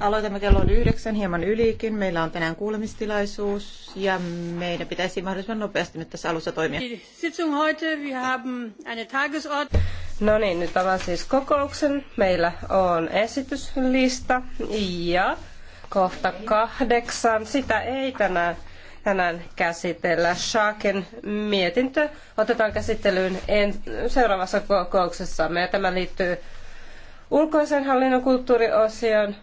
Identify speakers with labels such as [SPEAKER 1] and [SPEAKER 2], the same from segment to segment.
[SPEAKER 1] Aloitamme kello on yhdeksän, hieman ylikin. Meillä on tänään kuulemistilaisuus ja meidän pitäisi mahdollisimman nopeasti nyt tässä alussa toimia.
[SPEAKER 2] No niin, nyt avaan siis kokouksen. Meillä on esityslista ja kohta kahdeksan. Sitä ei tänään, tänään käsitellä. Schaken mietintö otetaan käsittelyyn en, seuraavassa kokouksessa. Ja tämä liittyy ulkoisen hallinnon kulttuuriosion.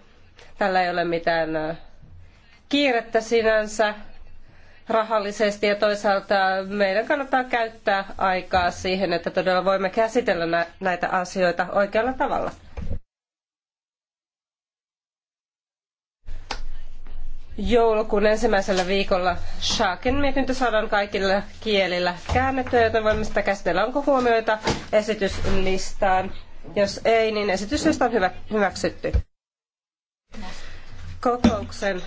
[SPEAKER 2] Tällä ei ole mitään kiirettä sinänsä rahallisesti ja toisaalta meidän kannattaa käyttää aikaa siihen, että todella voimme käsitellä näitä asioita oikealla tavalla. joulukuun ensimmäisellä viikolla Shaken mietintö saadaan kaikilla kielillä käännettyä, joten voimme sitä käsitellä. Onko huomioita esityslistaan? Jos ei, niin esitys on hyvä, hyväksytty. Kokouksen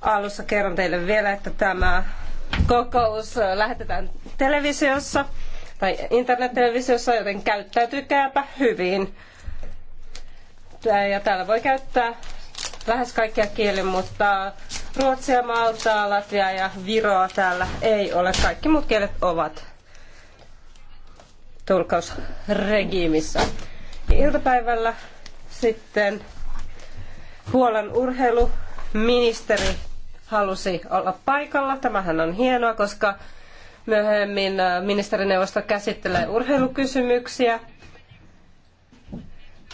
[SPEAKER 2] alussa kerron teille vielä, että tämä kokous lähetetään televisiossa tai internettelevisiossa, joten käyttäytykääpä hyvin. Ja täällä voi käyttää lähes kaikkia kieliä, mutta ruotsia, maltaa, Latvia ja viroa täällä ei ole. Kaikki muut kielet ovat tulkausregiimissä. Iltapäivällä sitten Puolan urheiluministeri halusi olla paikalla. Tämähän on hienoa, koska myöhemmin äh, ministerineuvosto käsittelee urheilukysymyksiä.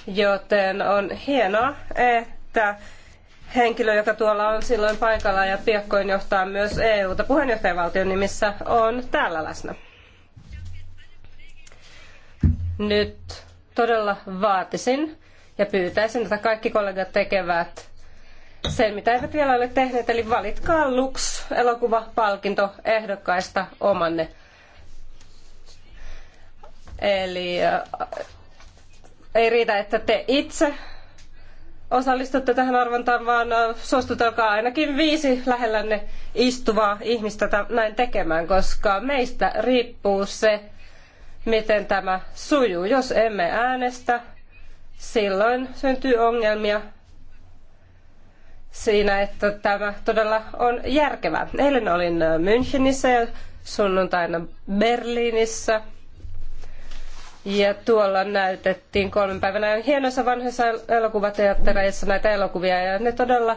[SPEAKER 2] Joten on hienoa, että henkilö, joka tuolla on silloin paikalla ja piakkoin johtaa myös EU-ta puheenjohtajavaltion nimissä, on täällä läsnä nyt todella vaatisin ja pyytäisin, että kaikki kollegat tekevät sen, mitä eivät vielä ole tehneet, eli valitkaa Lux elokuvapalkinto ehdokkaista omanne. Eli äh, ei riitä, että te itse osallistutte tähän arvontaan, vaan äh, suostutelkaa ainakin viisi lähellänne istuvaa ihmistä näin tekemään, koska meistä riippuu se, miten tämä sujuu. Jos emme äänestä, silloin syntyy ongelmia siinä, että tämä todella on järkevää. Eilen olin Münchenissä ja sunnuntaina Berliinissä. Ja tuolla näytettiin kolmen päivän ajan hienoissa vanhoissa elokuvateattereissa näitä elokuvia ja ne todella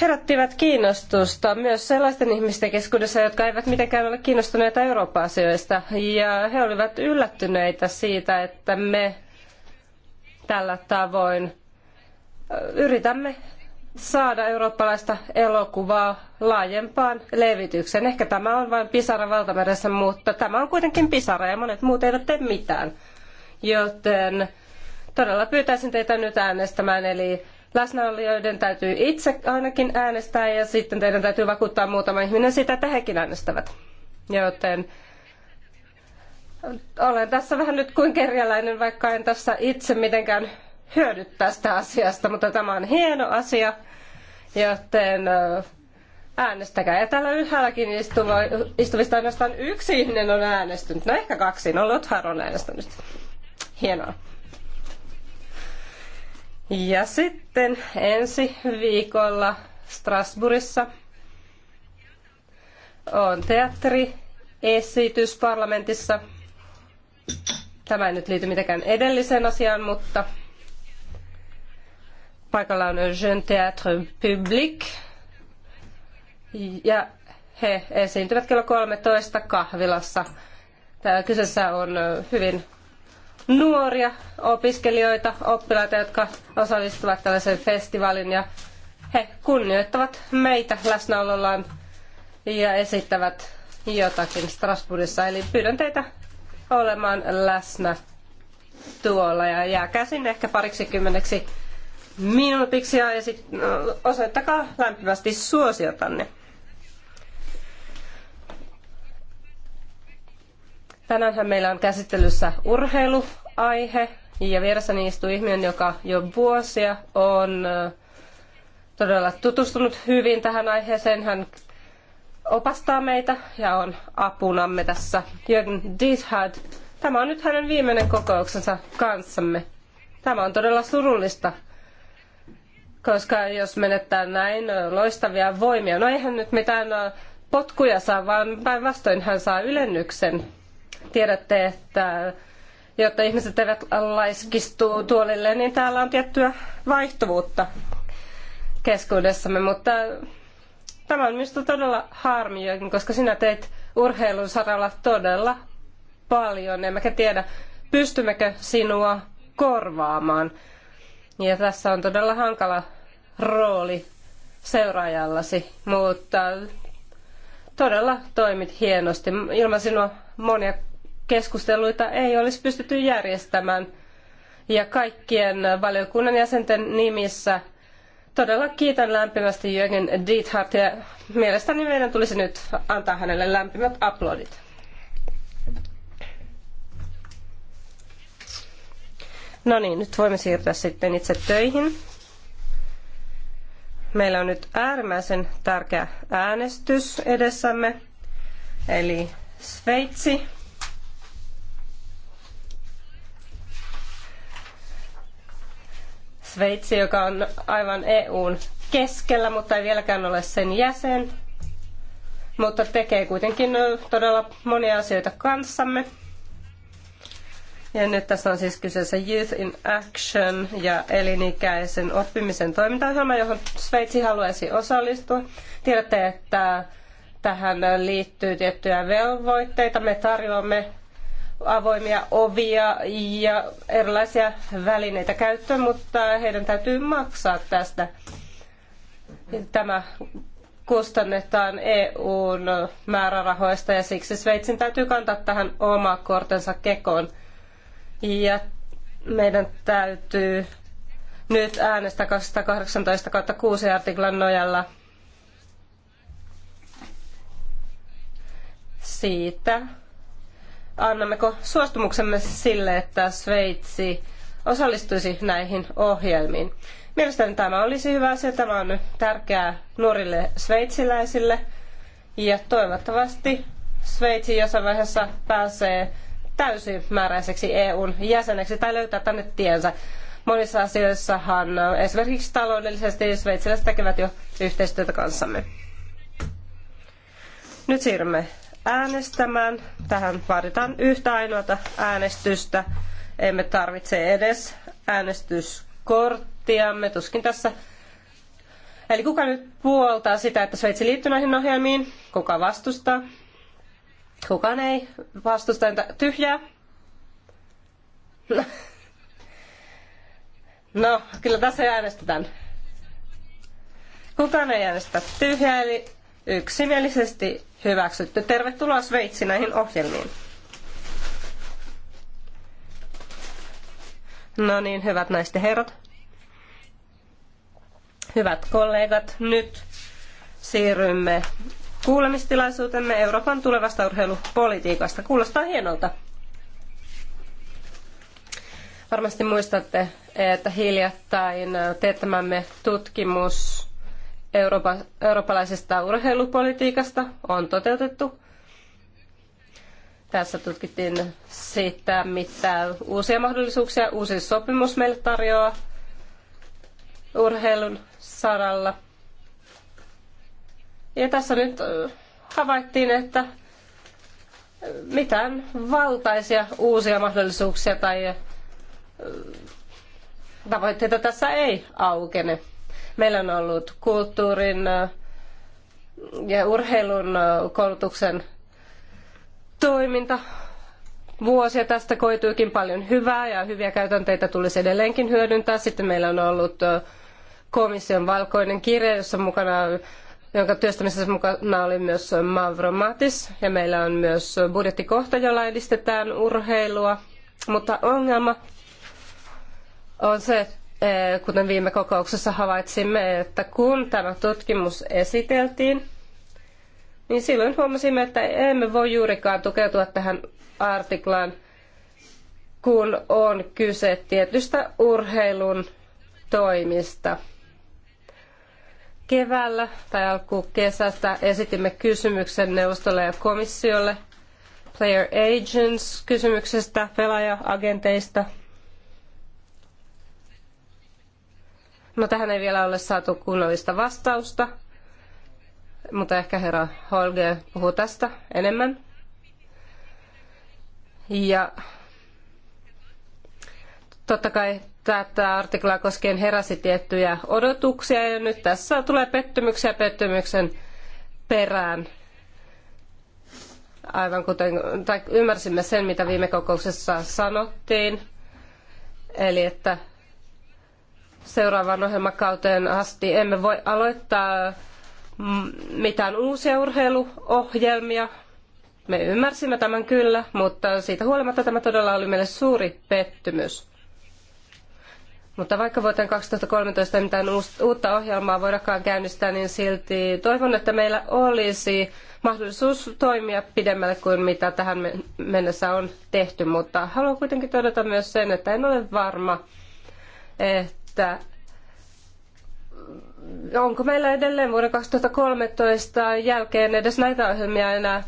[SPEAKER 2] herättivät kiinnostusta myös sellaisten ihmisten keskuudessa, jotka eivät mitenkään ole kiinnostuneita Eurooppa-asioista. Ja he olivat yllättyneitä siitä, että me tällä tavoin yritämme saada eurooppalaista elokuvaa laajempaan levitykseen. Ehkä tämä on vain pisara valtameressä, mutta tämä on kuitenkin pisara ja monet muut eivät tee mitään. Joten todella pyytäisin teitä nyt äänestämään, eli läsnäolijoiden täytyy itse ainakin äänestää ja sitten teidän täytyy vakuuttaa muutama ihminen sitä, että hekin äänestävät. Joten olen tässä vähän nyt kuin kerjäläinen, vaikka en tässä itse mitenkään hyödy tästä asiasta, mutta tämä on hieno asia, joten äänestäkää. Ja täällä ylhäälläkin istuva, istuvista ainoastaan yksi ihminen on äänestynyt. No ehkä kaksi, no Lothar on äänestänyt. Hienoa. Ja sitten ensi viikolla Strasbourgissa on teatteriesitys parlamentissa. Tämä ei nyt liity mitenkään edelliseen asiaan, mutta paikalla on Jeune Théâtre Public. Ja he esiintyvät kello 13 kahvilassa. Tämä kyseessä on hyvin nuoria opiskelijoita, oppilaita, jotka osallistuvat tällaiseen festivaalin ja he kunnioittavat meitä läsnäolollaan ja esittävät jotakin Strasbourgissa. Eli pyydän teitä olemaan läsnä tuolla ja jääkää sinne ehkä kymmeneksi minuutiksi ja esit- no, osoittakaa lämpimästi suosiotanne. Tänäänhän meillä on käsittelyssä urheiluaihe ja vieressäni istuu ihminen, joka jo vuosia on todella tutustunut hyvin tähän aiheeseen. Hän opastaa meitä ja on apunamme tässä. Jürgen Dieshard, tämä on nyt hänen viimeinen kokouksensa kanssamme. Tämä on todella surullista, koska jos menettää näin loistavia voimia, no eihän nyt mitään potkuja saa, vaan päinvastoin hän saa ylennyksen Tiedätte, että jotta ihmiset eivät laiskistu tuolille, niin täällä on tiettyä vaihtuvuutta keskuudessamme, mutta tämä on minusta todella harmi, koska sinä teit urheilun saralla todella paljon, emmekä tiedä, pystymmekö sinua korvaamaan. Ja tässä on todella hankala rooli seuraajallasi, mutta todella toimit hienosti. Ilman sinua monia keskusteluita ei olisi pystytty järjestämään. Ja kaikkien valiokunnan jäsenten nimissä todella kiitän lämpimästi Jörgen Diethard ja mielestäni meidän tulisi nyt antaa hänelle lämpimät aplodit. No niin, nyt voimme siirtyä sitten itse töihin. Meillä on nyt äärimmäisen tärkeä äänestys edessämme, eli Sveitsi Sveitsi, joka on aivan EUn keskellä, mutta ei vieläkään ole sen jäsen, mutta tekee kuitenkin todella monia asioita kanssamme. Ja nyt tässä on siis kyseessä Youth in Action ja elinikäisen oppimisen toimintaohjelma, johon Sveitsi haluaisi osallistua. Tiedätte, että tähän liittyy tiettyjä velvoitteita. Me tarjoamme avoimia ovia ja erilaisia välineitä käyttöön, mutta heidän täytyy maksaa tästä. Tämä kustannetaan EUn määrärahoista ja siksi Sveitsin täytyy kantaa tähän oma kortensa kekoon. Ja meidän täytyy nyt äänestää 218 6 artiklan nojalla siitä, annammeko suostumuksemme sille, että Sveitsi osallistuisi näihin ohjelmiin. Mielestäni tämä olisi hyvä asia. Tämä on nyt tärkeää nuorille sveitsiläisille. Ja toivottavasti Sveitsi jossain vaiheessa pääsee täysimääräiseksi EUn jäseneksi tai löytää tänne tiensä. Monissa asioissahan esimerkiksi taloudellisesti sveitsiläiset tekevät jo yhteistyötä kanssamme. Nyt siirrymme äänestämään. Tähän vaaditaan yhtä ainoata äänestystä. Emme tarvitse edes äänestyskorttiamme. Tuskin tässä Eli kuka nyt puoltaa sitä, että Sveitsi liittyy näihin ohjelmiin? Kuka vastustaa? Kukaan ei vastusta entä tyhjää? No, kyllä tässä äänestetään. Kukaan ei äänestä tyhjää, eli yksimielisesti hyväksytty. Tervetuloa Sveitsi näihin ohjelmiin. No niin, hyvät naiset ja herrat. Hyvät kollegat, nyt siirrymme kuulemistilaisuutemme Euroopan tulevasta urheilupolitiikasta. Kuulostaa hienolta. Varmasti muistatte, että hiljattain teettämämme tutkimus Eurooppa, eurooppalaisesta urheilupolitiikasta on toteutettu. Tässä tutkittiin sitä, mitä uusia mahdollisuuksia uusi sopimus meille tarjoaa urheilun saralla. Ja tässä nyt havaittiin, että mitään valtaisia uusia mahdollisuuksia tai tavoitteita tässä ei aukene. Meillä on ollut kulttuurin äh, ja urheilun äh, koulutuksen toiminta vuosia. Tästä koituikin paljon hyvää ja hyviä käytänteitä tulisi edelleenkin hyödyntää. Sitten meillä on ollut äh, komission valkoinen kirja, jossa mukana, jonka työstämisessä mukana oli myös Mavro Matis. Ja meillä on myös budjettikohta, jolla edistetään urheilua. Mutta ongelma on se, Eh, kuten viime kokouksessa havaitsimme, että kun tämä tutkimus esiteltiin, niin silloin huomasimme, että emme voi juurikaan tukeutua tähän artiklaan, kun on kyse tietystä urheilun toimista. Keväällä tai alkukesästä esitimme kysymyksen neuvostolle ja komissiolle player agents kysymyksestä, pelaaja-agenteista – No tähän ei vielä ole saatu kunnollista vastausta, mutta ehkä herra Holger puhuu tästä enemmän. Ja totta kai tätä artiklaa koskien heräsi tiettyjä odotuksia ja nyt tässä tulee pettymyksiä pettymyksen perään. Aivan kuten, tai ymmärsimme sen, mitä viime kokouksessa sanottiin. Eli että seuraavaan ohjelmakauteen asti. Emme voi aloittaa mitään uusia urheiluohjelmia. Me ymmärsimme tämän kyllä, mutta siitä huolimatta tämä todella oli meille suuri pettymys. Mutta vaikka vuoteen 2013 ei mitään uutta ohjelmaa voidakaan käynnistää, niin silti toivon, että meillä olisi mahdollisuus toimia pidemmälle kuin mitä tähän mennessä on tehty. Mutta haluan kuitenkin todeta myös sen, että en ole varma, että että Onko meillä edelleen vuoden 2013 jälkeen edes näitä ohjelmia enää,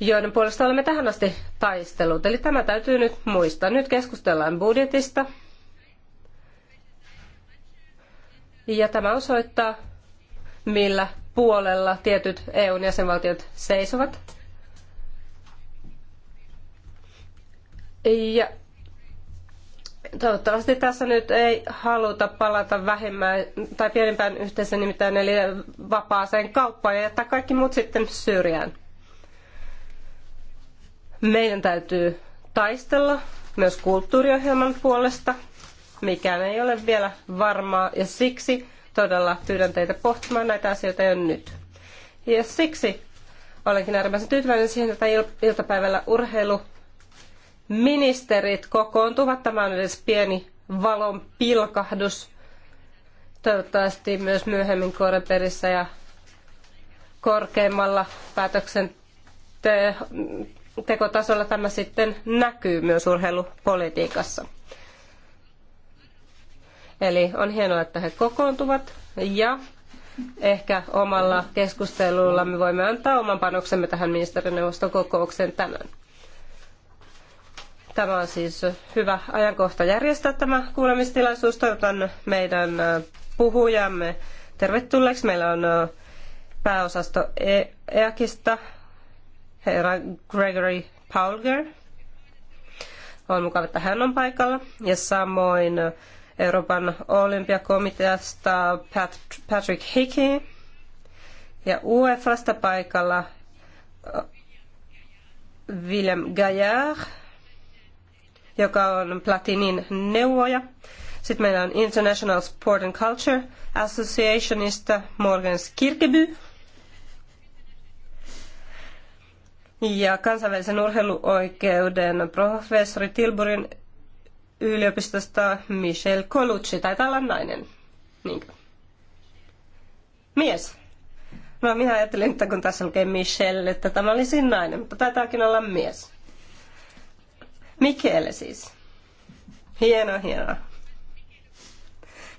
[SPEAKER 2] joiden puolesta olemme tähän asti taistellut? Eli tämä täytyy nyt muistaa. Nyt keskustellaan budjetista. Ja tämä osoittaa, millä puolella tietyt EUn jäsenvaltiot seisovat. Ja Toivottavasti tässä nyt ei haluta palata vähemmän tai pienempään yhteisöön nimittäin eli vapaaseen kauppaan ja jättää kaikki muut sitten syrjään. Meidän täytyy taistella myös kulttuuriohjelman puolesta. Mikään ei ole vielä varmaa ja siksi todella pyydän teitä pohtimaan näitä asioita jo nyt. Ja siksi olenkin äärimmäisen tyytyväinen siihen, että iltapäivällä urheilu ministerit kokoontuvat. Tämä on edes pieni valon pilkahdus. Toivottavasti myös myöhemmin Koreperissä ja korkeimmalla päätöksentekotasolla tämä sitten näkyy myös urheilupolitiikassa. Eli on hienoa, että he kokoontuvat ja ehkä omalla keskustelullamme voimme antaa oman panoksemme tähän ministerineuvoston kokoukseen tänään. Tämä on siis hyvä ajankohta järjestää tämä kuulemistilaisuus. Toivotan meidän puhujamme tervetulleeksi. Meillä on pääosasto EAKista e herra Gregory Paulger. On mukava, että hän on paikalla. Ja samoin Euroopan olympiakomiteasta Patrick Hickey. Ja UEFasta paikalla William Gaillard joka on Platinin neuvoja. Sitten meillä on International Sport and Culture Associationista Morgens Kirkeby. Ja kansainvälisen urheiluoikeuden professori Tilburin yliopistosta Michel Colucci. tai olla nainen. Niinkö? Mies. No minä ajattelin, että kun tässä lukee Michelle, että tämä olisi nainen, mutta taitaakin olla mies. Michele siis. Hienoa, hienoa.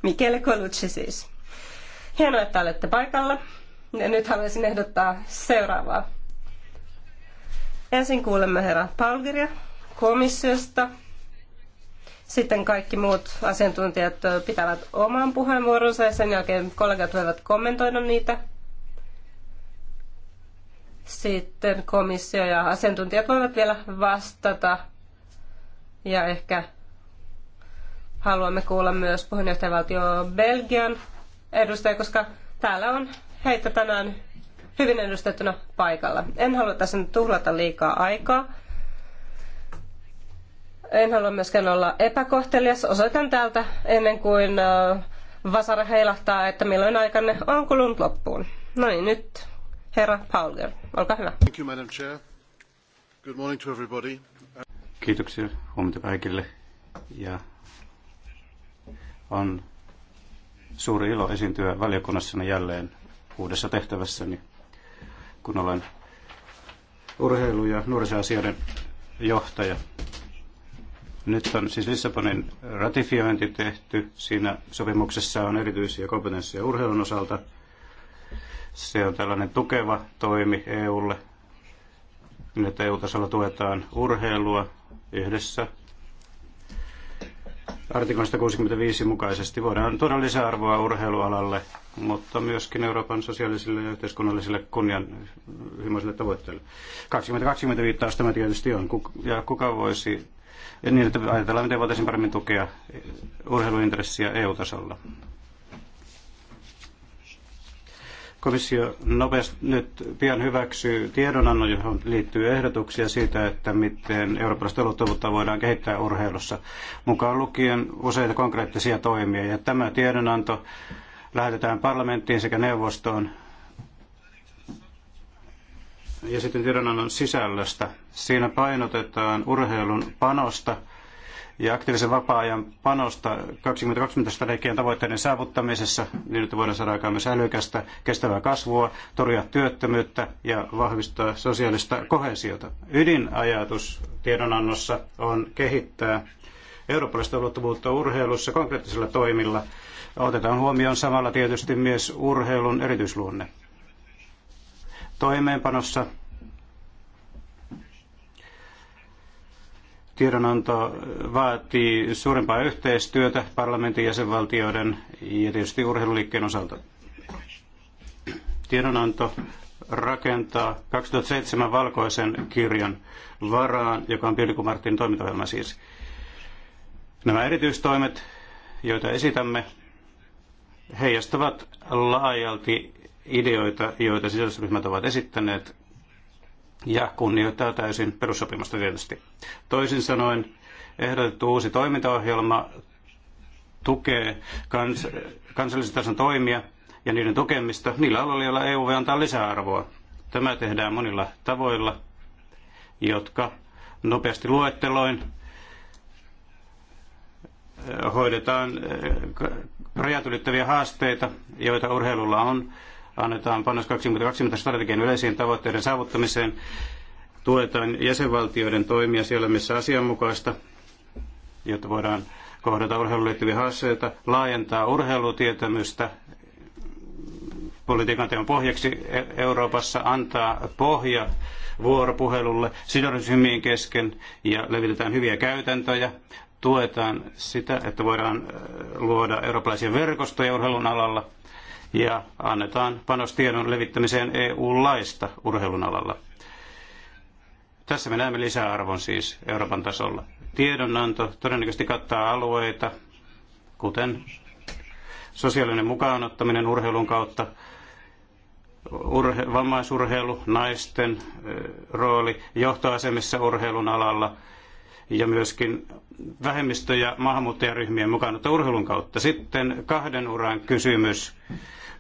[SPEAKER 2] Michele Colucci siis. Hienoa, että olette paikalla. Ja nyt haluaisin ehdottaa seuraavaa. Ensin kuulemme herra Palgiria komissiosta. Sitten kaikki muut asiantuntijat pitävät oman puheenvuoronsa ja sen jälkeen kollegat voivat kommentoida niitä. Sitten komissio ja asiantuntijat voivat vielä vastata ja ehkä haluamme kuulla myös puheenjohtajavaltio Belgian edustaja, koska täällä on heitä tänään hyvin edustettuna paikalla. En halua tässä nyt tuhlata liikaa aikaa. En halua myöskään olla epäkohtelias. Osoitan täältä ennen kuin vasara heilahtaa, että milloin aikanne on kulunut loppuun. No niin, nyt herra Paulger, olkaa hyvä.
[SPEAKER 3] Thank you, Madam Chair. Good morning to everybody.
[SPEAKER 4] Kiitoksia huomenta kaikille ja on suuri ilo esiintyä valiokunnassani jälleen uudessa tehtävässäni, kun olen urheilu- ja nuorisoasioiden johtaja. Nyt on siis Lissabonin ratifiointi tehty. Siinä sopimuksessa on erityisiä kompetensseja urheilun osalta. Se on tällainen tukeva toimi EUlle, niin että EU-tasolla tuetaan urheilua yhdessä artiklan 165 mukaisesti voidaan tuoda lisäarvoa urheilualalle, mutta myöskin Euroopan sosiaalisille ja yhteiskunnallisille kunnianhimoisille tavoitteille. 2020 viittaus tämä tietysti on, ja kuka voisi, niin että ajatellaan, miten voitaisiin paremmin tukea urheiluintressiä EU-tasolla. Komissio nopeasti nyt pian hyväksyy tiedonannon, johon liittyy ehdotuksia siitä, että miten eurooppalaista ulottuvuutta voidaan kehittää urheilussa, mukaan lukien useita konkreettisia toimia. Ja tämä tiedonanto lähetetään parlamenttiin sekä neuvostoon ja sitten tiedonannon sisällöstä. Siinä painotetaan urheilun panosta – ja aktiivisen vapaa-ajan panosta 2020 strategian tavoitteiden saavuttamisessa, niin että voidaan saada aikaan myös älykästä, kestävää kasvua, torjua työttömyyttä ja vahvistaa sosiaalista kohesiota. Ydinajatus tiedonannossa on kehittää eurooppalaista ulottuvuutta urheilussa konkreettisilla toimilla. Otetaan huomioon samalla tietysti myös urheilun erityisluonne. Toimeenpanossa Tiedonanto vaatii suurempaa yhteistyötä parlamentin jäsenvaltioiden ja tietysti urheiluliikkeen osalta. Tiedonanto rakentaa 2007 valkoisen kirjan varaan, joka on Pilku Martin toimintaohjelma siis. Nämä erityistoimet, joita esitämme, heijastavat laajalti ideoita, joita sidosryhmät ovat esittäneet ja kunnioittaa täysin perussopimusta tietysti. Toisin sanoen ehdotettu uusi toimintaohjelma tukee kans, kansallisen tason toimia ja niiden tukemista niillä aloilla, joilla EU antaa lisäarvoa. Tämä tehdään monilla tavoilla, jotka nopeasti luetteloin eh, hoidetaan eh, rajat ylittäviä haasteita, joita urheilulla on annetaan panos 2020 strategian yleisiin tavoitteiden saavuttamiseen. Tuetaan jäsenvaltioiden toimia siellä, missä asianmukaista, jotta voidaan kohdata urheiluun liittyviä haasteita, laajentaa urheilutietämystä politiikan teon pohjaksi e- Euroopassa, antaa pohja vuoropuhelulle sidosryhmien kesken ja levitetään hyviä käytäntöjä, tuetaan sitä, että voidaan äh, luoda eurooppalaisia verkostoja urheilun alalla, ja annetaan panostiedon levittämiseen EU-laista urheilun alalla. Tässä me näemme lisäarvon siis Euroopan tasolla. Tiedonanto todennäköisesti kattaa alueita, kuten sosiaalinen mukaanottaminen urheilun kautta, urhe- vammaisurheilu, naisten rooli johtoasemissa urheilun alalla ja myöskin vähemmistö- ja maahanmuuttajaryhmien mukaanotto urheilun kautta. Sitten kahden uran kysymys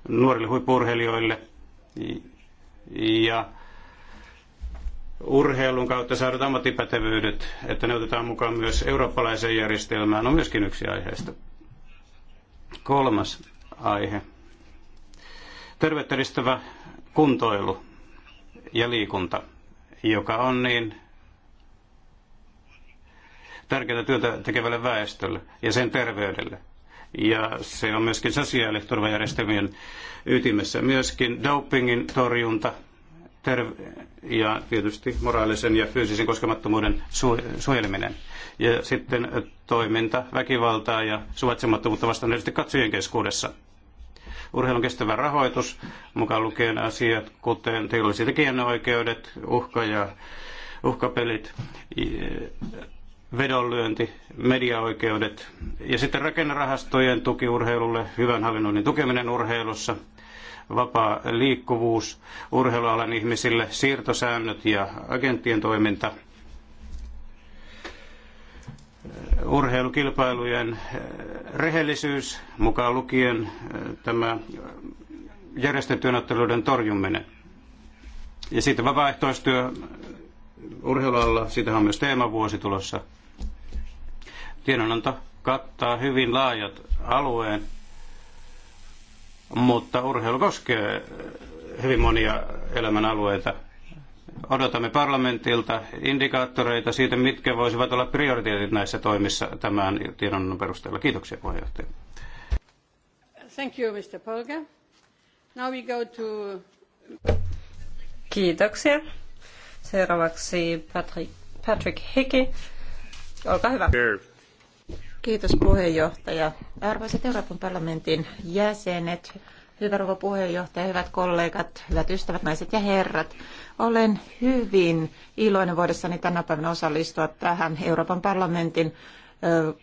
[SPEAKER 4] nuorille huippurheilijoille ja urheilun kautta saadut ammattipätevyydet, että ne otetaan mukaan myös eurooppalaiseen järjestelmään, on myöskin yksi aiheesta. Kolmas aihe. Terveyttä kuntoilu ja liikunta, joka on niin tärkeää työtä tekevälle väestölle ja sen terveydelle ja se on myöskin sosiaaliturvajärjestelmien ytimessä. Myöskin dopingin torjunta ja tietysti moraalisen ja fyysisen koskemattomuuden suojeleminen. Ja sitten toiminta, väkivaltaa ja suvaitsemattomuutta vastaan tietysti katsojien keskuudessa. Urheilun kestävä rahoitus, mukaan lukien asiat, kuten teolliset tekijänoikeudet, uhka ja uhkapelit, vedonlyönti, mediaoikeudet ja sitten rakennerahastojen tuki urheilulle, hyvän hallinnoinnin tukeminen urheilussa, vapaa liikkuvuus urheilualan ihmisille, siirtosäännöt ja agenttien toiminta, urheilukilpailujen eh, rehellisyys, mukaan lukien eh, tämä järjestettyjen otteluiden torjuminen. Ja sitten vapaaehtoistyö urheilualalla, siitä on myös teemavuosi tulossa Tiedonanto kattaa hyvin laajat alueen, mutta urheilu koskee hyvin monia elämän alueita. Odotamme parlamentilta indikaattoreita siitä, mitkä voisivat olla prioriteetit näissä toimissa tämän tiedonannon perusteella. Kiitoksia
[SPEAKER 2] puheenjohtaja.
[SPEAKER 5] Thank you, Mr. Polga. Now we go to...
[SPEAKER 2] Kiitoksia. Seuraavaksi Patrick, Patrick Hickey. Olkaa hyvä. Here. Kiitos puheenjohtaja.
[SPEAKER 1] Arvoisat Euroopan parlamentin jäsenet, hyvä rouva puheenjohtaja, hyvät kollegat, hyvät ystävät, naiset ja herrat. Olen hyvin iloinen voidessani tänä päivänä osallistua tähän Euroopan parlamentin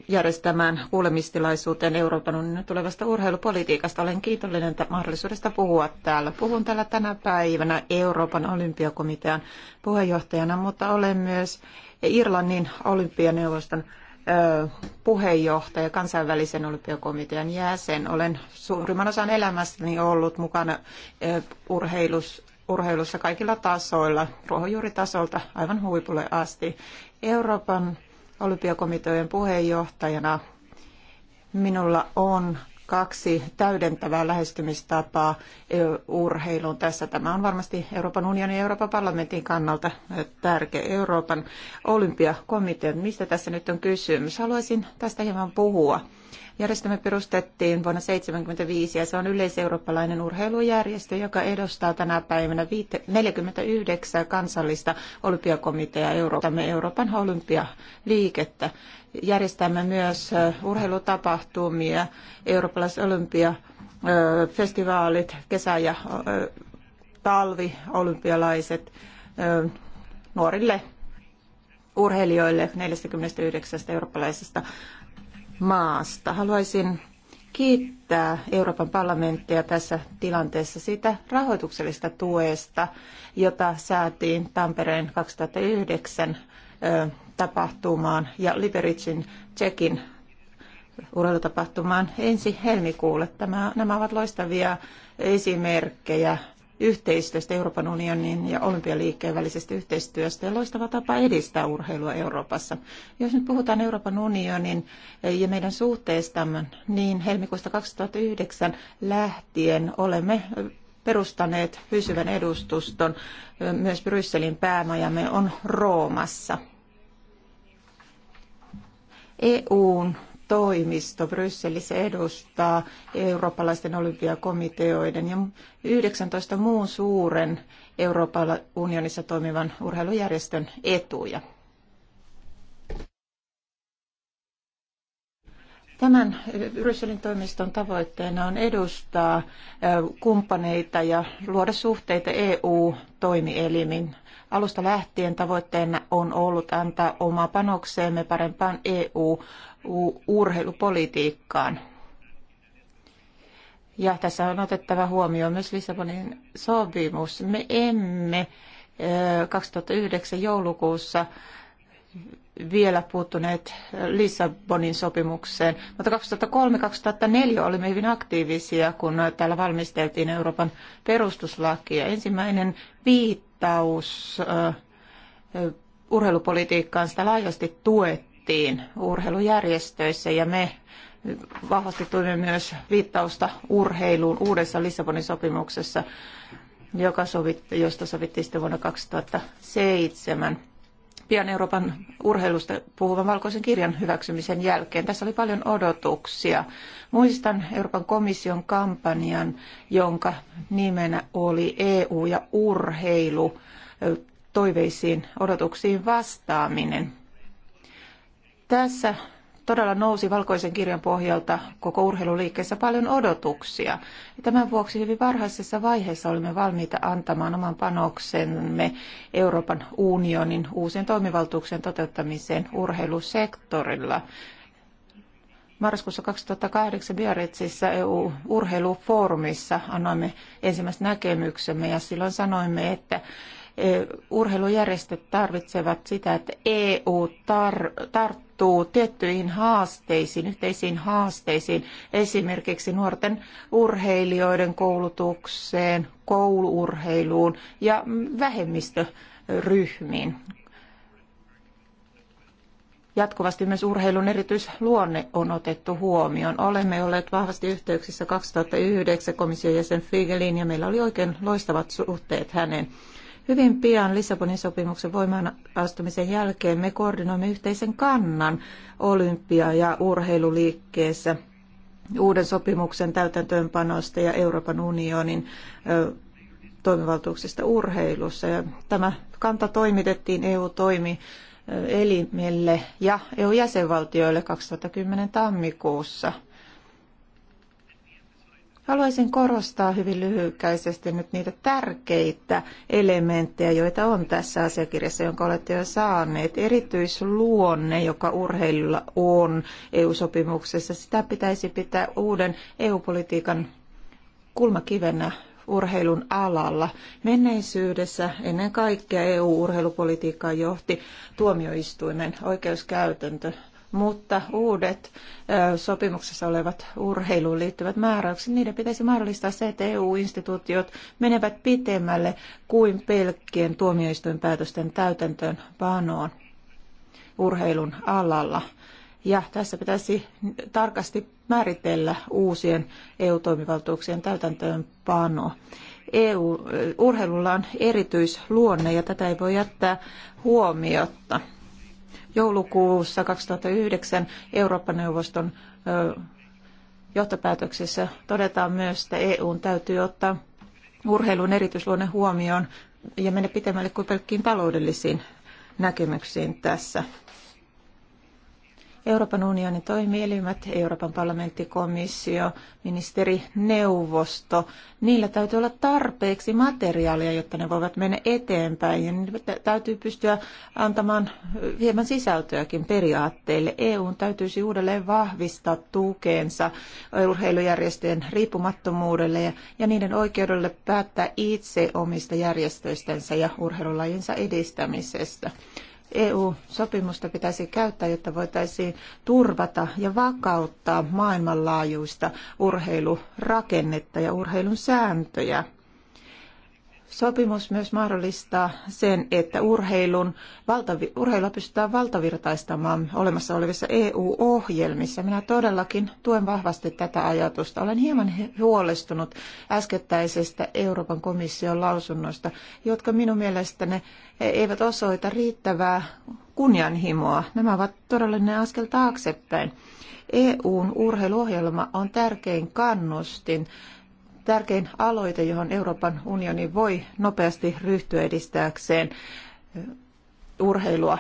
[SPEAKER 1] järjestämään kuulemistilaisuuteen Euroopan unionin tulevasta urheilupolitiikasta. Olen kiitollinen mahdollisuudesta puhua täällä. Puhun täällä tänä päivänä Euroopan olympiakomitean puheenjohtajana, mutta olen myös Irlannin olympianeuvoston puheenjohtaja, kansainvälisen olympiakomitean jäsen. Olen suurimman osan elämästäni ollut mukana urheilus, urheilussa kaikilla tasoilla, ruohonjuuritasolta aivan huipulle asti. Euroopan olympiakomiteojen puheenjohtajana minulla on kaksi täydentävää lähestymistapaa urheiluun tässä. Tämä on varmasti Euroopan unionin ja Euroopan parlamentin kannalta tärkeä Euroopan olympiakomitea. Mistä tässä nyt on kysymys? Haluaisin tästä hieman puhua. Järjestelmä perustettiin vuonna 1975 ja se on yleiseurooppalainen urheilujärjestö, joka edustaa tänä päivänä 49 kansallista olympiakomiteaa Euroopan, Euroopan olympialiikettä järjestämme myös urheilutapahtumia, eurooppalaiset olympiafestivaalit, kesä- ja talviolympialaiset nuorille urheilijoille 49 eurooppalaisesta maasta. Haluaisin kiittää Euroopan parlamenttia tässä tilanteessa siitä rahoituksellisesta tuesta, jota saatiin Tampereen 2009 tapahtumaan ja Liberitsin Tsekin urheilutapahtumaan ensi helmikuulle. Tämä, nämä ovat loistavia esimerkkejä yhteistyöstä Euroopan unionin ja olympialiikkeen välisestä yhteistyöstä ja loistava tapa edistää urheilua Euroopassa. Jos nyt puhutaan Euroopan unionin ja meidän suhteestamme, niin helmikuusta 2009 lähtien olemme perustaneet pysyvän edustuston. Myös Brysselin päämajamme on Roomassa. EUn toimisto Brysselissä edustaa eurooppalaisten olympiakomiteoiden ja 19 muun suuren Euroopan unionissa toimivan urheilujärjestön etuja. Tämän Brysselin toimiston tavoitteena on edustaa kumppaneita ja luoda suhteita EU-toimielimin Alusta lähtien tavoitteena on ollut antaa oma panokseemme parempaan EU-urheilupolitiikkaan. Ja tässä on otettava huomioon myös Lissabonin sopimus. Me emme 2009 joulukuussa vielä puuttuneet Lissabonin sopimukseen, mutta 2003-2004 olimme hyvin aktiivisia, kun täällä valmisteltiin Euroopan perustuslakia. Ensimmäinen viittaus urheilupolitiikkaan sitä laajasti tuettiin urheilujärjestöissä ja me vahvasti tuimme myös viittausta urheiluun uudessa Lissabonin sopimuksessa, joka josta sovittiin sitten vuonna 2007 pian Euroopan urheilusta puhuvan valkoisen kirjan hyväksymisen jälkeen. Tässä oli paljon odotuksia. Muistan Euroopan komission kampanjan, jonka nimenä oli EU ja urheilu toiveisiin, odotuksiin vastaaminen. Tässä todella nousi valkoisen kirjan pohjalta koko urheiluliikkeessä paljon odotuksia. Tämän vuoksi hyvin varhaisessa vaiheessa olimme valmiita antamaan oman panoksemme Euroopan unionin uusien toimivaltuuksien toteuttamiseen urheilusektorilla. Marraskuussa 2008 Biarritzissa EU-urheilufoorumissa annoimme ensimmäiset näkemyksemme ja silloin sanoimme, että e, urheilujärjestöt tarvitsevat sitä, että EU tar- tarttuu puuttuu tiettyihin haasteisiin, yhteisiin haasteisiin, esimerkiksi nuorten urheilijoiden koulutukseen, kouluurheiluun ja vähemmistöryhmiin. Jatkuvasti myös urheilun erityisluonne on otettu huomioon. Olemme olleet vahvasti yhteyksissä 2009 komission jäsen Figelin ja meillä oli oikein loistavat suhteet hänen Hyvin pian Lissabonin sopimuksen voimaan astumisen jälkeen me koordinoimme yhteisen kannan olympia- ja urheiluliikkeessä uuden sopimuksen täytäntöönpanosta ja Euroopan unionin toimivaltuuksista urheilussa. Ja tämä kanta toimitettiin EU-toimi elimelle ja EU-jäsenvaltioille 2010 tammikuussa – Haluaisin korostaa hyvin lyhykäisesti nyt niitä tärkeitä elementtejä, joita on tässä asiakirjassa, jonka olette jo saaneet. Erityisluonne, joka urheilulla on EU-sopimuksessa, sitä pitäisi pitää uuden EU-politiikan kulmakivenä urheilun alalla. Menneisyydessä ennen kaikkea EU-urheilupolitiikkaa johti tuomioistuimen oikeuskäytäntö mutta uudet sopimuksessa olevat urheiluun liittyvät määräykset, niiden pitäisi mahdollistaa se, että EU-instituutiot menevät pitemmälle kuin pelkkien tuomioistuinpäätösten täytäntöönpanoon urheilun alalla. Ja tässä pitäisi tarkasti määritellä uusien EU-toimivaltuuksien täytäntöönpano. EU, urheilulla on erityisluonne ja tätä ei voi jättää huomiotta joulukuussa 2009 Euroopan neuvoston johtopäätöksessä todetaan myös, että EUn täytyy ottaa urheilun erityisluonne huomioon ja mennä pitemmälle kuin pelkkiin taloudellisiin näkemyksiin tässä. Euroopan unionin toimielimet, Euroopan parlamentti, komissio, ministeri, niillä täytyy olla tarpeeksi materiaalia, jotta ne voivat mennä eteenpäin. Ja täytyy pystyä antamaan viemän sisältöäkin periaatteille. EUn täytyisi uudelleen vahvistaa tukeensa urheilujärjestöjen riippumattomuudelle ja, niiden oikeudelle päättää itse omista järjestöistänsä ja urheilulajinsa edistämisestä. EU-sopimusta pitäisi käyttää, jotta voitaisiin turvata ja vakauttaa maailmanlaajuista urheilurakennetta ja urheilun sääntöjä. Sopimus myös mahdollistaa sen, että urheilun, valtavi, urheilua pystytään valtavirtaistamaan olemassa olevissa EU-ohjelmissa. Minä todellakin tuen vahvasti tätä ajatusta. Olen hieman huolestunut äskettäisestä Euroopan komission lausunnoista, jotka minun mielestäni e-, eivät osoita riittävää kunnianhimoa. Nämä ovat todellinen askel taaksepäin. EUn urheiluohjelma on tärkein kannustin tärkein aloite, johon Euroopan unioni voi nopeasti ryhtyä edistääkseen urheilua.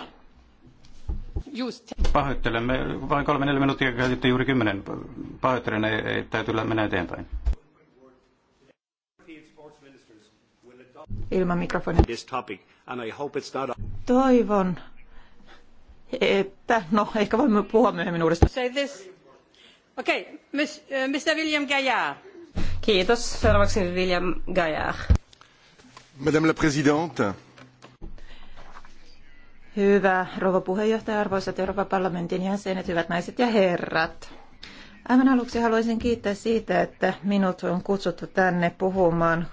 [SPEAKER 5] Just.
[SPEAKER 4] Pahoittelemme. Vain kolme neljä minuuttia käytitte juuri kymmenen. Pahoittelen, ei, ei täytyy mennä eteenpäin.
[SPEAKER 1] Ilman mikrofonia. Toivon, että, no ehkä voimme puhua myöhemmin uudestaan. Okei, this.
[SPEAKER 2] Okay, Mr. Uh, William Gaillard. Kiitos. Seuraavaksi William Gaillard.
[SPEAKER 3] Madame la Présidente.
[SPEAKER 2] Hyvä
[SPEAKER 1] rouva puheenjohtaja, arvoisat Euroopan parlamentin jäsenet, hyvät naiset ja herrat. Aivan aluksi haluaisin kiittää siitä, että minut on kutsuttu tänne puhumaan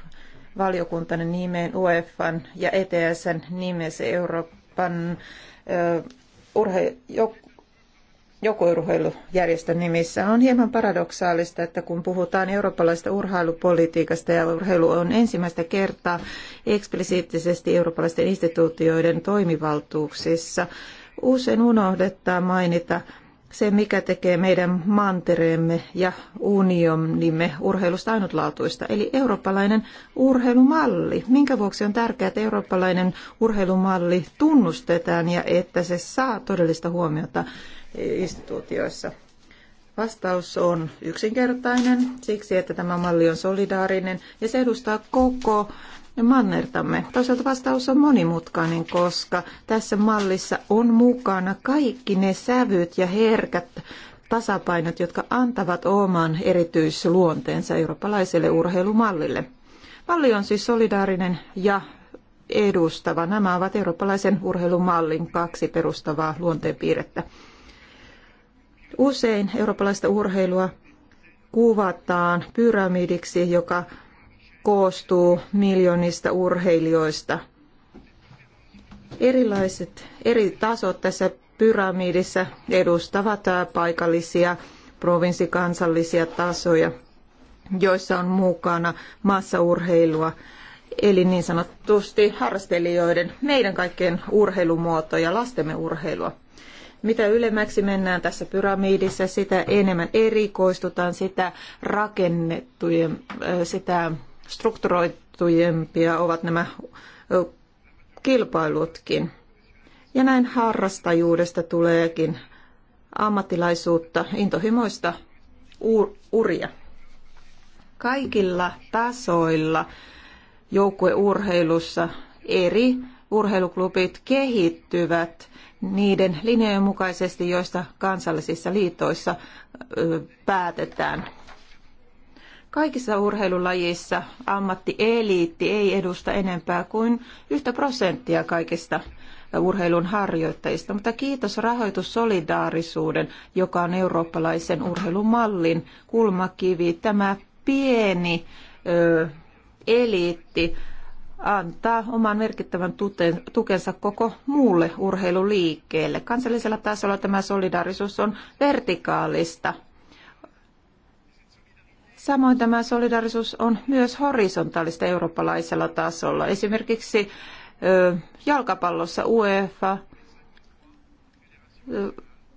[SPEAKER 1] valiokuntani nimeen UEFan ja ETSn nimessä Euroopan ö, urhe, joku urheilujärjestön nimissä. On hieman paradoksaalista, että kun puhutaan eurooppalaisesta urheilupolitiikasta ja urheilu on ensimmäistä kertaa eksplisiittisesti eurooppalaisten instituutioiden toimivaltuuksissa, usein unohdetaan mainita se, mikä tekee meidän mantereemme ja unionimme urheilusta ainutlaatuista, eli eurooppalainen urheilumalli. Minkä vuoksi on tärkeää, että eurooppalainen urheilumalli tunnustetaan ja että se saa todellista huomiota instituutioissa? Vastaus on yksinkertainen siksi, että tämä malli on solidaarinen ja se edustaa koko mannertamme. Toisaalta vastaus on monimutkainen, koska tässä mallissa on mukana kaikki ne sävyt ja herkät tasapainot, jotka antavat oman erityisluonteensa eurooppalaiselle urheilumallille. Malli on siis solidaarinen ja edustava. Nämä ovat eurooppalaisen urheilumallin kaksi perustavaa luonteenpiirrettä. Usein eurooppalaista urheilua kuvataan pyramidiksi, joka koostuu miljoonista urheilijoista. Erilaiset eri tasot tässä pyramidissa edustavat paikallisia provinssikansallisia tasoja, joissa on mukana massaurheilua, eli niin sanotusti harrastelijoiden, meidän kaikkien urheilumuotoja, lastemme urheilua. Mitä ylemmäksi mennään tässä pyramiidissa, sitä enemmän erikoistutaan, sitä rakennettujen, äh, sitä strukturoitujempia ovat nämä kilpailutkin. Ja näin harrastajuudesta tuleekin ammattilaisuutta, intohimoista uria. Kaikilla tasoilla joukkueurheilussa eri urheiluklubit kehittyvät niiden linjojen mukaisesti, joista kansallisissa liitoissa päätetään. Kaikissa urheilulajissa ammattieliitti ei edusta enempää kuin yhtä prosenttia kaikista urheilun harjoittajista, mutta kiitos rahoitussolidaarisuuden, joka on eurooppalaisen urheilumallin kulmakivi. Tämä pieni ö, eliitti antaa oman merkittävän tukensa koko muulle urheiluliikkeelle. Kansallisella tasolla tämä solidaarisuus on vertikaalista. Samoin tämä solidaarisuus on myös horisontaalista eurooppalaisella tasolla. Esimerkiksi jalkapallossa UEFA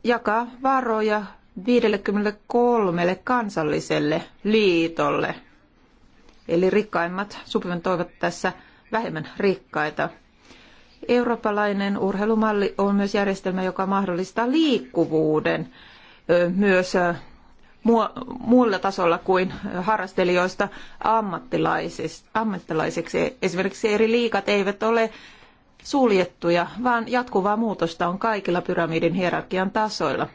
[SPEAKER 1] jakaa varoja 53 kansalliselle liitolle. Eli rikkaimmat subventoivat tässä vähemmän rikkaita. Eurooppalainen urheilumalli on myös järjestelmä, joka mahdollistaa liikkuvuuden myös muulla tasolla kuin harrastelijoista ammattilaisiksi. Esimerkiksi eri liikat eivät ole suljettuja, vaan jatkuvaa muutosta on kaikilla pyramidin hierarkian tasoilla.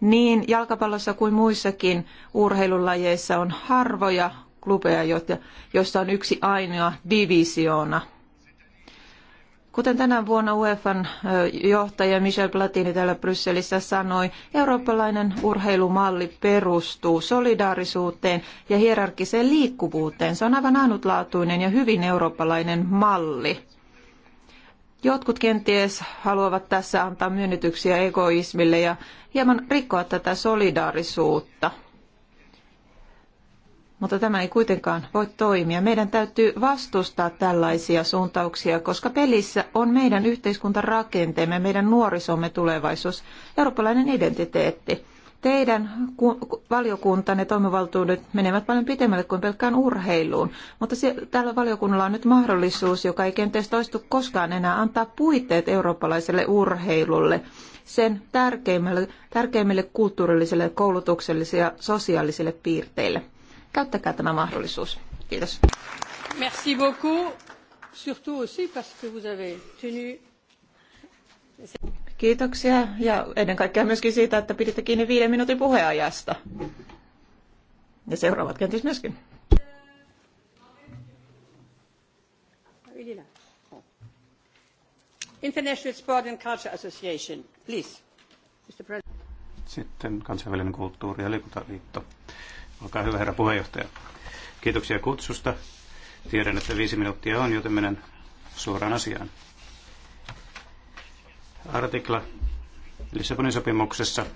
[SPEAKER 1] Niin jalkapallossa kuin muissakin urheilulajeissa on harvoja klubeja, joissa on yksi ainoa divisioona. Kuten tänä vuonna UEFan johtaja Michel Platini täällä Brysselissä sanoi, eurooppalainen urheilumalli perustuu solidaarisuuteen ja hierarkiseen liikkuvuuteen. Se on aivan ainutlaatuinen ja hyvin eurooppalainen malli. Jotkut kenties haluavat tässä antaa myönnytyksiä egoismille ja hieman rikkoa tätä solidaarisuutta – mutta tämä ei kuitenkaan voi toimia. Meidän täytyy vastustaa tällaisia suuntauksia, koska pelissä on meidän yhteiskuntarakenteemme, meidän nuorisomme tulevaisuus, eurooppalainen identiteetti. Teidän valiokuntanne toimivaltuudet menevät paljon pitemmälle kuin pelkkään urheiluun, mutta tällä valiokunnalla on nyt mahdollisuus, joka ei kenties toistu koskaan enää, antaa puitteet eurooppalaiselle urheilulle sen tärkeimmille, tärkeimmille kulttuurillisille, koulutuksellisille ja sosiaalisille piirteille. Käyttäkää tämä mahdollisuus. Kiitos.
[SPEAKER 5] Merci beaucoup. Surtout aussi parce que vous avez tenu...
[SPEAKER 1] Kiitoksia ja ennen kaikkea myöskin siitä, että piditte kiinni viiden minuutin puheajasta. Ja seuraavat kenties myöskin.
[SPEAKER 5] International Sport and Culture Association, please. Mr. President.
[SPEAKER 4] Sitten kansainvälinen kulttuuri- ja liikuntaliitto. Olkaa hyvä, herra puheenjohtaja. Kiitoksia kutsusta. Tiedän, että viisi minuuttia on, joten menen suoraan asiaan. Artikla Lissabonin sopimuksessa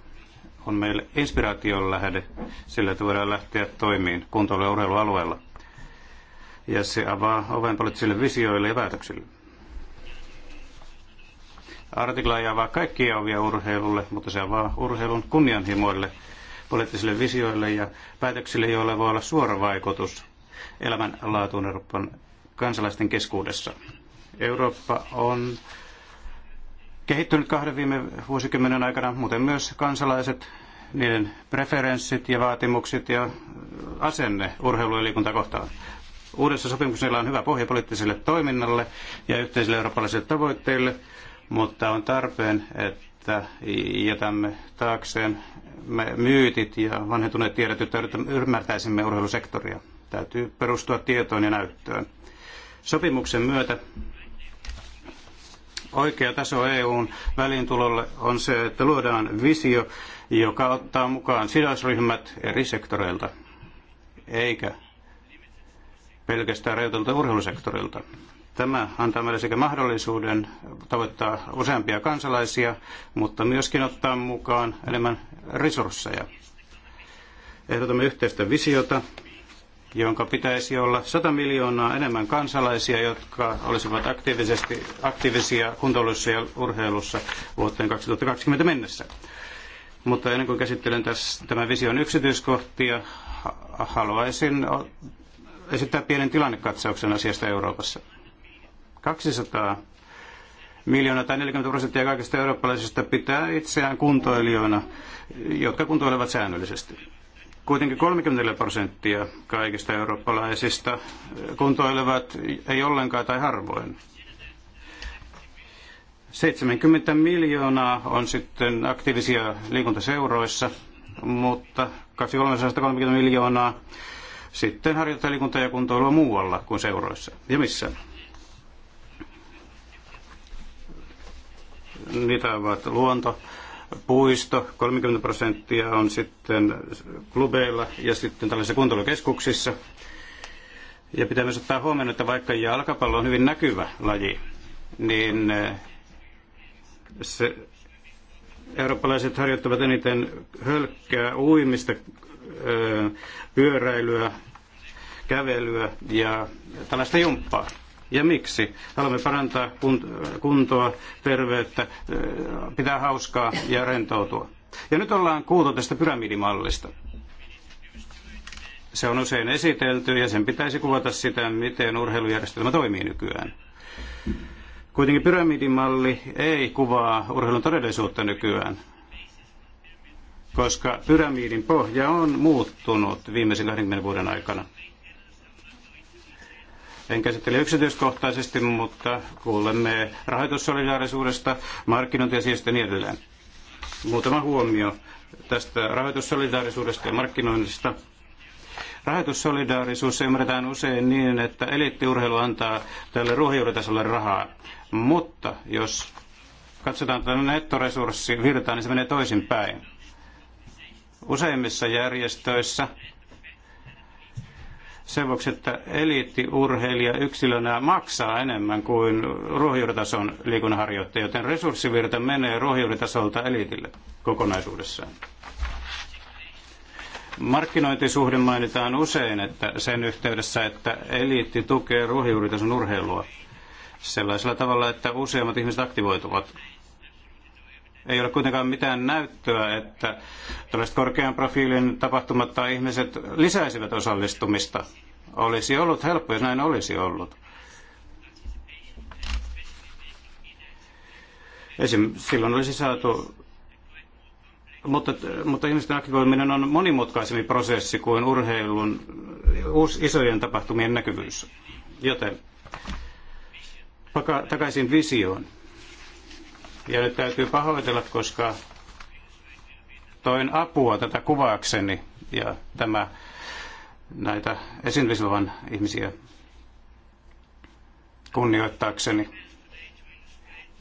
[SPEAKER 4] on meille inspiraation lähde, sillä että voidaan lähteä toimiin kuntoilu- ja urheilualueella. Ja se avaa oven poliittisille visioille ja päätöksille. Artikla ei avaa kaikkia ovia urheilulle, mutta se avaa urheilun kunnianhimoille – poliittisille visioille ja päätöksille, joilla voi olla suora vaikutus elämänlaatuun Euroopan kansalaisten keskuudessa. Eurooppa on kehittynyt kahden viime vuosikymmenen aikana, muuten myös kansalaiset, niiden preferenssit ja vaatimukset ja asenne urheilu- ja liikuntakohtaan. Uudessa sopimuksella on hyvä pohja poliittiselle toiminnalle ja yhteisille eurooppalaisille tavoitteille, mutta on tarpeen, että että jätämme taakseen me myytit ja vanhentuneet tiedot, jotta ymmärtäisimme urheilusektoria. Täytyy perustua tietoon ja näyttöön. Sopimuksen myötä oikea taso EUn väliintulolle on se, että luodaan visio, joka ottaa mukaan sidosryhmät eri sektoreilta, eikä pelkästään rajoitelta urheilusektorilta. Tämä antaa meille sekä mahdollisuuden tavoittaa useampia kansalaisia, mutta myöskin ottaa mukaan enemmän resursseja. Ehdotamme yhteistä visiota, jonka pitäisi olla 100 miljoonaa enemmän kansalaisia, jotka olisivat aktiivisesti, aktiivisia kuntoilussa ja urheilussa vuoteen 2020 mennessä. Mutta ennen kuin käsittelen tässä, tämän vision yksityiskohtia, haluaisin esittää pienen tilannekatsauksen asiasta Euroopassa. 200 miljoonaa tai 40 prosenttia kaikista eurooppalaisista pitää itseään kuntoilijoina, jotka kuntoilevat säännöllisesti. Kuitenkin 30 prosenttia kaikista eurooppalaisista kuntoilevat ei ollenkaan tai harvoin. 70 miljoonaa on sitten aktiivisia liikuntaseuroissa, mutta 230 miljoonaa sitten harjoittaa liikuntaa ja kuntoilua muualla kuin seuroissa. Ja missä? niitä ovat luonto, puisto, 30 prosenttia on sitten klubeilla ja sitten tällaisissa kuntoilukeskuksissa. Ja pitää myös ottaa huomioon, että vaikka jalkapallo on hyvin näkyvä laji, niin eh, se, eurooppalaiset harjoittavat eniten hölkkää, uimista, eh, pyöräilyä, kävelyä ja tällaista jumppaa. Ja miksi? Haluamme parantaa kuntoa, terveyttä, pitää hauskaa ja rentoutua. Ja nyt ollaan kuultu tästä pyramidimallista. Se on usein esitelty ja sen pitäisi kuvata sitä, miten urheilujärjestelmä toimii nykyään. Kuitenkin pyramidimalli ei kuvaa urheilun todellisuutta nykyään, koska pyramidin pohja on muuttunut viimeisen 20 vuoden aikana. En käsittele yksityiskohtaisesti, mutta kuulemme rahoitussolidaarisuudesta, markkinointiasioista ja niin edelleen. Muutama huomio tästä rahoitussolidaarisuudesta ja markkinoinnista. Rahoitussolidaarisuus ymmärretään usein niin, että eliittiurheilu antaa tälle ruohonjuuritasolle rahaa. Mutta jos katsotaan tätä nettoresurssivirtaa, niin se menee toisinpäin. Useimmissa järjestöissä sen vuoksi, että eliittiurheilija yksilönä maksaa enemmän kuin ruohonjuuritason liikunnanharjoittaja, joten resurssivirta menee ruohonjuuritasolta eliitille kokonaisuudessaan. Markkinointisuhde mainitaan usein että sen yhteydessä, että eliitti tukee ruohonjuuritason urheilua sellaisella tavalla, että useammat ihmiset aktivoituvat ei ole kuitenkaan mitään näyttöä, että tällaiset korkean profiilin tapahtumat tai ihmiset lisäisivät osallistumista. Olisi ollut helppo, jos näin olisi ollut. Esim. silloin olisi saatu, mutta, mutta ihmisten aktivoiminen on monimutkaisempi prosessi kuin urheilun isojen tapahtumien näkyvyys. Joten takaisin visioon. Ja nyt täytyy pahoitella, koska toin apua tätä kuvaakseni ja tämä näitä esiintymisluvan ihmisiä kunnioittaakseni.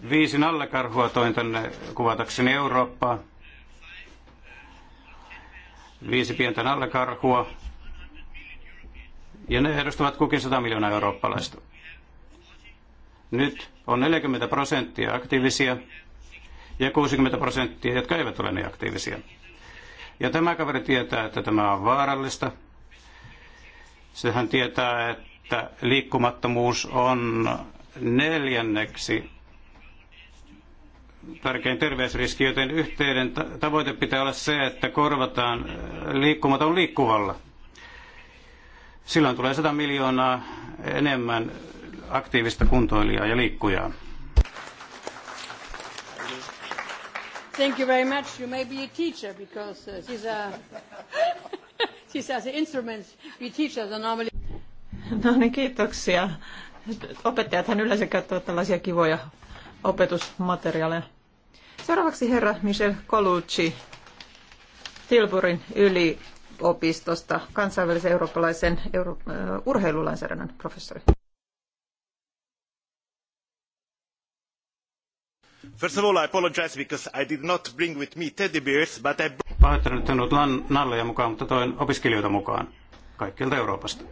[SPEAKER 4] Viisi nallekarhua toin tänne kuvatakseni Eurooppaa. Viisi pientä nallekarhua. Ja ne edustavat kukin 100 miljoonaa eurooppalaista. Nyt on 40 prosenttia aktiivisia ja 60 prosenttia, jotka eivät ole niin aktiivisia. Ja tämä kaveri tietää, että tämä on vaarallista. Sehän tietää, että liikkumattomuus on neljänneksi tärkein terveysriski, joten yhteinen tavoite pitää olla se, että korvataan äh, liikkumaton liikkuvalla. Silloin tulee 100 miljoonaa enemmän aktiivista kuntoilijaa ja liikkujaa.
[SPEAKER 5] Thank you very much. You may be a teacher because uh, these are these are the instruments we teachers are normally.
[SPEAKER 1] No niin, kiitoksia. Opettajathan yleensä käyttävät tällaisia kivoja opetusmateriaaleja. Seuraavaksi herra Michel Colucci Tilburin yliopistosta, kansainvälisen eurooppalaisen euro- urheilulainsäädännön professori.
[SPEAKER 3] First of all, I apologize because I did not bring with me teddy bears, but I...
[SPEAKER 4] Pahoittelen, että en ollut nalleja mukaan, mutta toin opiskelijoita mukaan kaikkialta Euroopasta.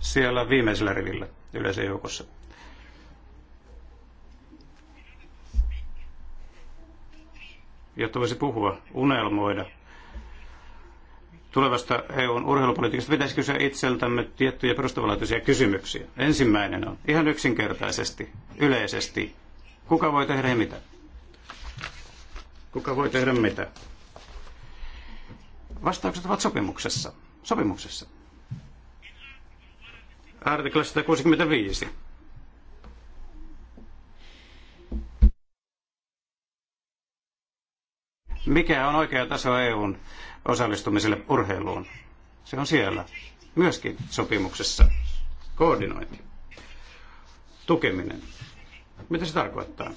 [SPEAKER 4] Siellä viimeisellä rivillä yleisön joukossa. Jotta voisi puhua, unelmoida, tulevasta EUn urheilupolitiikasta pitäisi kysyä itseltämme tiettyjä perustavanlaatuisia kysymyksiä. Ensimmäinen on ihan yksinkertaisesti, yleisesti, kuka voi tehdä mitä? Kuka voi tehdä mitä? Vastaukset ovat sopimuksessa. Sopimuksessa. Artikla 165. Mikä on oikea taso EUn osallistumiselle urheiluun. Se on siellä myöskin sopimuksessa. Koordinointi. Tukeminen. Mitä se tarkoittaa?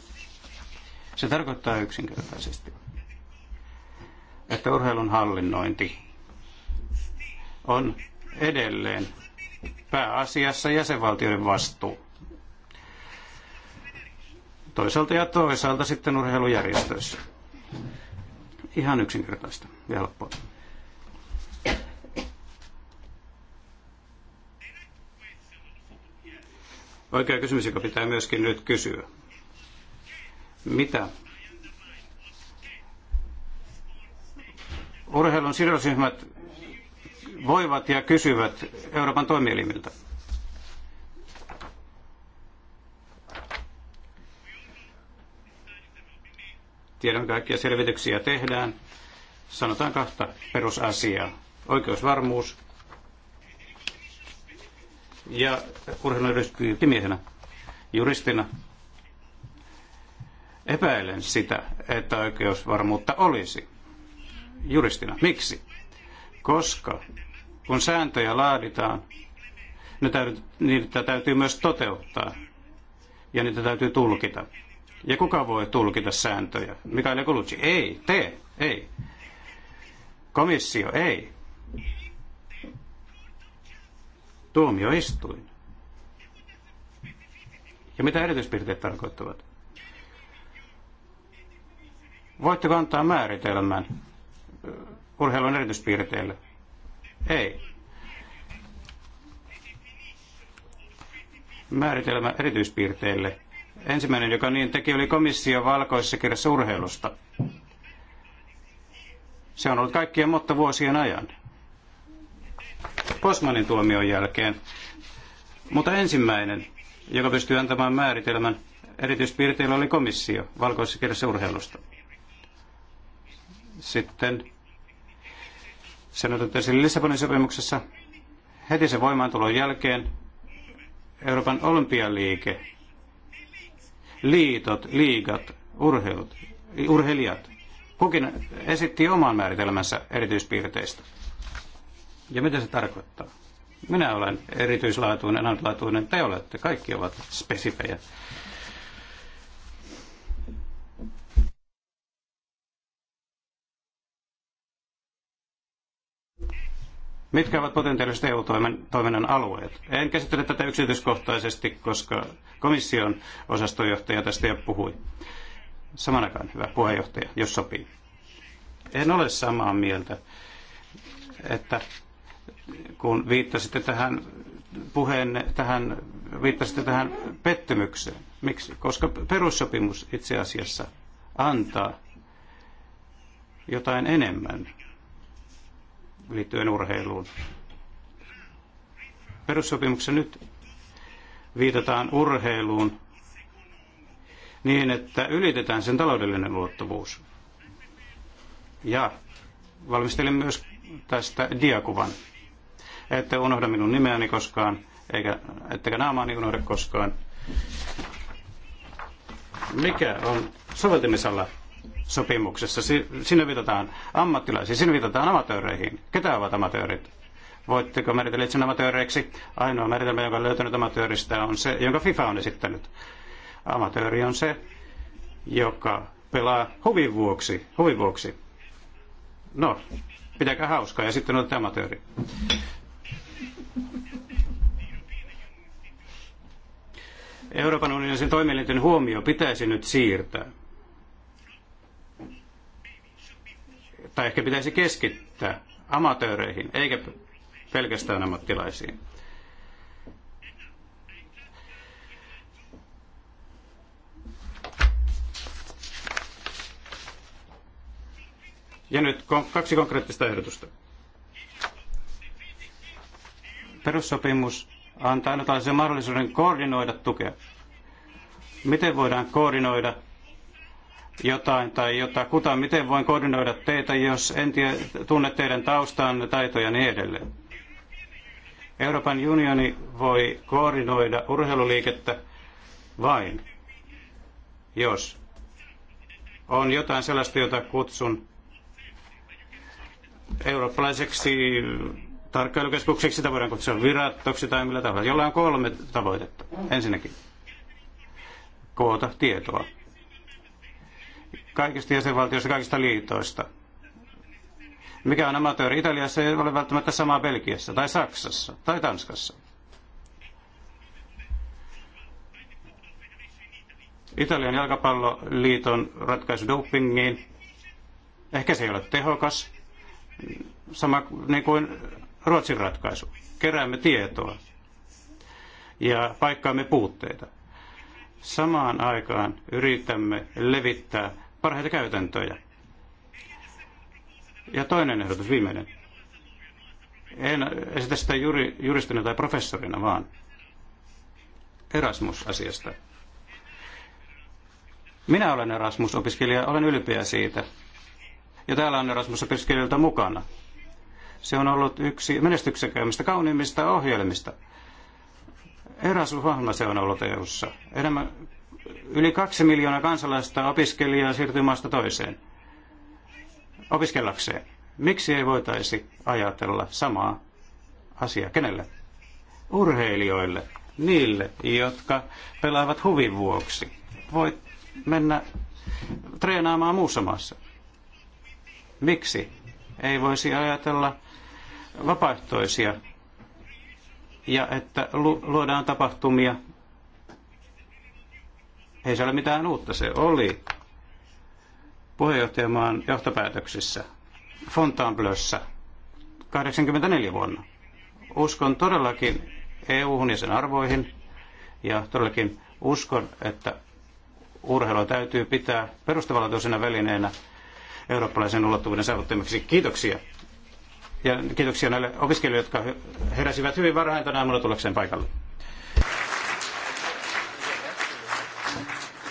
[SPEAKER 4] Se tarkoittaa yksinkertaisesti, että urheilun hallinnointi on edelleen pääasiassa jäsenvaltioiden vastuu. Toisaalta ja toisaalta sitten urheilujärjestöissä ihan yksinkertaista ja helppoa. Oikea kysymys, joka pitää myöskin nyt kysyä. Mitä urheilun sidosryhmät voivat ja kysyvät Euroopan toimielimiltä? tiedon kaikkia selvityksiä tehdään, sanotaan kahta perusasiaa. Oikeusvarmuus ja urheiluyhdistymiehenä, juristina, epäilen sitä, että oikeusvarmuutta olisi juristina. Miksi? Koska kun sääntöjä laaditaan, ne täytyy, niitä täytyy myös toteuttaa ja niitä täytyy tulkita. Ja kuka voi tulkita sääntöjä? Mikael Kulucci, ei, te, ei. Komissio, ei. Tuomioistuin. Ja mitä erityispiirteet tarkoittavat? Voitteko antaa määritelmän urheilun erityispiirteille? Ei. Määritelmä erityispiirteille Ensimmäinen, joka niin teki, oli komissio valkoisessa kirjassa urheilusta. Se on ollut kaikkien motta vuosien ajan. Kosmanin tuomion jälkeen. Mutta ensimmäinen, joka pystyi antamaan määritelmän erityispiirteillä, oli komissio valkoisessa kirjassa urheilusta. Sitten sen otettiin Lissabonin sopimuksessa heti sen voimaantulon jälkeen Euroopan olympialiike liitot, liigat, urheilut, urheilijat. Kukin esitti oman määritelmänsä erityispiirteistä. Ja mitä se tarkoittaa? Minä olen erityislaatuinen, ainutlaatuinen, te olette, kaikki ovat spesifejä. Mitkä ovat potentiaaliset EU-toiminnan alueet? En käsittele tätä yksityiskohtaisesti, koska komission osastojohtaja tästä jo puhui. Samanakaan hyvä puheenjohtaja, jos sopii. En ole samaa mieltä, että kun viittasitte tähän puheen, tähän, viittasitte tähän pettymykseen. Miksi? Koska perussopimus itse asiassa antaa jotain enemmän liittyen urheiluun. Perussopimuksessa nyt viitataan urheiluun niin, että ylitetään sen taloudellinen luottavuus. Ja valmistelin myös tästä diakuvan. Ette unohda minun nimeäni koskaan, eikä, ettekä naamaani unohda koskaan. Mikä on soveltimisalla sopimuksessa. Sinne viitataan ammattilaisiin, sinne viitataan amatööreihin. Ketä ovat amatöörit? Voitteko määritellä itse amatööreiksi? Ainoa määritelmä, jonka on löytynyt amatööristä, on se, jonka FIFA on esittänyt. Amatööri on se, joka pelaa huvin vuoksi. Huvin vuoksi. No, pitäkää hauskaa ja sitten olette amatööri. Euroopan unionin toimielinten huomio pitäisi nyt siirtää tai ehkä pitäisi keskittää amatööreihin, eikä pelkästään ammattilaisiin. Ja nyt kaksi konkreettista ehdotusta. Perussopimus antaa aina mahdollisuuden koordinoida tukea. Miten voidaan koordinoida jotain tai jota kuta, miten voin koordinoida teitä, jos en tie, tunne teidän taustanne, taitoja ja niin edelleen. Euroopan unioni voi koordinoida urheiluliikettä vain, jos on jotain sellaista, jota kutsun eurooppalaiseksi tarkkailukeskukseksi, sitä voidaan kutsua virastoksi tai millä tavalla. Jolla on kolme tavoitetta. Ensinnäkin, koota tietoa kaikista jäsenvaltioista, kaikista liitoista. Mikä on amatööri Italiassa ei ole välttämättä sama Belgiassa tai Saksassa tai Tanskassa. Italian jalkapalloliiton ratkaisu dopingiin. Ehkä se ei ole tehokas. Sama niin kuin Ruotsin ratkaisu. Keräämme tietoa ja paikkaamme puutteita. Samaan aikaan yritämme levittää parhaita käytäntöjä. Ja toinen ehdotus, viimeinen. En esitä sitä juri, juristina tai professorina, vaan Erasmus-asiasta. Minä olen Erasmus-opiskelija, olen ylpeä siitä. Ja täällä on Erasmus-opiskelijoilta mukana. Se on ollut yksi menestyksekäymistä, kauniimmista ohjelmista. Erasmus-ohjelma se on ollut EU-ssa. Enemmän Yli kaksi miljoonaa kansalaista opiskelijaa siirtyy maasta toiseen opiskellakseen. Miksi ei voitaisi ajatella samaa asiaa? Kenelle? Urheilijoille, niille, jotka pelaavat huvin vuoksi. Voit mennä treenaamaan muussa maassa. Miksi ei voisi ajatella vapaaehtoisia ja että luodaan tapahtumia ei se ole mitään uutta, se oli puheenjohtajamaan johtopäätöksissä Fontainebleaussa 84 vuonna. Uskon todellakin EU-hun ja sen arvoihin ja todellakin uskon, että urheilua täytyy pitää perustavallatuisena välineenä eurooppalaisen ulottuvuuden saavuttamiseksi. Kiitoksia. Ja kiitoksia näille opiskelijoille, jotka heräsivät hyvin varhain tänä aamulla tullakseen paikalle.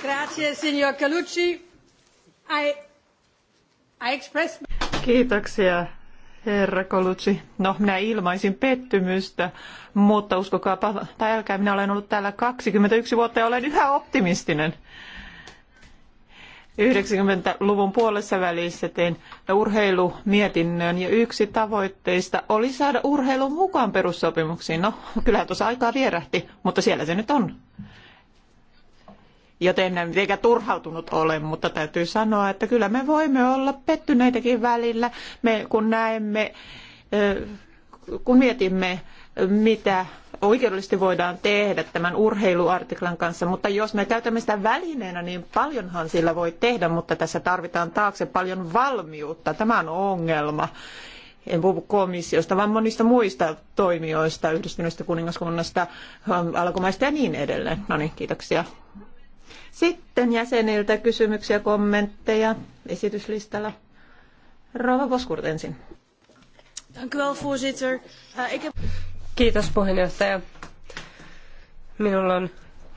[SPEAKER 5] Grazie, signor Calucci. I, I express...
[SPEAKER 1] Kiitoksia, herra Colucci. No, minä ilmaisin pettymystä, mutta uskokaa tai älkää, minä olen ollut täällä 21 vuotta ja olen yhä optimistinen. 90-luvun puolessa välissä tein urheilumietinnön ja yksi tavoitteista oli saada urheilun mukaan perussopimuksiin. No, kyllähän tuossa aikaa vierähti, mutta siellä se nyt on joten en mitenkään turhautunut ole, mutta täytyy sanoa, että kyllä me voimme olla pettyneitäkin välillä, me, kun näemme, kun mietimme, mitä oikeudellisesti voidaan tehdä tämän urheiluartiklan kanssa, mutta jos me käytämme sitä välineenä, niin paljonhan sillä voi tehdä, mutta tässä tarvitaan taakse paljon valmiutta. Tämä on ongelma. En puhu komissiosta, vaan monista muista toimijoista, yhdistyneestä kuningaskunnasta, alkomaista ja niin edelleen. No niin, kiitoksia sitten jäseniltä kysymyksiä, kommentteja esityslistalla.
[SPEAKER 2] Rova Voskurt ensin. Kiitos puheenjohtaja. Minulla on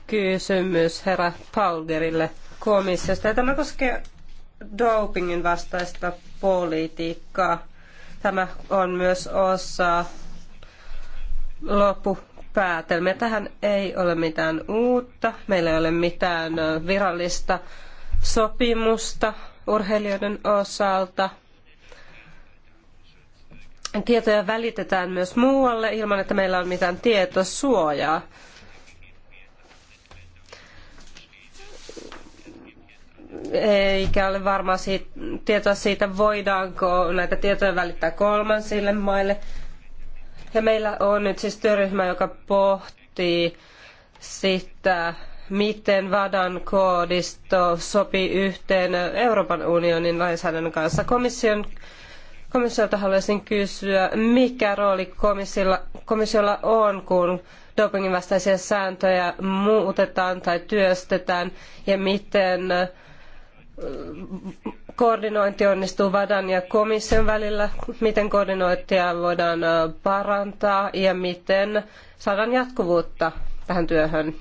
[SPEAKER 2] kysymys herra Paulderille komissiosta. Ja tämä koskee dopingin vastaista politiikkaa. Tämä on myös osa loppu päätelmiä. Tähän ei ole mitään uutta, meillä ei ole mitään virallista sopimusta urheilijoiden osalta. Tietoja välitetään myös muualle ilman, että meillä on mitään tietosuojaa. Eikä ole varmaa tietoa siitä, voidaanko näitä tietoja välittää kolmansille maille ja meillä on nyt siis työryhmä, joka pohtii sitä, miten Vadan koodisto sopii yhteen Euroopan unionin lainsäädännön kanssa. Komission, komissiolta haluaisin kysyä, mikä rooli komissiolla on, kun dopingin vastaisia sääntöjä muutetaan tai työstetään ja miten koordinointi onnistuu Vadan ja komission välillä, miten koordinointia voidaan parantaa ja miten saadaan jatkuvuutta tähän työhön.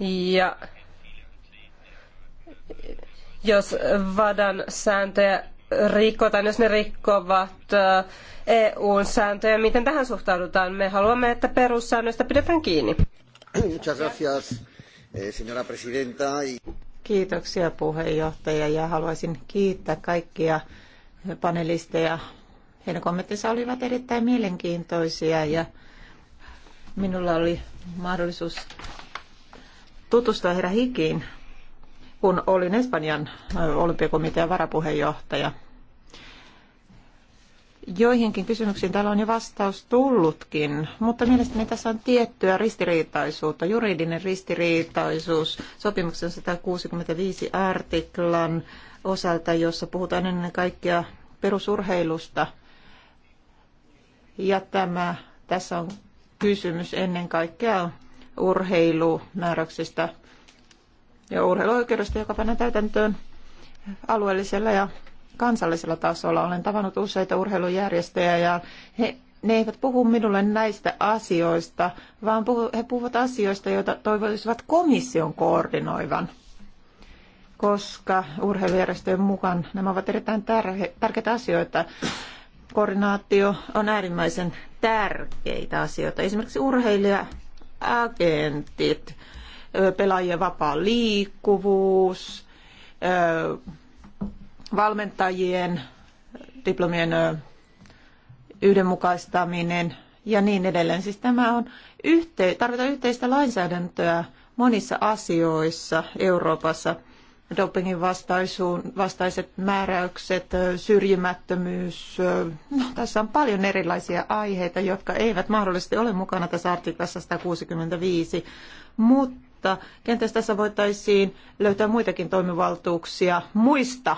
[SPEAKER 2] Ja jos Vadan sääntöjä rikotaan, jos ne rikkovat EUn sääntöjä, miten tähän suhtaudutaan? Me haluamme, että perussäännöistä pidetään kiinni.
[SPEAKER 4] Muchas gracias.
[SPEAKER 6] Eh, Signora presidenta.
[SPEAKER 1] Kiitoksia puheenjohtaja ja haluaisin kiittää kaikkia panelisteja. Heidän kommenttinsa olivat erittäin mielenkiintoisia ja minulla oli mahdollisuus tutustua herra Hikiin, kun olin Espanjan olympiakomitean varapuheenjohtaja. Joihinkin kysymyksiin täällä on jo vastaus tullutkin, mutta mielestäni tässä on tiettyä ristiriitaisuutta, juridinen ristiriitaisuus sopimuksen 165 artiklan osalta, jossa puhutaan ennen kaikkea perusurheilusta. Ja tämä, tässä on kysymys ennen kaikkea urheilumääräyksistä ja urheiluoikeudesta, joka pannaan täytäntöön alueellisella ja kansallisella tasolla. Olen tavannut useita urheilujärjestöjä ja he, ne eivät puhu minulle näistä asioista, vaan puhu, he puhuvat asioista, joita toivoisivat komission koordinoivan koska urheilujärjestöjen mukaan nämä ovat erittäin tärkeitä asioita. Koordinaatio on äärimmäisen tärkeitä asioita. Esimerkiksi urheilija-agentit, pelaajien vapaa liikkuvuus, valmentajien diplomien yhdenmukaistaminen ja niin edelleen. Siis tämä on yhte, tarvitaan yhteistä lainsäädäntöä monissa asioissa Euroopassa. Dopingin vastaisuun, vastaiset määräykset, syrjimättömyys. No, tässä on paljon erilaisia aiheita, jotka eivät mahdollisesti ole mukana tässä artiklassa 165, mutta kenties tässä voitaisiin löytää muitakin toimivaltuuksia muista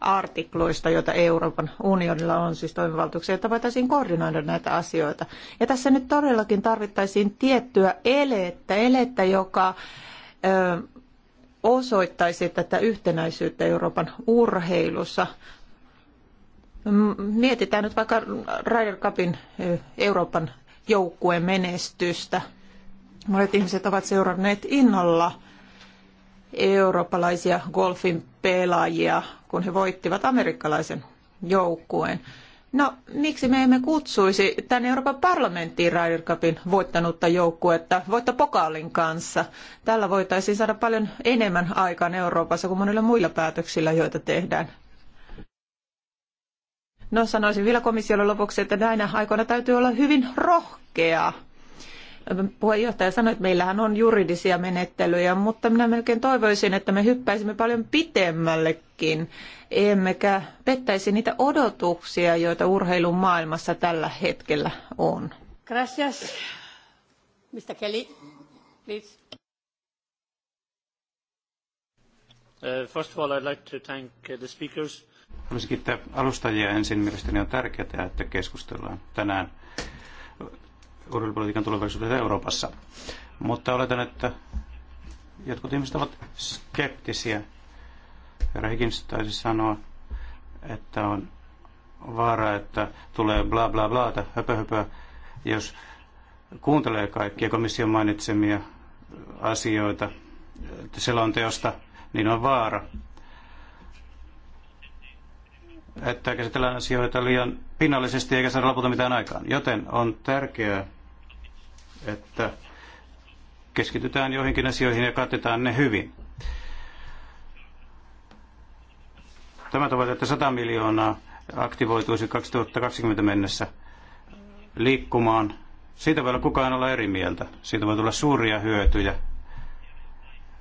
[SPEAKER 1] artikloista, joita Euroopan unionilla on, siis toimivaltuuksia, jotta voitaisiin koordinoida näitä asioita. Ja tässä nyt todellakin tarvittaisiin tiettyä elettä, elettä joka ö, osoittaisi tätä yhtenäisyyttä Euroopan urheilussa. Mietitään nyt vaikka Ryder Cupin Euroopan joukkueen menestystä. Monet ihmiset ovat seuranneet innolla – eurooppalaisia golfin pelaajia, kun he voittivat amerikkalaisen joukkueen. No, miksi me emme kutsuisi tänne Euroopan parlamenttiin Ryder Cupin voittanutta joukkuetta voittopokaalin kanssa? Tällä voitaisiin saada paljon enemmän aikaan Euroopassa kuin monilla muilla päätöksillä, joita tehdään. No, sanoisin vielä komissiolle lopuksi, että näinä aikoina täytyy olla hyvin rohkea puheenjohtaja sanoi, että meillähän on juridisia menettelyjä, mutta minä melkein toivoisin, että me hyppäisimme paljon pitemmällekin, emmekä pettäisi niitä odotuksia, joita urheilun maailmassa tällä hetkellä on.
[SPEAKER 5] Gracias. Mistä Kelly, please. Uh, first of all, I'd like to thank uh, the speakers.
[SPEAKER 4] Haluaisin kiittää alustajia ensin. Mielestäni on tärkeää, että keskustellaan tänään urheilupolitiikan tulevaisuudesta Euroopassa. Mutta oletan, että jotkut ihmiset ovat skeptisiä. Herra Higgins taisi sanoa, että on vaara, että tulee bla bla blaata, höpö, höpö jos kuuntelee kaikkia komission mainitsemia asioita selonteosta, niin on vaara, että käsitellään asioita liian pinnallisesti eikä saada lopulta mitään aikaan. Joten on tärkeää että keskitytään joihinkin asioihin ja katetaan ne hyvin. Tämä tavoite, että 100 miljoonaa aktivoituisi 2020 mennessä liikkumaan, siitä voi olla kukaan olla eri mieltä. Siitä voi tulla suuria hyötyjä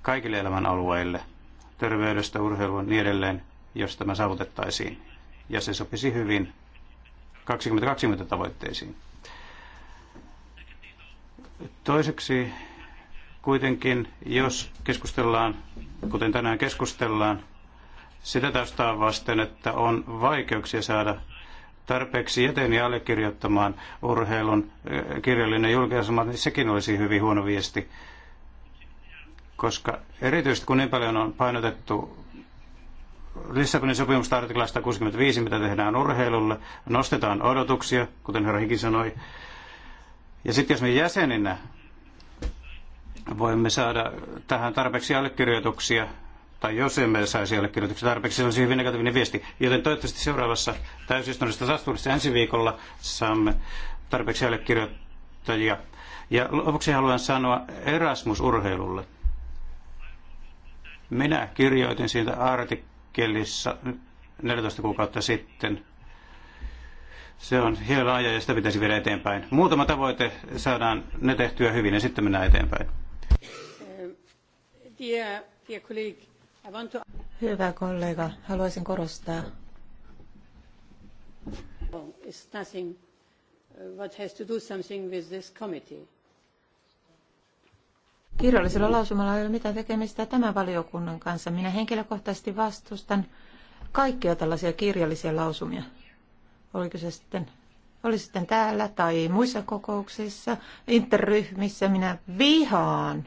[SPEAKER 4] kaikille elämän alueille, terveydestä, urheilua ja niin edelleen, jos tämä saavutettaisiin. Ja se sopisi hyvin 2020 tavoitteisiin. Toiseksi kuitenkin, jos keskustellaan, kuten tänään keskustellaan, sitä taustaa vasten, että on vaikeuksia saada tarpeeksi jäteniä allekirjoittamaan urheilun eh, kirjallinen julkaisema, niin sekin olisi hyvin huono viesti. Koska erityisesti kun niin paljon on painotettu Lissabonin sopimusta artiklasta 65, mitä tehdään urheilulle, nostetaan odotuksia, kuten herra Hiki sanoi, ja sitten jos me jäseninä voimme saada tähän tarpeeksi allekirjoituksia, tai jos emme saisi allekirjoituksia tarpeeksi, se olisi hyvin negatiivinen viesti. Joten toivottavasti seuraavassa täysistunnossa Strasbourgissa ensi viikolla saamme tarpeeksi allekirjoittajia. Ja lopuksi haluan sanoa Erasmus-urheilulle. Minä kirjoitin siitä artikkelissa 14 kuukautta sitten se on hieno aja ja sitä pitäisi viedä eteenpäin. Muutama tavoite saadaan ne tehtyä hyvin ja sitten mennään eteenpäin.
[SPEAKER 1] Hyvä kollega, haluaisin korostaa. Kirjallisella lausumalla ei ole mitään tekemistä tämän valiokunnan kanssa. Minä henkilökohtaisesti vastustan kaikkia tällaisia kirjallisia lausumia oliko se sitten, oli sitten täällä tai muissa kokouksissa, interryhmissä, minä vihaan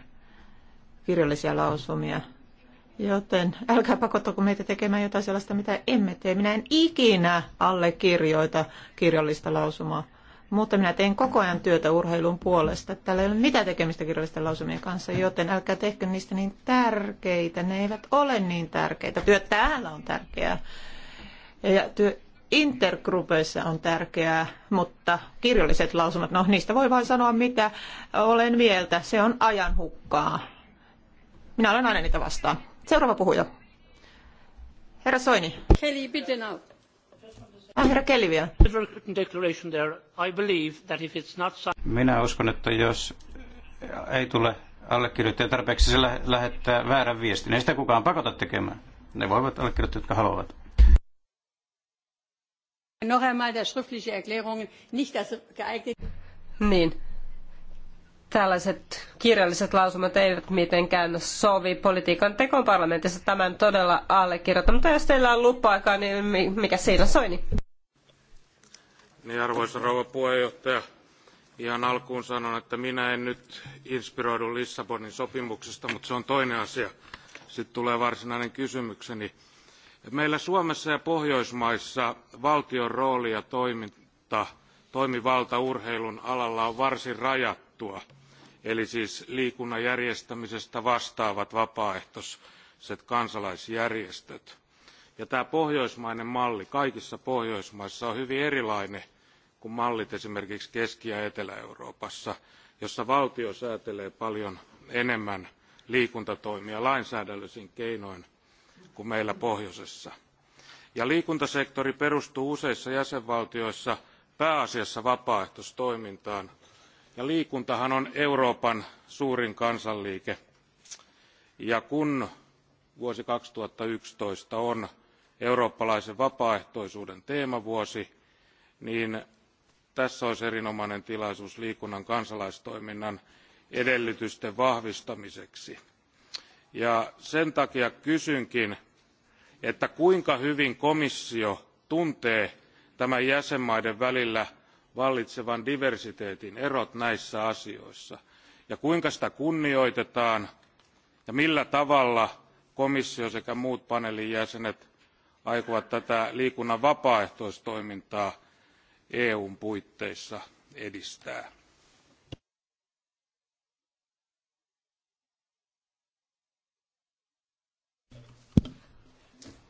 [SPEAKER 1] kirjallisia lausumia. Joten älkää pakottako meitä tekemään jotain sellaista, mitä emme tee. Minä en ikinä allekirjoita kirjallista lausumaa, mutta minä teen koko ajan työtä urheilun puolesta. Täällä ei ole mitään tekemistä kirjallisten lausumien kanssa, joten älkää tehkö niistä niin tärkeitä. Ne eivät ole niin tärkeitä. Työ täällä on tärkeää. Ja työ intergrupeissa on tärkeää, mutta kirjalliset lausumat, no niistä voi vain sanoa mitä olen mieltä. Se on ajan hukkaa. Minä olen aina niitä vastaan. Seuraava puhuja.
[SPEAKER 5] Herra Soini. Kelly, ah, herra Kelly vielä.
[SPEAKER 4] Minä uskon, että jos ei tule allekirjoittajia tarpeeksi, se lähettää väärän viestin. Ei sitä kukaan pakota tekemään. Ne voivat allekirjoittaa, jotka haluavat.
[SPEAKER 5] Noch einmal der schriftliche nicht das geeignet.
[SPEAKER 2] Niin. Tällaiset kirjalliset lausumat eivät mitenkään sovi politiikan tekoon parlamentissa. Tämän todella allekirjoitan. Mutta jos teillä on lupa-aikaa, niin mikä siinä soini?
[SPEAKER 6] Niin, arvoisa rouva puheenjohtaja, ihan alkuun sanon, että minä en nyt inspiroidu Lissabonin sopimuksesta, mutta se on toinen asia. Sitten tulee varsinainen kysymykseni. Niin meillä suomessa ja pohjoismaissa valtion rooli ja toiminta, toimivalta urheilun alalla on varsin rajattua eli siis liikunnan järjestämisestä vastaavat vapaaehtoiset kansalaisjärjestöt. Ja tämä pohjoismainen malli kaikissa pohjoismaissa on hyvin erilainen kuin mallit esimerkiksi keski ja etelä euroopassa jossa valtio säätelee paljon enemmän liikuntatoimia lainsäädännöllisin keinoin kuin meillä pohjoisessa. Ja liikuntasektori perustuu useissa jäsenvaltioissa pääasiassa vapaaehtoistoimintaan. Ja liikuntahan on Euroopan suurin kansanliike. Ja kun vuosi 2011 on eurooppalaisen vapaaehtoisuuden teemavuosi, niin tässä olisi erinomainen tilaisuus liikunnan kansalaistoiminnan edellytysten vahvistamiseksi. Ja sen takia kysynkin että kuinka hyvin komissio tuntee tämän jäsenmaiden välillä vallitsevan diversiteetin erot näissä asioissa ja kuinka sitä kunnioitetaan ja millä tavalla komissio sekä muut paneelin jäsenet aikovat tätä liikunnan vapaaehtoistoimintaa eun puitteissa edistää.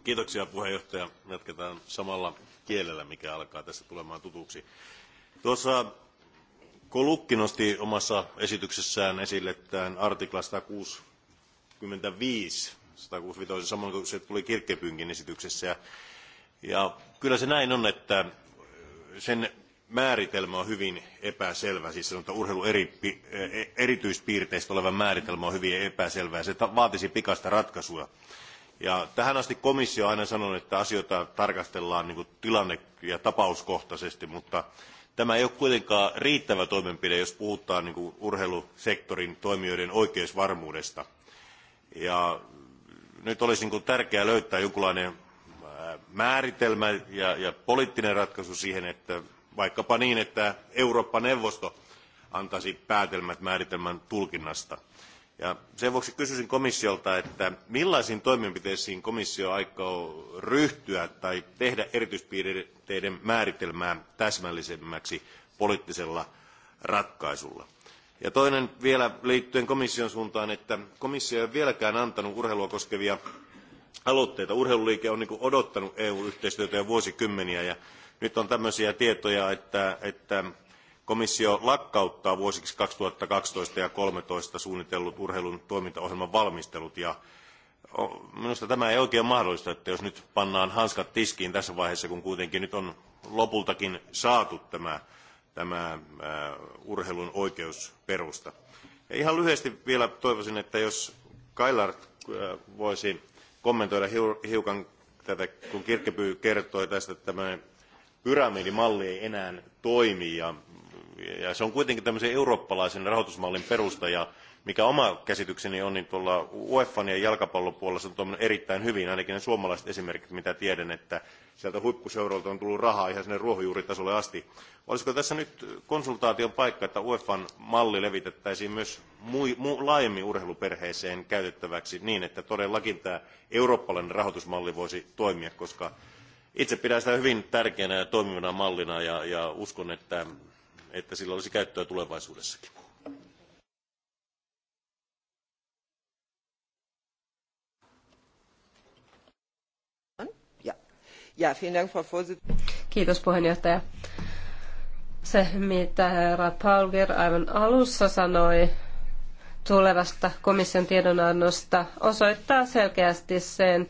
[SPEAKER 3] Kiitoksia puheenjohtaja. Jatketaan samalla kielellä, mikä alkaa tässä tulemaan tutuksi. Tuossa Kolukki nosti omassa esityksessään esille tämän artikla 165, 165 samoin kuin se tuli Kirkkepynkin esityksessä. Ja, ja kyllä se näin on, että sen määritelmä on hyvin epäselvä, siis sanotaan urheilu eri, e-, erityispiirteistä oleva määritelmä on hyvin epäselvä ja se vaatisi pikaista ratkaisua. Ja tähän asti komissio on aina sanonut, että asioita tarkastellaan niin tilanne- ja tapauskohtaisesti, mutta tämä ei ole kuitenkaan riittävä toimenpide, jos puhutaan niin urheilusektorin toimijoiden oikeusvarmuudesta. Ja nyt olisi niin tärkeää löytää jonkinlainen määritelmä ja, ja poliittinen ratkaisu siihen, että vaikkapa niin, että Eurooppa-neuvosto antaisi päätelmät määritelmän tulkinnasta sen vuoksi kysyisin komissiolta, että millaisiin toimenpiteisiin komissio aikoo ryhtyä tai tehdä erityispiirteiden määritelmää täsmällisemmäksi poliittisella ratkaisulla. Ja toinen vielä liittyen komission suuntaan, että komissio ei ole vieläkään antanut urheilua koskevia aloitteita. Urheiluliike on niin odottanut EU-yhteistyötä jo vuosikymmeniä ja nyt on tämmöisiä tietoja, että, että komissio lakkauttaa vuosiksi kaksituhatta kaksitoista ja kolmetoista suunnitellut urheilun toimintaohjelman valmistelut ja minusta tämä ei oikein mahdollista että jos nyt pannaan hanskat tiskiin tässä vaiheessa kun kuitenkin nyt on lopultakin saatu tämä, tämä urheilun oikeusperusta. Ja ihan lyhyesti vielä toivoisin että jos Kailart voisi kommentoida hiukan tätä, kun Kirkkepyy kertoi tästä, että tämä pyramidimalli ei enää toimi ja ja se on kuitenkin tämmöisen eurooppalaisen rahoitusmallin perusta ja mikä oma käsitykseni on, niin tuolla UEFan ja jalkapallon puolella on toiminut erittäin hyvin, ainakin ne suomalaiset esimerkit, mitä tiedän, että sieltä huippuseuroilta on tullut rahaa ihan sinne ruohonjuuritasolle asti. Olisiko tässä nyt konsultaation paikka, että UEFan malli levitettäisiin myös mui, mu, laajemmin urheiluperheeseen käytettäväksi niin, että todellakin tämä eurooppalainen rahoitusmalli voisi toimia, koska itse pidän sitä hyvin tärkeänä ja toimivana mallina ja, ja uskon, että että sillä olisi käyttöä tulevaisuudessakin.
[SPEAKER 2] Kiitos puheenjohtaja. Se, mitä herra Palger aivan alussa sanoi tulevasta komission tiedonannosta, osoittaa selkeästi sen,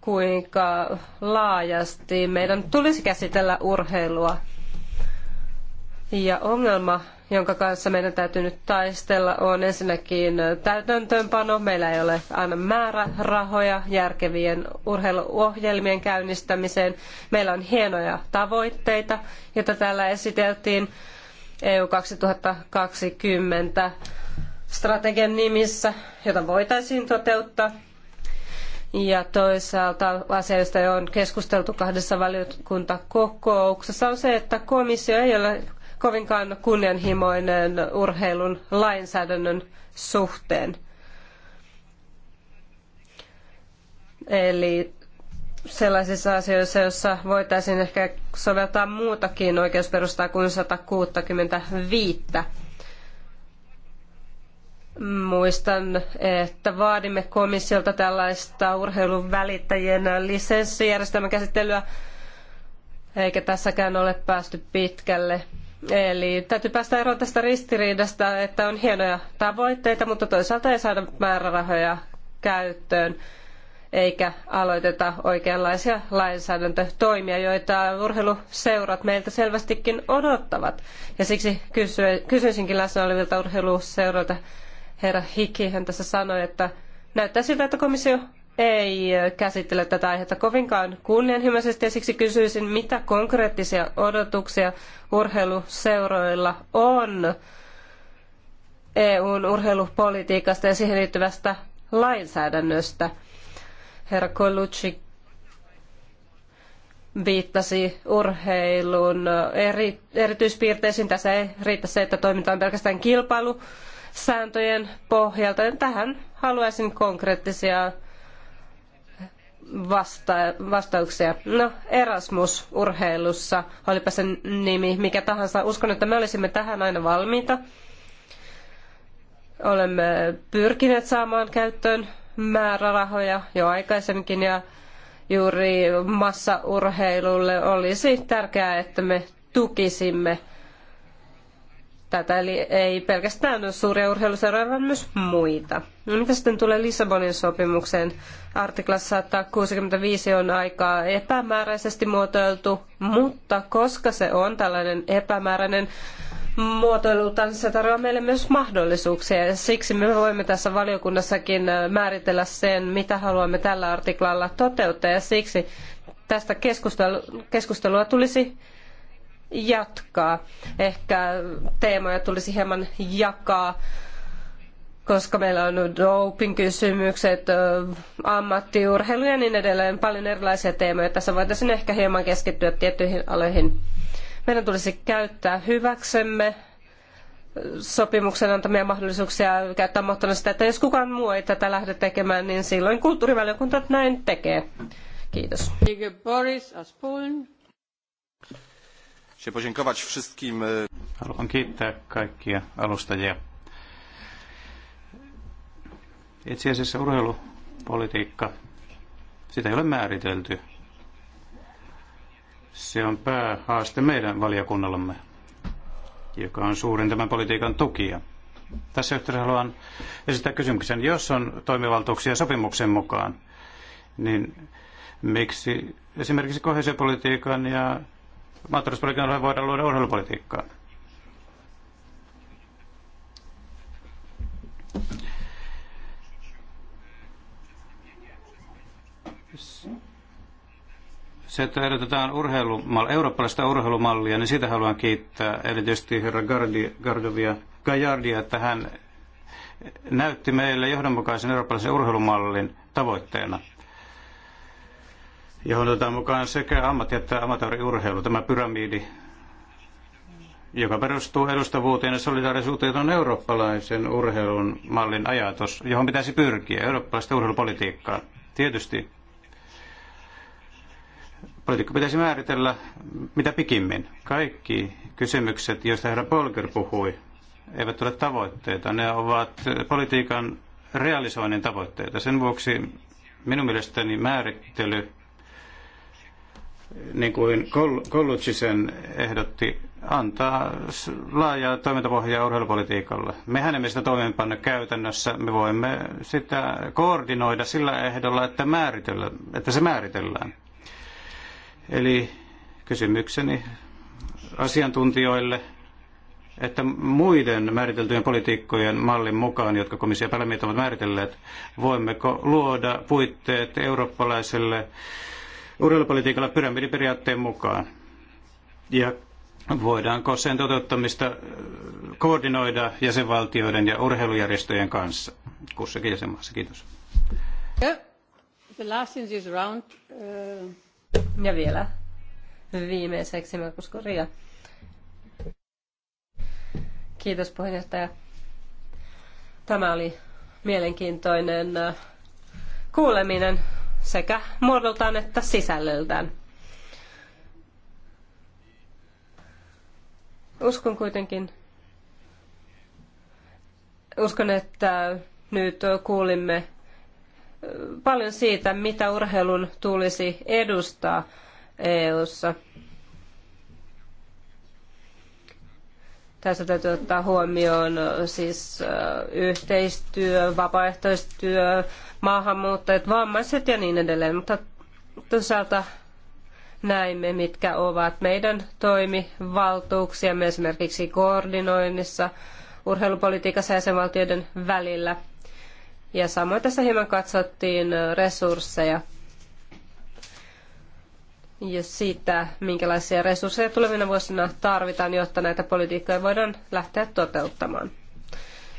[SPEAKER 2] kuinka laajasti meidän tulisi käsitellä urheilua ja ongelma, jonka kanssa meidän täytyy nyt taistella, on ensinnäkin täytäntöönpano. Meillä ei ole aina määrärahoja järkevien urheiluohjelmien käynnistämiseen. Meillä on hienoja tavoitteita, joita täällä esiteltiin EU 2020 strategian nimissä, jota voitaisiin toteuttaa. Ja toisaalta asia, josta on keskusteltu kahdessa valiokuntakokouksessa, on se, että komissio ei ole kovinkaan kunnianhimoinen urheilun lainsäädännön suhteen. Eli sellaisissa asioissa, joissa voitaisiin ehkä soveltaa muutakin oikeusperustaa kuin 165. Muistan, että vaadimme komissiolta tällaista urheilun välittäjien lisenssijärjestelmän käsittelyä, eikä tässäkään ole päästy pitkälle. Eli täytyy päästä eroon tästä ristiriidasta, että on hienoja tavoitteita, mutta toisaalta ei saada määrärahoja käyttöön eikä aloiteta oikeanlaisia lainsäädäntötoimia, joita urheiluseurat meiltä selvästikin odottavat. Ja siksi kysyisinkin läsnä olevilta urheiluseuroilta, herra hän tässä sanoi, että näyttää siltä, että komissio ei käsittele tätä aihetta kovinkaan kunnianhimoisesti ja siksi kysyisin, mitä konkreettisia odotuksia urheiluseuroilla on EUn urheilupolitiikasta ja siihen liittyvästä lainsäädännöstä. Herra Colucci viittasi urheilun eri, erityispiirteisiin. Tässä ei riitä se, että toimitaan pelkästään kilpailusääntöjen pohjalta. Tähän haluaisin konkreettisia vasta- vastauksia. No, Erasmus urheilussa, olipa sen nimi mikä tahansa. Uskon, että me olisimme tähän aina valmiita. Olemme pyrkineet saamaan käyttöön määrärahoja jo aikaisemminkin ja juuri massaurheilulle olisi tärkeää, että me tukisimme – tätä, eli ei pelkästään suuria urheiluseuroja, vaan myös muita. No, mitä sitten tulee Lissabonin sopimukseen? Artikla 165 on aika epämääräisesti muotoiltu, mutta koska se on tällainen epämääräinen muotoilultaan, se tarjoaa meille myös mahdollisuuksia. Ja siksi me voimme tässä valiokunnassakin äh, määritellä sen, mitä haluamme tällä artiklalla toteuttaa, ja siksi tästä keskustelua tulisi jatkaa. Ehkä teemoja tulisi hieman jakaa, koska meillä on doping-kysymykset, ammattiurheilu ja niin edelleen. Paljon erilaisia teemoja. Tässä voitaisiin ehkä hieman keskittyä tiettyihin aloihin. Meidän tulisi käyttää hyväksemme sopimuksen antamia mahdollisuuksia käyttää mottona sitä, että jos kukaan muu ei tätä lähde tekemään, niin silloin kulttuurivaliokunta näin tekee. Kiitos
[SPEAKER 3] się podziękować wszystkim. E,
[SPEAKER 4] haluan kiittää kaikkia alustajia. Itse asiassa urheilupolitiikka, sitä ei ole määritelty. Se on päähaaste meidän valiokunnallamme, joka on suurin tämän politiikan tukija. Tässä yhteydessä haluan esittää kysymyksen, jos on toimivaltuuksia sopimuksen mukaan, niin miksi esimerkiksi kohesiopolitiikan ja maatalouspolitiikalla voidaan luoda urheilupolitiikkaa. Se, että ehdotetaan urheilumal- eurooppalaista urheilumallia, niin siitä haluan kiittää erityisesti herra Gardi, Gardovia, Gajardia, että hän näytti meille johdonmukaisen eurooppalaisen urheilumallin tavoitteena – johon otetaan mukaan sekä ammatti- että amatööriurheilu, tämä pyramidi, joka perustuu edustavuuteen ja solidaarisuuteen, on eurooppalaisen urheilun mallin ajatus, johon pitäisi pyrkiä, eurooppalaista urheilupolitiikkaa. Tietysti poliitikko pitäisi määritellä mitä pikimmin. Kaikki kysymykset, joista herra Polker puhui, eivät ole tavoitteita. Ne ovat politiikan realisoinnin tavoitteita. Sen vuoksi minun mielestäni määrittely niin kuin Kollutsisen ehdotti, antaa laajaa toimintapohjaa urheilupolitiikalle. Mehän emme sitä toimeenpanna käytännössä, me voimme sitä koordinoida sillä ehdolla, että, määritellä, että se määritellään. Eli kysymykseni asiantuntijoille, että muiden määriteltyjen politiikkojen mallin mukaan, jotka komissio ja ovat määritelleet, voimmeko luoda puitteet eurooppalaiselle urheilupolitiikalla pyramidiperiaatteen mukaan. Ja voidaanko sen toteuttamista koordinoida jäsenvaltioiden ja urheilujärjestöjen kanssa kussakin jäsenmaassa? Kiitos.
[SPEAKER 5] Uh,
[SPEAKER 2] ja vielä viimeiseksi Markus Koria. Kiitos puheenjohtaja. Tämä oli mielenkiintoinen uh, kuuleminen sekä muodoltaan että sisällöltään. Uskon kuitenkin, uskon, että nyt kuulimme paljon siitä, mitä urheilun tulisi edustaa EU:ssa. ssa Tässä täytyy ottaa huomioon siis yhteistyö, vapaaehtoistyö, maahanmuuttajat, vammaiset ja niin edelleen. Mutta toisaalta näimme, mitkä ovat meidän me esimerkiksi koordinoinnissa, urheilupolitiikassa jäsenvaltioiden välillä. Ja samoin tässä hieman katsottiin resursseja ja siitä, minkälaisia resursseja tulevina vuosina tarvitaan, jotta näitä politiikkoja voidaan lähteä toteuttamaan.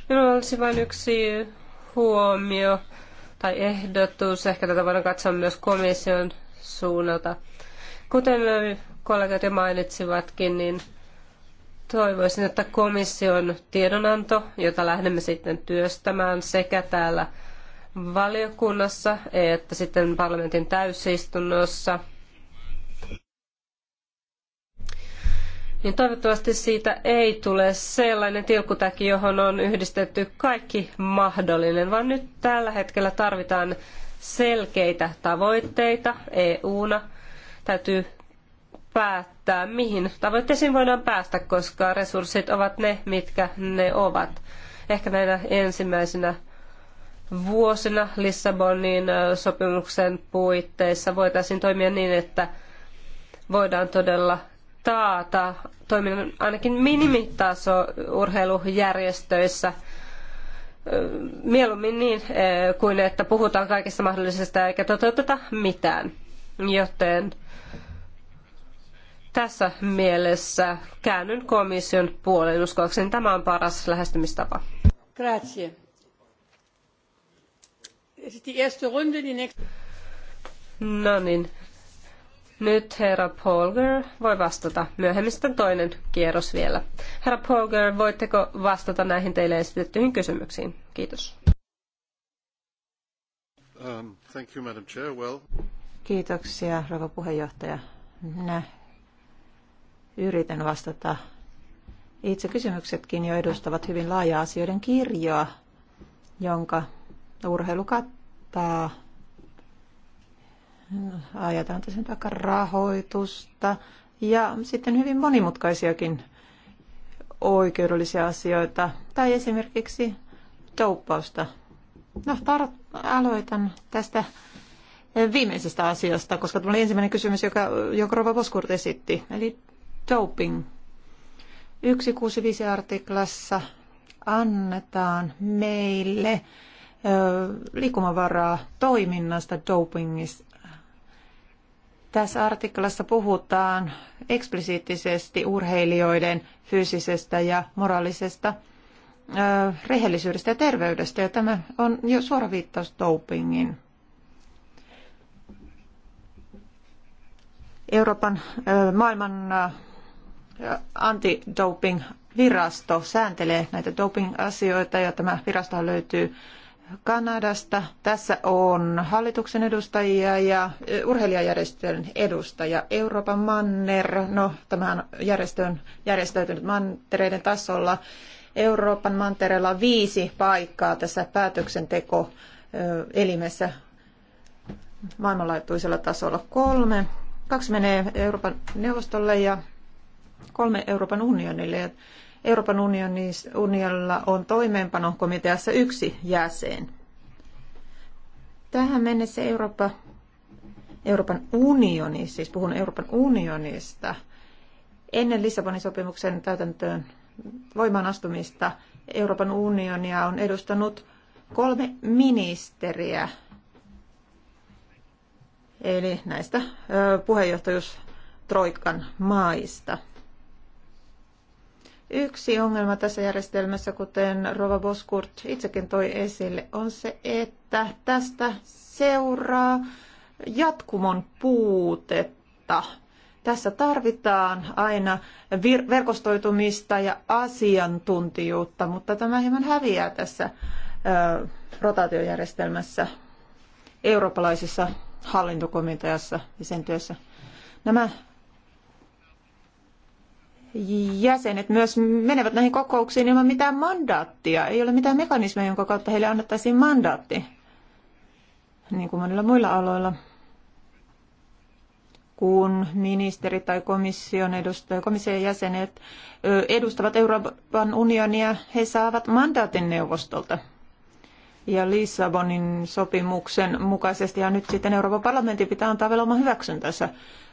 [SPEAKER 2] Minulla olisi vain yksi huomio tai ehdotus. Ehkä tätä voidaan katsoa myös komission suunnalta. Kuten kollegat jo mainitsivatkin, niin toivoisin, että komission tiedonanto, jota lähdemme sitten työstämään sekä täällä valiokunnassa että sitten parlamentin täysistunnossa – niin toivottavasti siitä ei tule sellainen tilkkutäki, johon on yhdistetty kaikki mahdollinen, vaan nyt tällä hetkellä tarvitaan selkeitä tavoitteita EU-na. Täytyy päättää, mihin tavoitteisiin voidaan päästä, koska resurssit ovat ne, mitkä ne ovat. Ehkä näinä ensimmäisinä vuosina Lissabonin sopimuksen puitteissa voitaisiin toimia niin, että voidaan todella taata toiminnan ainakin minimitaso urheilujärjestöissä mieluummin niin kuin että puhutaan kaikesta mahdollisesta eikä toteuteta mitään. Joten tässä mielessä käännyn komission puoleen uskoakseni. Tämä on paras lähestymistapa.
[SPEAKER 5] Grazie. Niin
[SPEAKER 2] no niin, nyt herra Polger voi vastata. Myöhemmin sitten toinen kierros vielä. Herra Polger, voitteko vastata näihin teille esitettyihin kysymyksiin? Kiitos.
[SPEAKER 3] Um, thank you, Madam Chair. Well...
[SPEAKER 1] Kiitoksia, rouva puheenjohtaja. Minä yritän vastata. Itse kysymyksetkin jo edustavat hyvin laajaa asioiden kirjoa, jonka urheilu kattaa ajetaan tässä rahoitusta ja sitten hyvin monimutkaisiakin oikeudellisia asioita tai esimerkiksi touppausta. No, tar- aloitan tästä viimeisestä asiasta, koska tuli ensimmäinen kysymys, joka, jonka Rova Boskurt esitti, eli doping. 165 artiklassa annetaan meille liikumavaraa toiminnasta dopingis, tässä artikkelissa puhutaan eksplisiittisesti urheilijoiden fyysisestä ja moraalisesta rehellisyydestä ja terveydestä, ja tämä on jo suora viittaus dopingin. Euroopan maailman antidoping-virasto sääntelee näitä doping-asioita, ja tämä virasto löytyy Kanadasta. Tässä on hallituksen edustajia ja urheilijajärjestön edustaja Euroopan manner. No, tämä on järjestön, järjestäytynyt mantereiden tasolla. Euroopan mantereella on viisi paikkaa tässä päätöksentekoelimessä maailmanlaajuisella tasolla kolme. Kaksi menee Euroopan neuvostolle ja kolme Euroopan unionille. Ja Euroopan unionilla on toimeenpanokomiteassa yksi jäsen. Tähän mennessä Eurooppa, Euroopan unioni, siis puhun Euroopan unionista, ennen Lissabonin sopimuksen täytäntöön voimaan astumista Euroopan unionia on edustanut kolme ministeriä. Eli näistä puheenjohtajuus Troikan maista. Yksi ongelma tässä järjestelmässä, kuten Rova Boskurt itsekin toi esille, on se, että tästä seuraa jatkumon puutetta. Tässä tarvitaan aina vir- verkostoitumista ja asiantuntijuutta, mutta tämä hieman häviää tässä ö, rotaatiojärjestelmässä, eurooppalaisessa hallintokomiteassa ja sen työssä. Nämä jäsenet myös menevät näihin kokouksiin ilman mitään mandaattia. Ei ole mitään mekanismia, jonka kautta heille annettaisiin mandaatti, niin kuin monilla muilla aloilla. Kun ministeri tai komission edustaja, komission jäsenet edustavat Euroopan unionia, he saavat mandaatin neuvostolta – ja Lissabonin sopimuksen mukaisesti ja nyt sitten Euroopan parlamentin pitää antaa vielä oma hyväksyntänsä.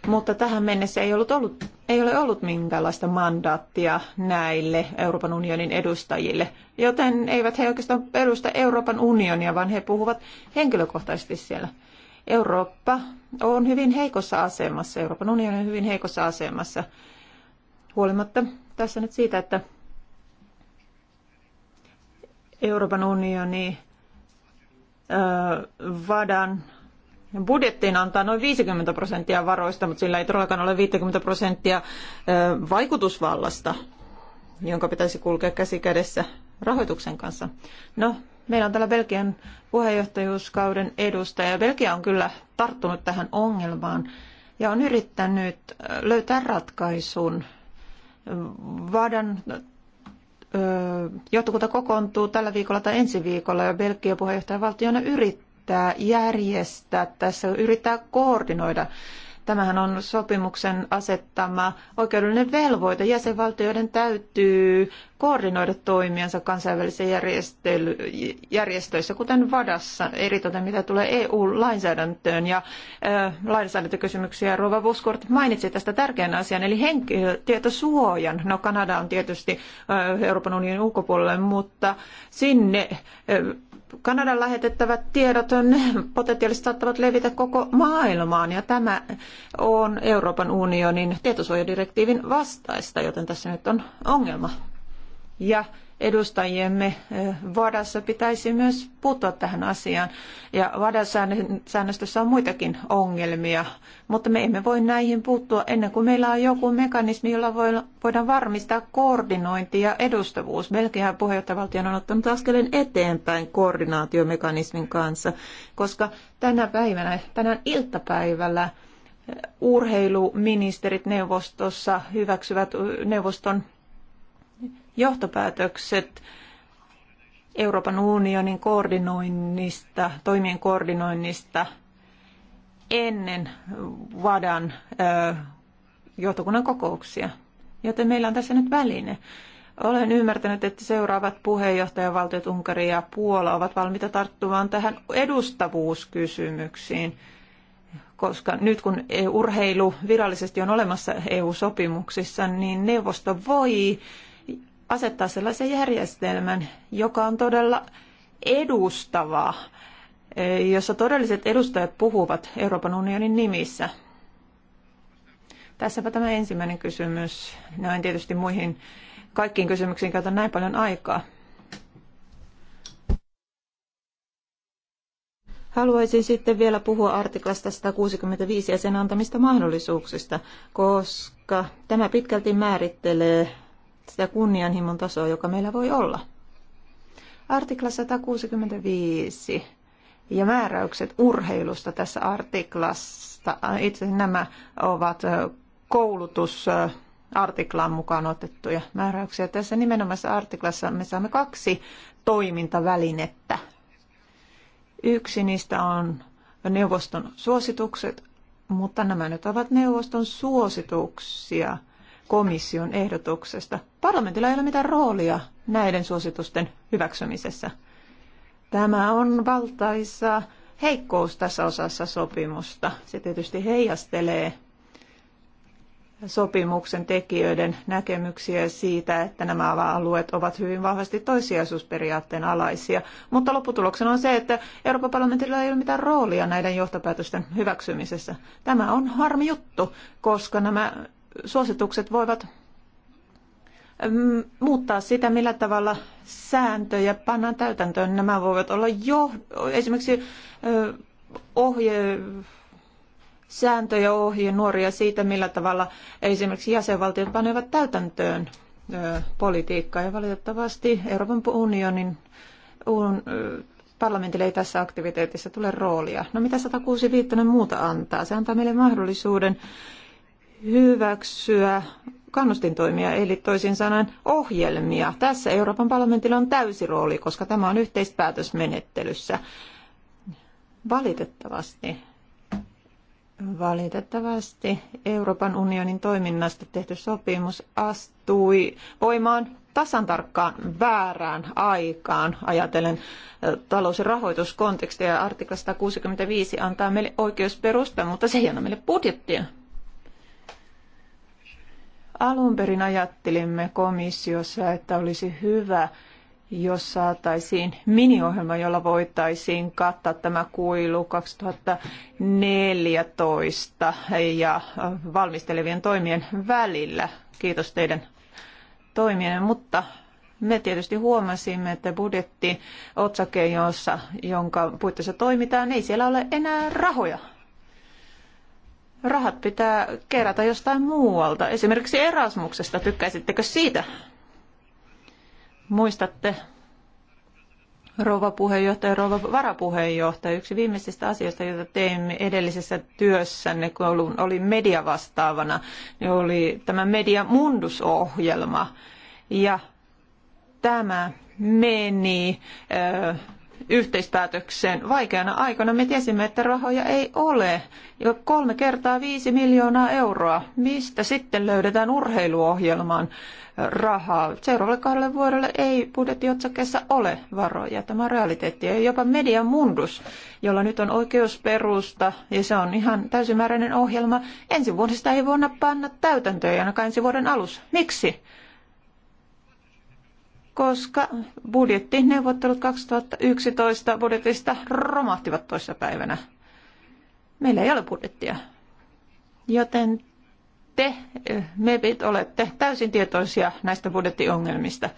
[SPEAKER 1] Mutta tähän mennessä ei, ollut ollut, ei ole ollut minkäänlaista mandaattia näille Euroopan unionin edustajille. Joten eivät he oikeastaan edusta Euroopan unionia, vaan he puhuvat henkilökohtaisesti siellä. Eurooppa on hyvin heikossa asemassa, Euroopan unioni on hyvin heikossa asemassa. Huolimatta tässä nyt siitä, että Euroopan unioni Vadan budjettiin antaa noin 50 prosenttia varoista, mutta sillä ei todellakaan ole 50 prosenttia vaikutusvallasta, jonka pitäisi kulkea käsi kädessä rahoituksen kanssa. No, meillä on täällä Belgian puheenjohtajuuskauden edustaja. Belgia on kyllä tarttunut tähän ongelmaan ja on yrittänyt löytää ratkaisun Vadan johtokunta kokoontuu tällä viikolla tai ensi viikolla ja Belgian puheenjohtajavaltiona yrittää järjestää tässä, yrittää koordinoida Tämähän on sopimuksen asettama oikeudellinen velvoite. Jäsenvaltioiden täytyy koordinoida toimiansa kansainvälisissä järjestöissä, kuten Vadassa, eritoten mitä tulee EU-lainsäädäntöön. Ja äh, lainsäädäntökysymyksiä Rova Voskort mainitsi tästä tärkeän asian, eli henkilötietosuojan. No Kanada on tietysti äh, Euroopan unionin ulkopuolelle, mutta sinne äh, Kanadan lähetettävät tiedot ne potentiaalisesti saattavat levitä koko maailmaan ja tämä on Euroopan unionin tietosuojadirektiivin vastaista, joten tässä nyt on ongelma. Ja edustajiemme eh, vadassa pitäisi myös puuttua tähän asiaan. Ja vadan on muitakin ongelmia, mutta me emme voi näihin puuttua ennen kuin meillä on joku mekanismi, jolla voidaan varmistaa koordinointi ja edustavuus. Belgian puheenjohtajavaltio on ottanut askeleen eteenpäin koordinaatiomekanismin kanssa, koska tänä päivänä, tänään iltapäivällä eh, urheiluministerit neuvostossa hyväksyvät eh, neuvoston johtopäätökset Euroopan unionin koordinoinnista, toimien koordinoinnista ennen Vadan johtokunnan kokouksia. Joten meillä on tässä nyt väline. Olen ymmärtänyt, että seuraavat puheenjohtajavaltiot Unkari ja Puola ovat valmiita tarttumaan tähän edustavuuskysymyksiin, koska nyt kun urheilu virallisesti on olemassa EU-sopimuksissa, niin neuvosto voi asettaa sellaisen järjestelmän, joka on todella edustava, e, jossa todelliset edustajat puhuvat Euroopan unionin nimissä. Tässäpä tämä ensimmäinen kysymys. Näin tietysti muihin kaikkiin kysymyksiin käytän näin paljon aikaa. Haluaisin sitten vielä puhua artiklasta 165 ja sen antamista mahdollisuuksista, koska tämä pitkälti määrittelee sitä kunnianhimon tasoa, joka meillä voi olla. Artikla 165 ja määräykset urheilusta tässä artiklasta. Itse nämä ovat koulutusartiklaan mukaan otettuja määräyksiä. Tässä nimenomaisessa artiklassa me saamme kaksi toimintavälinettä. Yksi niistä on neuvoston suositukset, mutta nämä nyt ovat neuvoston suosituksia – komission ehdotuksesta. Parlamentilla ei ole mitään roolia näiden suositusten hyväksymisessä. Tämä on valtaisa heikkous tässä osassa sopimusta. Se tietysti heijastelee sopimuksen tekijöiden näkemyksiä siitä, että nämä alueet ovat hyvin vahvasti toissijaisuusperiaatteen alaisia. Mutta lopputuloksena on se, että Euroopan parlamentilla ei ole mitään roolia näiden johtopäätösten hyväksymisessä. Tämä on harmi juttu, koska nämä suositukset voivat muuttaa sitä, millä tavalla sääntöjä pannaan täytäntöön. Nämä voivat olla jo, esimerkiksi ohje, sääntöjä ohje nuoria siitä, millä tavalla esimerkiksi jäsenvaltiot panevat täytäntöön politiikkaa. Ja valitettavasti Euroopan unionin un, parlamentille ei tässä aktiviteetissa tule roolia. No mitä 165 muuta antaa? Se antaa meille mahdollisuuden hyväksyä kannustintoimia, eli toisin sanoen ohjelmia. Tässä Euroopan parlamentilla on täysi rooli, koska tämä on yhteispäätösmenettelyssä. Valitettavasti, valitettavasti Euroopan unionin toiminnasta tehty sopimus astui voimaan tasan tarkkaan väärään aikaan, ajatellen talous- ja rahoituskontekstia. Artikla 165 antaa meille oikeusperusta, mutta se ei anna meille budjettia. Alun perin ajattelimme komissiossa, että olisi hyvä, jos saataisiin miniohjelma, jolla voitaisiin kattaa tämä kuilu 2014 ja valmistelevien toimien välillä. Kiitos teidän toimien, mutta me tietysti huomasimme, että budjetti otsake, jossa, jonka puitteissa toimitaan, ei siellä ole enää rahoja rahat pitää kerätä jostain muualta. Esimerkiksi Erasmuksesta, tykkäisittekö siitä? Muistatte rouva puheenjohtaja, rouva varapuheenjohtaja, yksi viimeisistä asioista, joita teimme edellisessä työssänne, kun olin mediavastaavana, niin oli tämä Media Mundus-ohjelma. Ja tämä meni yhteispäätökseen vaikeana aikana. Me tiesimme, että rahoja ei ole. Jo kolme kertaa viisi miljoonaa euroa. Mistä sitten löydetään urheiluohjelmaan rahaa? Seuraavalle kahdelle vuodelle ei budjettiotsakkeessa ole varoja. Tämä on realiteetti. Ja jopa Media Mundus, jolla nyt on oikeusperusta, ja se on ihan täysimääräinen ohjelma. Ensi vuodesta ei voida panna täytäntöön, ainakaan ensi vuoden alussa. Miksi? koska budjettineuvottelut 2011 budjetista romahtivat toissa päivänä. Meillä ei ole budjettia. Joten te, eh, MEPit, olette täysin tietoisia näistä budjettiongelmista.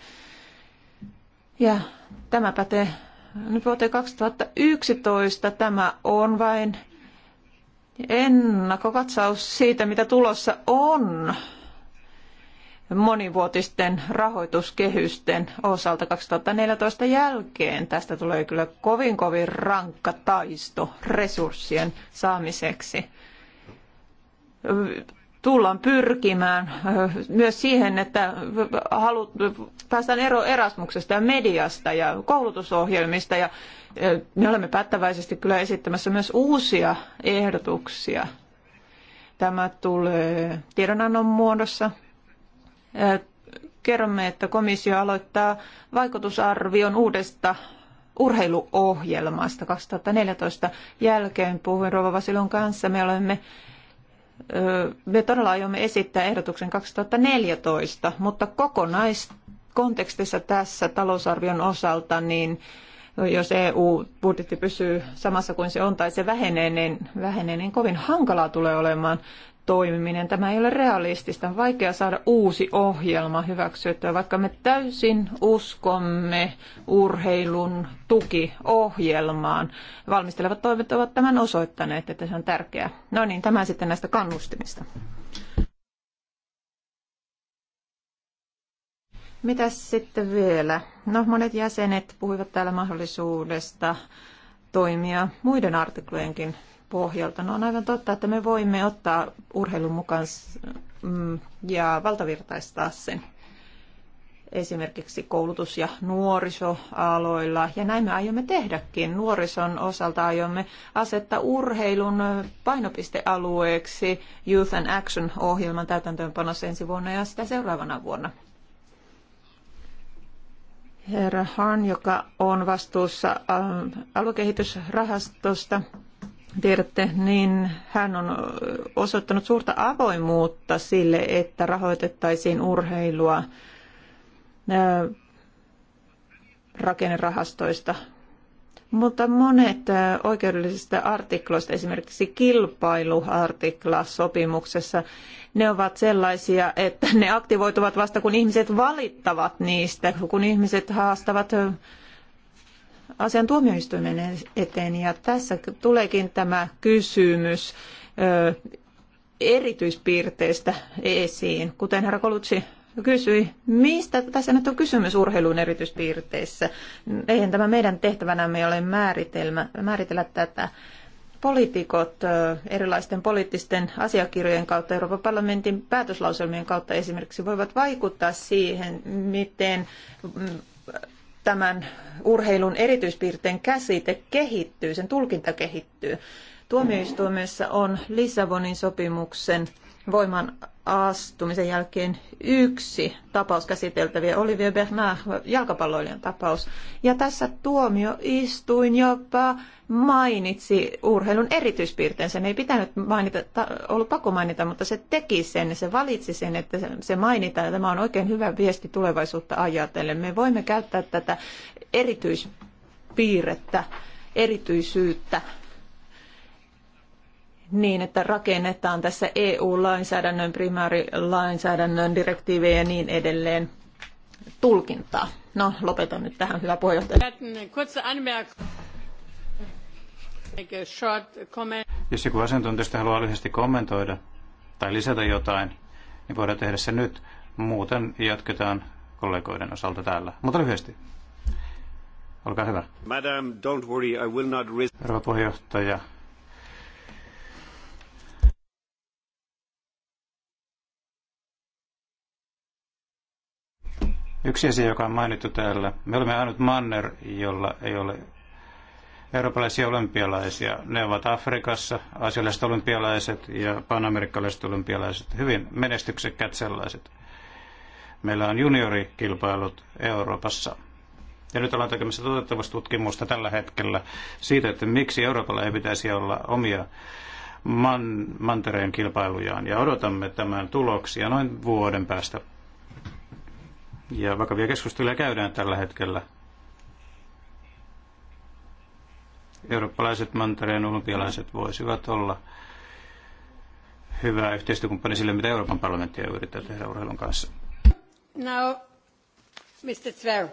[SPEAKER 1] Ja tämä pätee nyt vuoteen 2011. Tämä on vain ennakkokatsaus siitä, mitä tulossa on monivuotisten rahoituskehysten osalta 2014 jälkeen. Tästä tulee kyllä kovin kovin rankka taisto resurssien saamiseksi. Tullaan pyrkimään myös siihen, että halu, päästään ero Erasmuksesta ja mediasta ja koulutusohjelmista ja me olemme päättäväisesti kyllä esittämässä myös uusia ehdotuksia. Tämä tulee tiedonannon muodossa kerromme, että komissio aloittaa vaikutusarvion uudesta urheiluohjelmasta 2014 jälkeen. Puhuin Rova Vasilon kanssa. Me olemme me todella aiomme esittää ehdotuksen 2014, mutta kokonaiskontekstissa tässä talousarvion osalta, niin jos EU-budjetti pysyy samassa kuin se on tai se vähenee, niin, vähenee, niin kovin hankalaa tulee olemaan toimiminen. Tämä ei ole realistista. On vaikea saada uusi ohjelma hyväksyttyä, vaikka me täysin uskomme urheilun tukiohjelmaan. Valmistelevat toimet ovat tämän osoittaneet, että se on tärkeää. No niin, tämä sitten näistä kannustimista. Mitäs sitten vielä? No, monet jäsenet puhuivat täällä mahdollisuudesta toimia muiden artiklojenkin pohjalta. No on aivan totta, että me voimme ottaa urheilun mukaan mm, ja valtavirtaistaa sen esimerkiksi koulutus- ja nuorisoaloilla. Ja näin me aiomme tehdäkin. Nuorison osalta aiomme asettaa urheilun painopistealueeksi Youth and Action-ohjelman täytäntöönpanossa ensi vuonna ja sitä seuraavana vuonna. Herra Harn, joka on vastuussa äh, aluekehitysrahastosta, tiedätte, niin hän on osoittanut suurta avoimuutta sille, että rahoitettaisiin urheilua rakennerahastoista. Mutta monet oikeudellisista artikloista, esimerkiksi kilpailuartikla sopimuksessa, ne ovat sellaisia, että ne aktivoituvat vasta kun ihmiset valittavat niistä, kun ihmiset haastavat asian tuomioistuimen eteen. Ja tässä tuleekin tämä kysymys erityispiirteistä esiin. Kuten herra Kolutsi kysyi, mistä tässä nyt on kysymys urheilun erityispiirteissä. Eihän tämä meidän tehtävänämme ole määritelmä, määritellä tätä. Poliitikot erilaisten poliittisten asiakirjojen kautta, Euroopan parlamentin päätöslauselmien kautta esimerkiksi voivat vaikuttaa siihen, miten tämän urheilun erityispiirteen käsite kehittyy, sen tulkinta kehittyy. Tuomioistuimessa on Lissabonin sopimuksen voiman astumisen jälkeen yksi tapaus käsiteltäviä, Olivier Bernard, jalkapalloilijan tapaus. Ja tässä tuomioistuin jopa mainitsi urheilun erityispiirteensä. Ne ei pitänyt mainita, ollut pakko mainita, mutta se teki sen, se valitsi sen, että se mainitaan. Tämä on oikein hyvä viesti tulevaisuutta ajatellen. Me voimme käyttää tätä erityispiirrettä, erityisyyttä niin, että rakennetaan tässä EU-lainsäädännön, primäärilainsäädännön, direktiivejä ja niin edelleen tulkintaa. No, lopetan nyt tähän, hyvä
[SPEAKER 5] puheenjohtaja.
[SPEAKER 4] Jos joku asiantuntijasta haluaa lyhyesti kommentoida tai lisätä jotain, niin voidaan tehdä se nyt. Muuten jatketaan kollegoiden osalta täällä. Mutta lyhyesti. Olkaa hyvä.
[SPEAKER 3] Madam, don't worry, I will not risk...
[SPEAKER 4] Herra puheenjohtaja, Yksi asia, joka on mainittu täällä. Me olemme ainut manner, jolla ei ole eurooppalaisia olympialaisia. Ne ovat Afrikassa, asialliset olympialaiset ja panamerikkalaiset olympialaiset, hyvin menestyksekkäät sellaiset. Meillä on juniorikilpailut Euroopassa. Ja nyt ollaan tekemässä toteuttavasta tutkimusta tällä hetkellä siitä, että miksi Euroopalla ei pitäisi olla omia man, mantereen kilpailujaan. Ja odotamme tämän tuloksia noin vuoden päästä ja vakavia keskusteluja käydään tällä hetkellä. Eurooppalaiset mantereen olympialaiset voisivat olla hyvä yhteistyökumppani sille, mitä Euroopan parlamentti yrittää tehdä urheilun kanssa.
[SPEAKER 5] Now, Mr. Tver.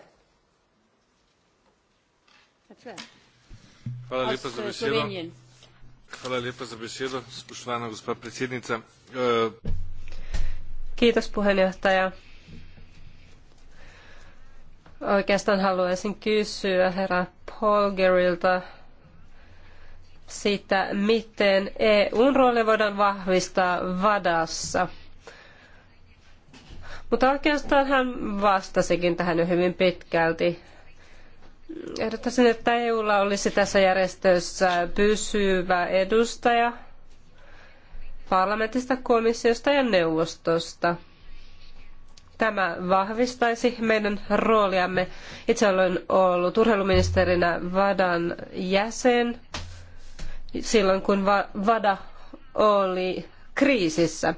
[SPEAKER 6] Hvala lepa za eh, besedo. Hvala lepa za besedo, spoštovana gospa predsednica.
[SPEAKER 2] Kiitos puheenjohtaja. Oikeastaan haluaisin kysyä herra Polgerilta siitä, miten EUn rooli voidaan vahvistaa vadassa. Mutta oikeastaan hän vastasikin tähän jo hyvin pitkälti. Ehdottaisin, että EUlla olisi tässä järjestössä pysyvä edustaja parlamentista, komissiosta ja neuvostosta – Tämä vahvistaisi meidän rooliamme. Itse olen ollut urheiluministerinä Vadan jäsen silloin, kun Vada oli kriisissä.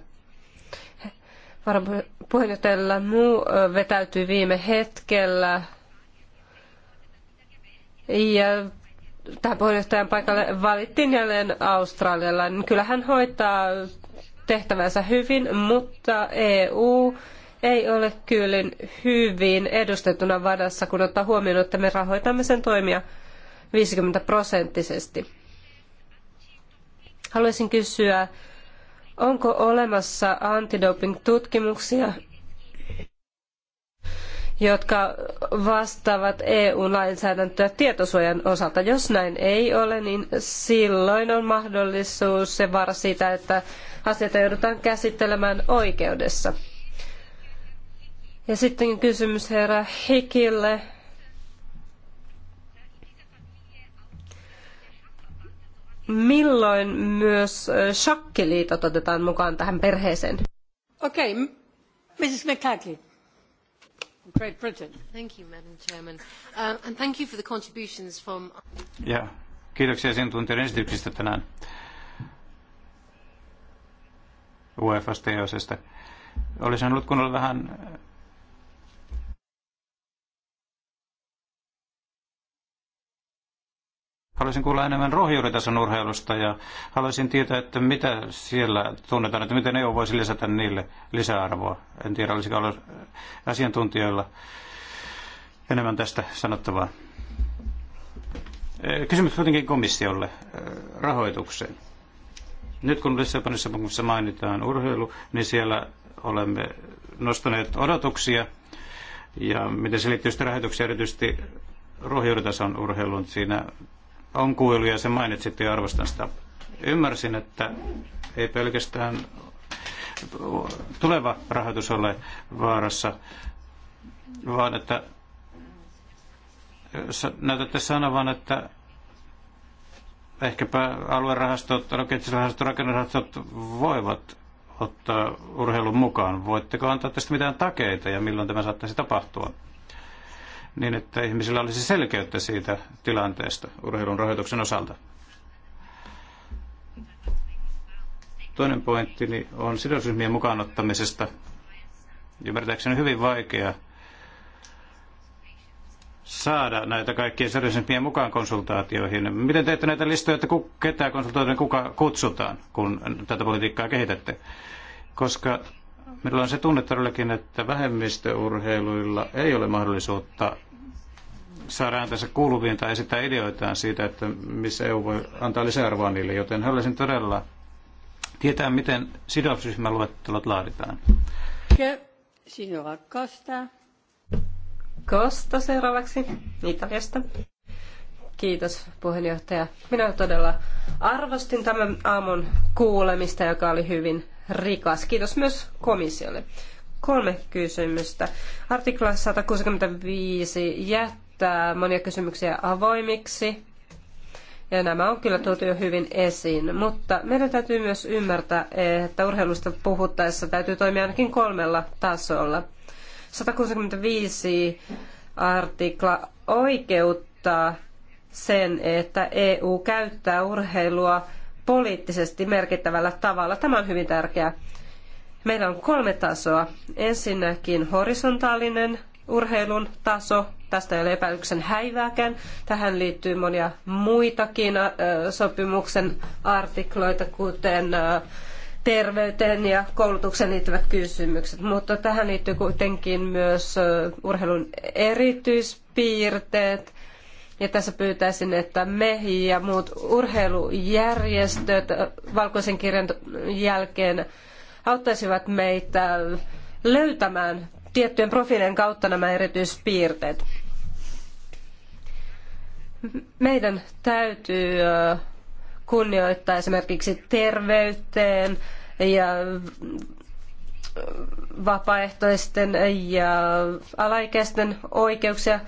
[SPEAKER 2] Varapuheenjohtajalla muu vetäytyi viime hetkellä ja tähän puheenjohtajan paikalle valittiin jälleen Australialla. Kyllä hän hoitaa tehtävänsä hyvin, mutta EU ei ole kyllin hyvin edustettuna vadassa, kun ottaa huomioon, että me rahoitamme sen toimia 50 prosenttisesti. Haluaisin kysyä, onko olemassa antidoping-tutkimuksia, jotka vastaavat EU-lainsäädäntöä tietosuojan osalta. Jos näin ei ole, niin silloin on mahdollisuus se vaara siitä, että asioita joudutaan käsittelemään oikeudessa. Ja sitten kysymys herra Hikille. Milloin myös shakkiliitot otetaan mukaan tähän perheeseen?
[SPEAKER 5] Okei, okay. Mrs. McCagley. Great Britain. Thank you, Madam Chairman. Um, and thank you for the contributions from...
[SPEAKER 4] Yeah. Kiitoksia asiantuntijoiden esityksistä tänään uefa ja OSesta. Olisin ollut kunnolla vähän Haluaisin kuulla enemmän rohjuuritason urheilusta ja haluaisin tietää, että mitä siellä tunnetaan, että miten EU voisi lisätä niille lisäarvoa. En tiedä, olisiko ollut asiantuntijoilla enemmän tästä sanottavaa. Kysymys kuitenkin komissiolle rahoitukseen. Nyt kun Lissabonissa sopimuksessa mainitaan urheilu, niin siellä olemme nostaneet odotuksia ja miten se liittyy sitten rahoituksia, erityisesti ruohonjuuritason urheiluun. Siinä on kuilu ja sen mainitsit ja arvostan sitä. Ymmärsin, että ei pelkästään tuleva rahoitus ole vaarassa, vaan että näytätte sanovan, että ehkäpä aluerahastot, rakennusrahastot, rakennusrahastot voivat ottaa urheilun mukaan. Voitteko antaa tästä mitään takeita ja milloin tämä saattaisi tapahtua? niin että ihmisillä olisi selkeyttä siitä tilanteesta urheilun rahoituksen osalta. Toinen pointti on sidosryhmien mukaanottamisesta. Ymmärtääkseni hyvin vaikea saada näitä kaikkia sidosryhmien mukaan konsultaatioihin. Miten teette näitä listoja, että ketä konsultoidaan, kuka kutsutaan, kun tätä politiikkaa kehitätte? Koska Meillä on se tunne todellakin, että vähemmistöurheiluilla ei ole mahdollisuutta saada ääntänsä kuuluviin tai esittää ideoitaan siitä, että missä EU voi antaa lisäarvoa niille, joten haluaisin todella tietää, miten sidosryhmäluettelot laaditaan.
[SPEAKER 5] Ke
[SPEAKER 2] Signora Costa. Costa seuraavaksi Italiasta. Kiitos puheenjohtaja. Minä todella arvostin tämän aamun kuulemista, joka oli hyvin rikas. Kiitos myös komissiolle. Kolme kysymystä. Artikla 165 jättää monia kysymyksiä avoimiksi. Ja nämä on kyllä tuotu jo hyvin esiin, mutta meidän täytyy myös ymmärtää, että urheilusta puhuttaessa täytyy toimia ainakin kolmella tasolla. 165 artikla oikeuttaa sen, että EU käyttää urheilua poliittisesti merkittävällä tavalla. Tämä on hyvin tärkeää. Meillä on kolme tasoa. Ensinnäkin horisontaalinen urheilun taso. Tästä ei ole epäilyksen häivääkään. Tähän liittyy monia muitakin sopimuksen artikloita, kuten terveyteen ja koulutukseen liittyvät kysymykset. Mutta tähän liittyy kuitenkin myös urheilun erityispiirteet, ja tässä pyytäisin, että me ja muut urheilujärjestöt valkoisen kirjan jälkeen auttaisivat meitä löytämään tiettyjen profiilien kautta nämä erityispiirteet. Meidän täytyy kunnioittaa esimerkiksi terveyteen ja vapaaehtoisten ja alaikäisten oikeuksia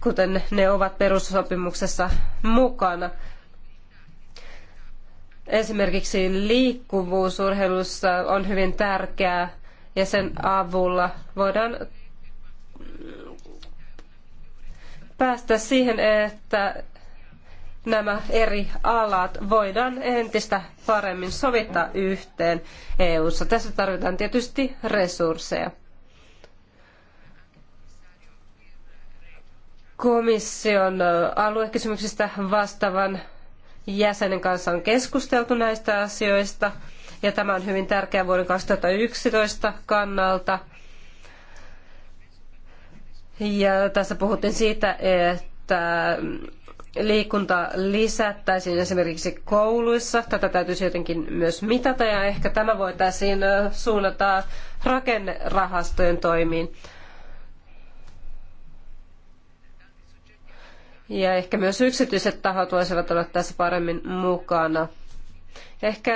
[SPEAKER 2] kuten ne ovat perussopimuksessa mukana. Esimerkiksi liikkuvuus urheilussa on hyvin tärkeää ja sen avulla voidaan päästä siihen, että nämä eri alat voidaan entistä paremmin sovittaa yhteen EU-ssa. Tässä tarvitaan tietysti resursseja. komission aluekysymyksistä vastaavan jäsenen kanssa on keskusteltu näistä asioista. Ja tämä on hyvin tärkeä vuoden 2011 kannalta. Ja tässä puhuttiin siitä, että liikunta lisättäisiin esimerkiksi kouluissa. Tätä täytyisi jotenkin myös mitata ja ehkä tämä voitaisiin suunnata rakennerahastojen toimiin. Ja ehkä myös yksityiset tahot voisivat olla tässä paremmin mukana. Ehkä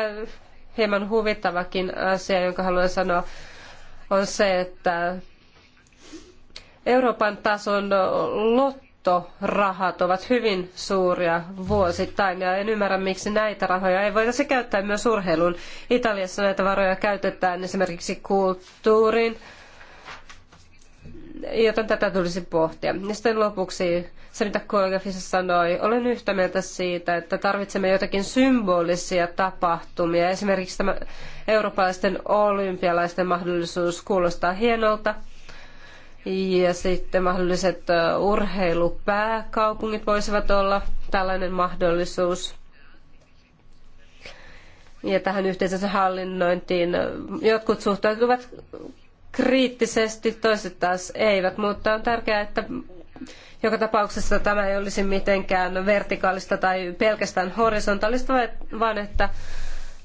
[SPEAKER 2] hieman huvittavakin asia, jonka haluan sanoa, on se, että Euroopan tason lottorahat ovat hyvin suuria vuosittain ja en ymmärrä, miksi näitä rahoja ei voitaisi käyttää myös urheiluun. Italiassa näitä varoja käytetään esimerkiksi kulttuuriin, joten tätä tulisi pohtia. Ja sitten lopuksi se, mitä kollega Fisa sanoi, olen yhtä mieltä siitä, että tarvitsemme jotakin symbolisia tapahtumia. Esimerkiksi tämä eurooppalaisten olympialaisten mahdollisuus kuulostaa hienolta. Ja sitten mahdolliset urheilupääkaupungit voisivat olla tällainen mahdollisuus. Ja tähän yhteisessä hallinnointiin jotkut suhtautuvat kriittisesti, toiset taas eivät, mutta on tärkeää, että joka tapauksessa tämä ei olisi mitenkään vertikaalista tai pelkästään horisontaalista, vaan että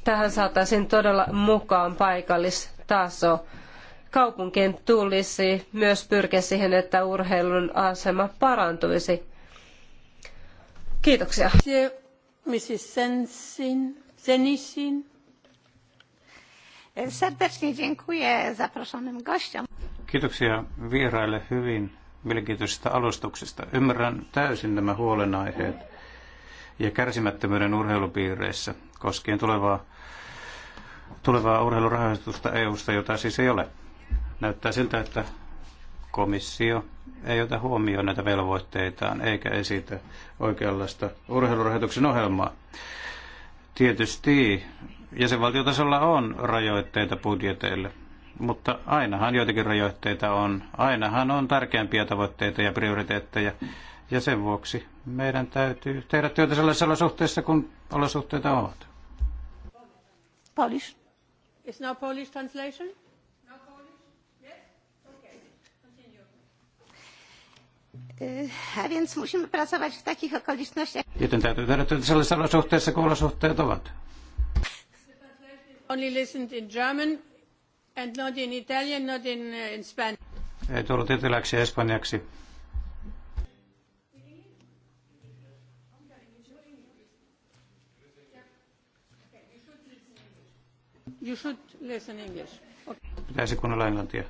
[SPEAKER 2] tähän saataisiin todella mukaan paikallistaso. Kaupunkien tulisi myös pyrkiä siihen, että urheilun asema parantuisi. Kiitoksia. Mrs. Sensin,
[SPEAKER 5] Senisin. Serdecznie dziękuję zaproszonym gościom.
[SPEAKER 4] Kiitoksia vieraille hyvin mielenkiintoisista alustuksista. Ymmärrän täysin nämä huolenaiheet ja kärsimättömyyden urheilupiireissä koskien tulevaa, tulevaa urheilurahoitusta EU-sta, jota siis ei ole. Näyttää siltä, että komissio ei ota huomioon näitä velvoitteitaan eikä esitä oikeanlaista urheilurahoituksen ohjelmaa. Tietysti jäsenvaltiotasolla on rajoitteita budjeteille, mutta ainahan joitakin rajoitteita on. Ainahan on tärkeämpiä tavoitteita ja prioriteetteja. Ja sen vuoksi meidän täytyy tehdä työtä sellaisessa olosuhteessa, kun olosuhteita ovat.
[SPEAKER 5] Polish. Is now Polish translation? Now Polish? Yes? Okay. Continue. A więc musimy pracować w takich okolicznościach.
[SPEAKER 4] Joten täytyy tehdä työtä sellaisessa olosuhteessa, kun olosuhteet ovat
[SPEAKER 5] only listened in German and not in Italian, not in, uh, in Spanish.
[SPEAKER 4] Ei tullut eteläksi espanjaksi.
[SPEAKER 5] You should listen English. Okay. Pitäisi
[SPEAKER 4] kuunnella englantia.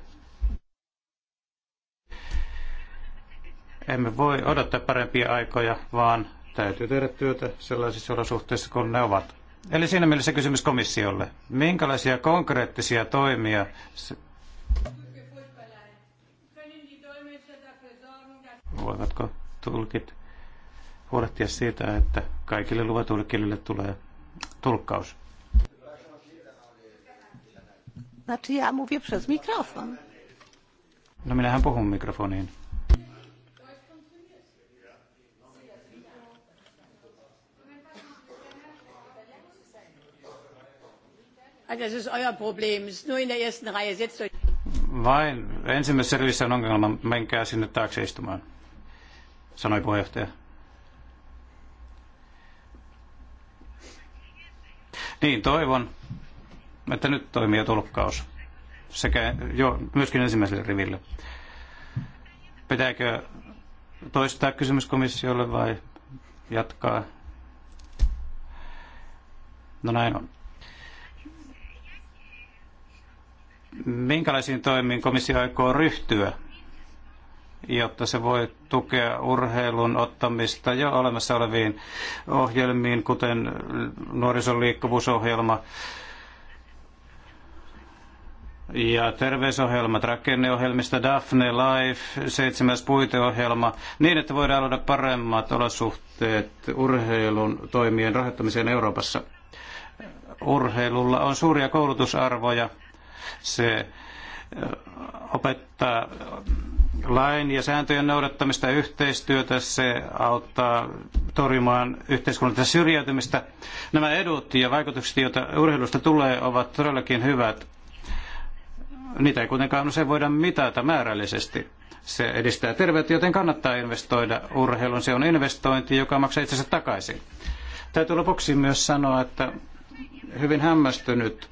[SPEAKER 4] Emme voi odottaa parempia aikoja, vaan täytyy tehdä työtä sellaisissa olosuhteissa kuin ne ovat. Eli siinä mielessä kysymys komissiolle. Minkälaisia konkreettisia toimia voivatko tulkit huolehtia siitä, että kaikille luvatulkille kielille tulee tulkkaus?
[SPEAKER 1] Znaczy ja mówię przez mikrofon.
[SPEAKER 4] No minähän puhun mikrofoniin.
[SPEAKER 5] Das ist euer Problem. Ist nur in der ersten Reihe. Setzt euch.
[SPEAKER 4] Vain ensimmäisessä rivissä on ongelma. Menkää sinne taakse istumaan, sanoi puheenjohtaja. Niin, toivon, että nyt toimii tulkkaus. Sekä jo, myöskin ensimmäiselle riville. Pitääkö toistaa kysymys komissiolle vai jatkaa? No näin on. Minkälaisiin toimiin komissio aikoo ryhtyä, jotta se voi tukea urheilun ottamista jo olemassa oleviin ohjelmiin, kuten nuorison liikkuvuusohjelma ja terveysohjelmat, rakenneohjelmista Daphne Life, seitsemäs puiteohjelma, niin että voidaan luoda paremmat olosuhteet urheilun toimien rahoittamiseen Euroopassa. Urheilulla on suuria koulutusarvoja se opettaa lain ja sääntöjen noudattamista yhteistyötä, se auttaa torjumaan yhteiskunnallista syrjäytymistä. Nämä edut ja vaikutukset, joita urheilusta tulee, ovat todellakin hyvät. Niitä ei kuitenkaan usein voida mitata määrällisesti. Se edistää terveyttä, joten kannattaa investoida urheilun. Se on investointi, joka maksaa itsensä takaisin. Täytyy lopuksi myös sanoa, että hyvin hämmästynyt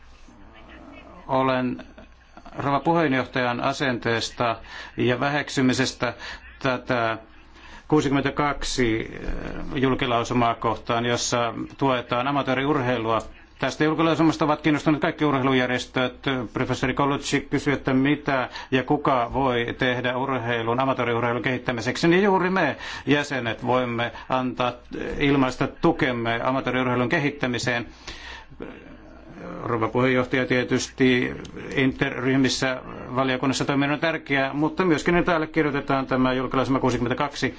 [SPEAKER 4] olen rouva puheenjohtajan asenteesta ja väheksymisestä tätä 62 eh, julkilausumaa kohtaan, jossa tuetaan amatööriurheilua. Tästä julkilausumasta ovat kiinnostuneet kaikki urheilujärjestöt. Professori Kolutsi kysyi, että mitä ja kuka voi tehdä urheilun, amatööriurheilun kehittämiseksi, niin juuri me jäsenet voimme antaa eh, ilmaista tukemme amatööriurheilun kehittämiseen rouva puheenjohtaja tietysti interryhmissä valiokunnassa toiminut on tärkeää, mutta myöskin nyt allekirjoitetaan tämä julkilausuma 62.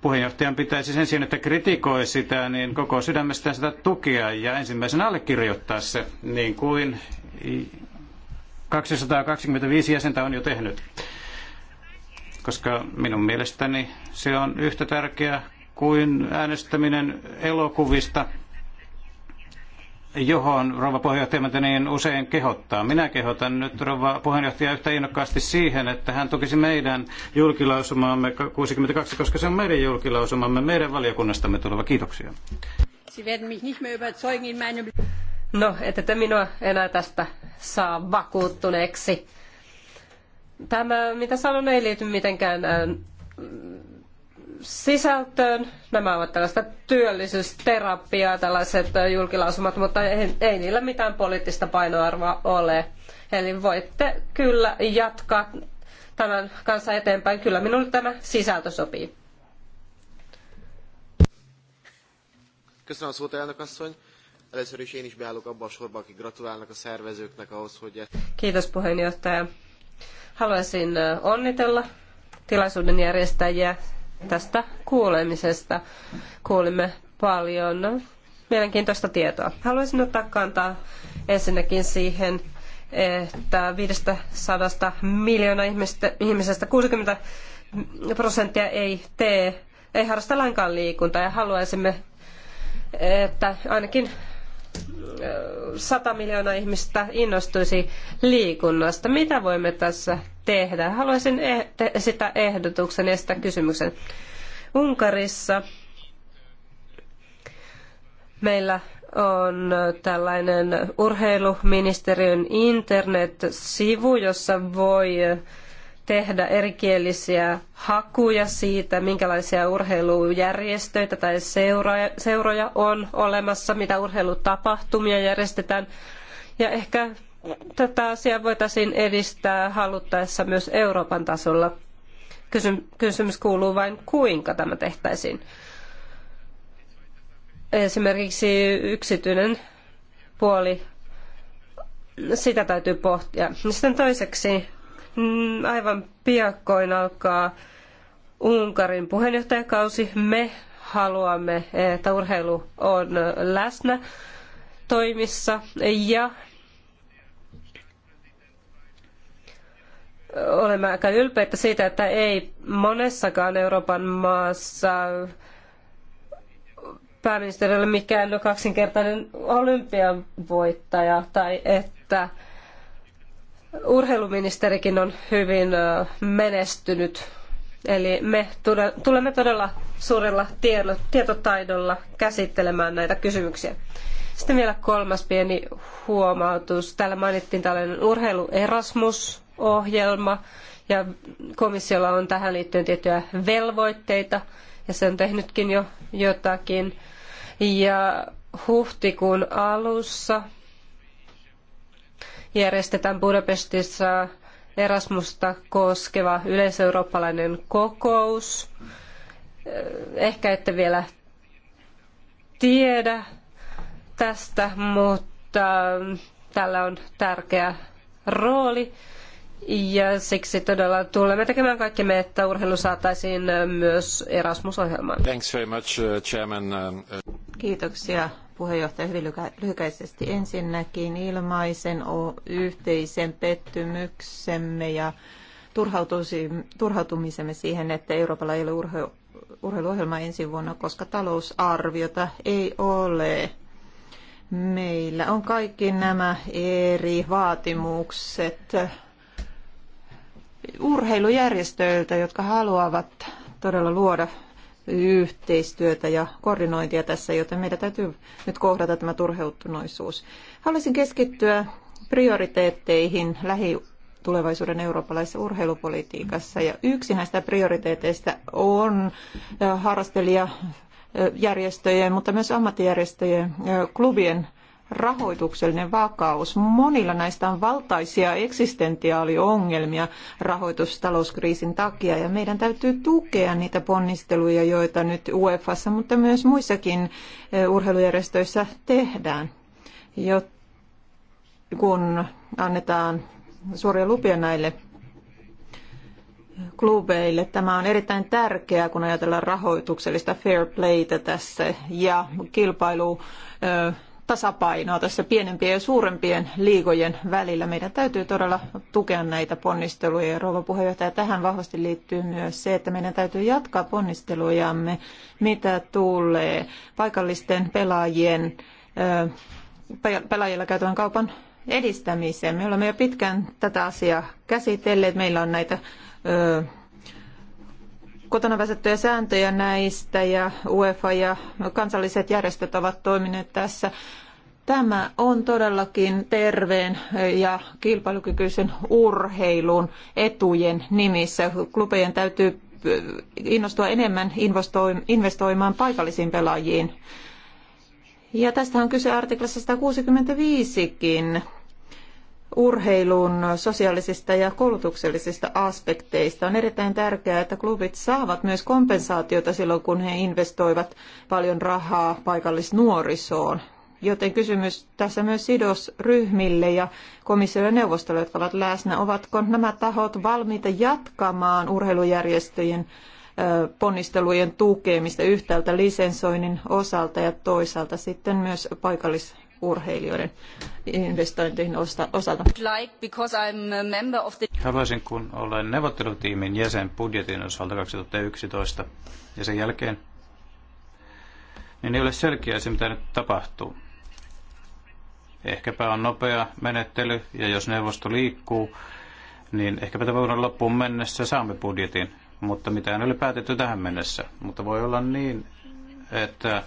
[SPEAKER 4] Puheenjohtajan pitäisi sen sijaan, että kritikoi sitä, niin koko sydämestään sitä tukea ja ensimmäisenä allekirjoittaa se, niin kuin 225 jäsentä on jo tehnyt. Koska minun mielestäni se on yhtä tärkeää kuin äänestäminen elokuvista – johon rouva puheenjohtaja niin usein kehottaa. Minä kehotan nyt rouva puheenjohtaja yhtä innokkaasti siihen, että hän tukisi meidän julkilausumamme, 62, koska se on meidän julkilausumamme, meidän valiokunnastamme tuleva. Kiitoksia.
[SPEAKER 2] No, ette te minua enää tästä saa vakuuttuneeksi. Tämä, mitä sanon, ei liity mitenkään äh, sisältöön. Nämä ovat tällaista työllisyysterapiaa, tällaiset julkilausumat, mutta ei, ei niillä mitään poliittista painoarvoa ole. Eli voitte kyllä jatkaa tämän kanssa eteenpäin. Kyllä minulle tämä sisältö sopii.
[SPEAKER 6] Köszönöm a szót, elnök asszony. Először is én is beállok abba a sorba, akik gratulálnak a szervezőknek ahhoz, hogy...
[SPEAKER 2] Kiitos puheenjohtaja. Haluaisin onnitella tilaisuuden järjestäjiä tästä kuulemisesta. Kuulimme paljon mielenkiintoista tietoa. Haluaisin ottaa kantaa ensinnäkin siihen, että 500 miljoonaa ihmistä, ihmisestä 60 prosenttia ei tee, ei harrasta lainkaan liikuntaa ja haluaisimme, että ainakin sata miljoonaa ihmistä innostuisi liikunnasta. Mitä voimme tässä tehdä? Haluaisin eh- sitä ehdotuksen ja sitä kysymyksen. Unkarissa meillä on tällainen urheiluministeriön internet-sivu, jossa voi tehdä erikielisiä hakuja siitä, minkälaisia urheilujärjestöitä tai seuroja, seuroja on olemassa, mitä urheilutapahtumia järjestetään. Ja ehkä tätä asiaa voitaisiin edistää haluttaessa myös Euroopan tasolla. Kysymys kuuluu vain, kuinka tämä tehtäisiin. Esimerkiksi yksityinen puoli, sitä täytyy pohtia. Sitten toiseksi Mm, aivan piakkoin alkaa Unkarin puheenjohtajakausi. Me haluamme, että urheilu on läsnä toimissa ja olemme aika ylpeitä siitä, että ei monessakaan Euroopan maassa pääministeri ole mikään kaksinkertainen olympian voittaja tai että urheiluministerikin on hyvin menestynyt. Eli me tulemme todella suurella tietotaidolla käsittelemään näitä kysymyksiä. Sitten vielä kolmas pieni huomautus. Täällä mainittiin tällainen urheilu Erasmus-ohjelma ja komissiolla on tähän liittyen tiettyjä velvoitteita ja se on tehnytkin jo jotakin. Ja huhtikuun alussa järjestetään Budapestissa Erasmusta koskeva yleiseurooppalainen kokous. Ehkä ette vielä tiedä tästä, mutta tällä on tärkeä rooli. Ja siksi todella tulemme tekemään kaikkemme, että urheilu saataisiin myös Erasmus-ohjelmaan.
[SPEAKER 6] Thanks very much, uh, Chairman. Um, uh,
[SPEAKER 2] Kiitoksia
[SPEAKER 1] puheenjohtaja hyvin lyhykäisesti. Ensinnäkin ilmaisen yhteisen pettymyksemme ja turhautumisemme siihen, että Euroopalla ei ole urheilu, urheiluohjelma ensi vuonna, koska talousarviota ei ole. Meillä on kaikki nämä eri vaatimukset urheilujärjestöiltä, jotka haluavat todella luoda yhteistyötä ja koordinointia tässä, joten meidän täytyy nyt kohdata tämä turheuttunoisuus. Haluaisin keskittyä prioriteetteihin lähi tulevaisuuden eurooppalaisessa urheilupolitiikassa. Ja yksi näistä prioriteeteista on eh, harrastelijajärjestöjen, mutta myös ammattijärjestöjen eh, klubien rahoituksellinen vakaus. Monilla näistä on valtaisia eksistentiaaliongelmia rahoitustalouskriisin takia ja meidän täytyy tukea niitä ponnisteluja, joita nyt UEFassa, mutta myös muissakin eh, urheilujärjestöissä tehdään, kun annetaan suoria lupia näille klubeille. Tämä on erittäin tärkeää, kun ajatellaan rahoituksellista fair playtä tässä ja kilpailu eh, tasapainoa tässä pienempien ja suurempien liigojen välillä. Meidän täytyy todella tukea näitä ponnisteluja. Ja rouva puheenjohtaja, tähän vahvasti liittyy myös se, että meidän täytyy jatkaa ponnistelujamme, mitä tulee paikallisten pelaajien, pelaajilla käytävän kaupan edistämiseen. Me olemme jo pitkään tätä asiaa käsitelleet. Meillä on näitä kotona väsettyjä sääntöjä näistä ja UEFA ja kansalliset järjestöt ovat toimineet tässä. Tämä on todellakin terveen ja kilpailukykyisen urheilun etujen nimissä. Klubejen täytyy innostua enemmän investoimaan paikallisiin pelaajiin. Ja tästä on kyse artiklassa 165kin urheilun sosiaalisista ja koulutuksellisista aspekteista. On erittäin tärkeää, että klubit saavat myös kompensaatiota silloin, kun he investoivat paljon rahaa paikallisnuorisoon. Joten kysymys tässä myös sidosryhmille ja komissiolle ja neuvostolle, jotka ovat läsnä, ovatko nämä tahot valmiita jatkamaan urheilujärjestöjen ponnistelujen tukemista yhtäältä lisensoinnin osalta ja toisaalta sitten myös paikallis urheilijoiden investointeihin osalta.
[SPEAKER 4] Haluaisin, kun olen neuvottelutiimin jäsen budjetin osalta 2011 ja sen jälkeen, niin ei ole selkeää se, mitä nyt tapahtuu. Ehkäpä on nopea menettely, ja jos neuvosto liikkuu, niin ehkäpä tämän vuoden loppuun mennessä saamme budjetin, mutta mitään ei ole päätetty tähän mennessä. Mutta voi olla niin, että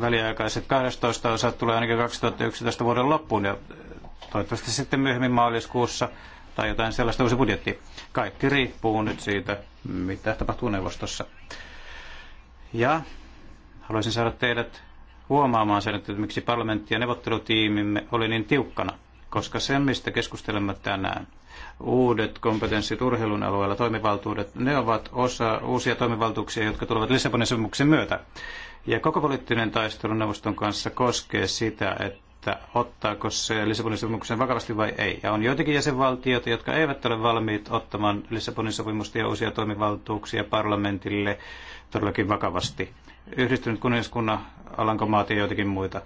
[SPEAKER 4] väliaikaiset 12 osat tulee ainakin 2011 vuoden loppuun ja toivottavasti sitten myöhemmin maaliskuussa tai jotain sellaista uusi budjetti. Kaikki riippuu nyt siitä, mitä tapahtuu neuvostossa. Ja haluaisin saada teidät huomaamaan sen, että miksi parlamentti ja neuvottelutiimimme oli niin tiukkana, koska se, mistä keskustelemme tänään – uudet kompetenssit urheilun alueella, toimivaltuudet, ne ovat osa uusia toimivaltuuksia, jotka tulevat Lissabonin sopimuksen myötä. Ja koko poliittinen taistelu neuvoston kanssa koskee sitä, että ottaako se Lissabonin sopimuksen vakavasti vai ei. Ja on joitakin jäsenvaltioita, jotka eivät ole valmiit ottamaan Lissabonin sopimusta ja uusia toimivaltuuksia parlamentille todellakin vakavasti. Yhdistynyt kuningaskunnan Alankomaat ja joitakin muita.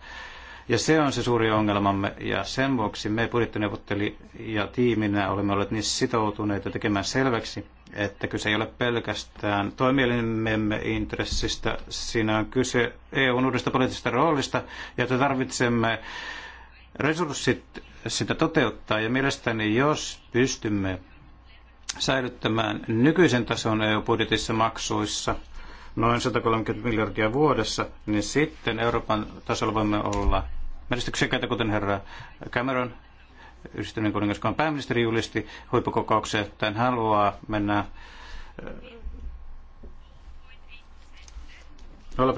[SPEAKER 4] Ja se on se suuri ongelmamme, ja sen vuoksi me budjettineuvottelijatiiminä tiiminä olemme olleet niin sitoutuneita tekemään selväksi, että kyse ei ole pelkästään toimielimemme intressistä, siinä on kyse EUn uudesta poliittisesta roolista, ja että tarvitsemme resurssit sitä toteuttaa, ja mielestäni jos pystymme säilyttämään nykyisen tason EU-budjetissa maksuissa, noin 130 miljardia vuodessa, niin sitten Euroopan tasolla voimme olla menestyksekkäitä, kuten herra Cameron yhdistyneen kuningaskaan pääministeri julisti huippukokoukseen, että hän haluaa mennä 0,8 eh,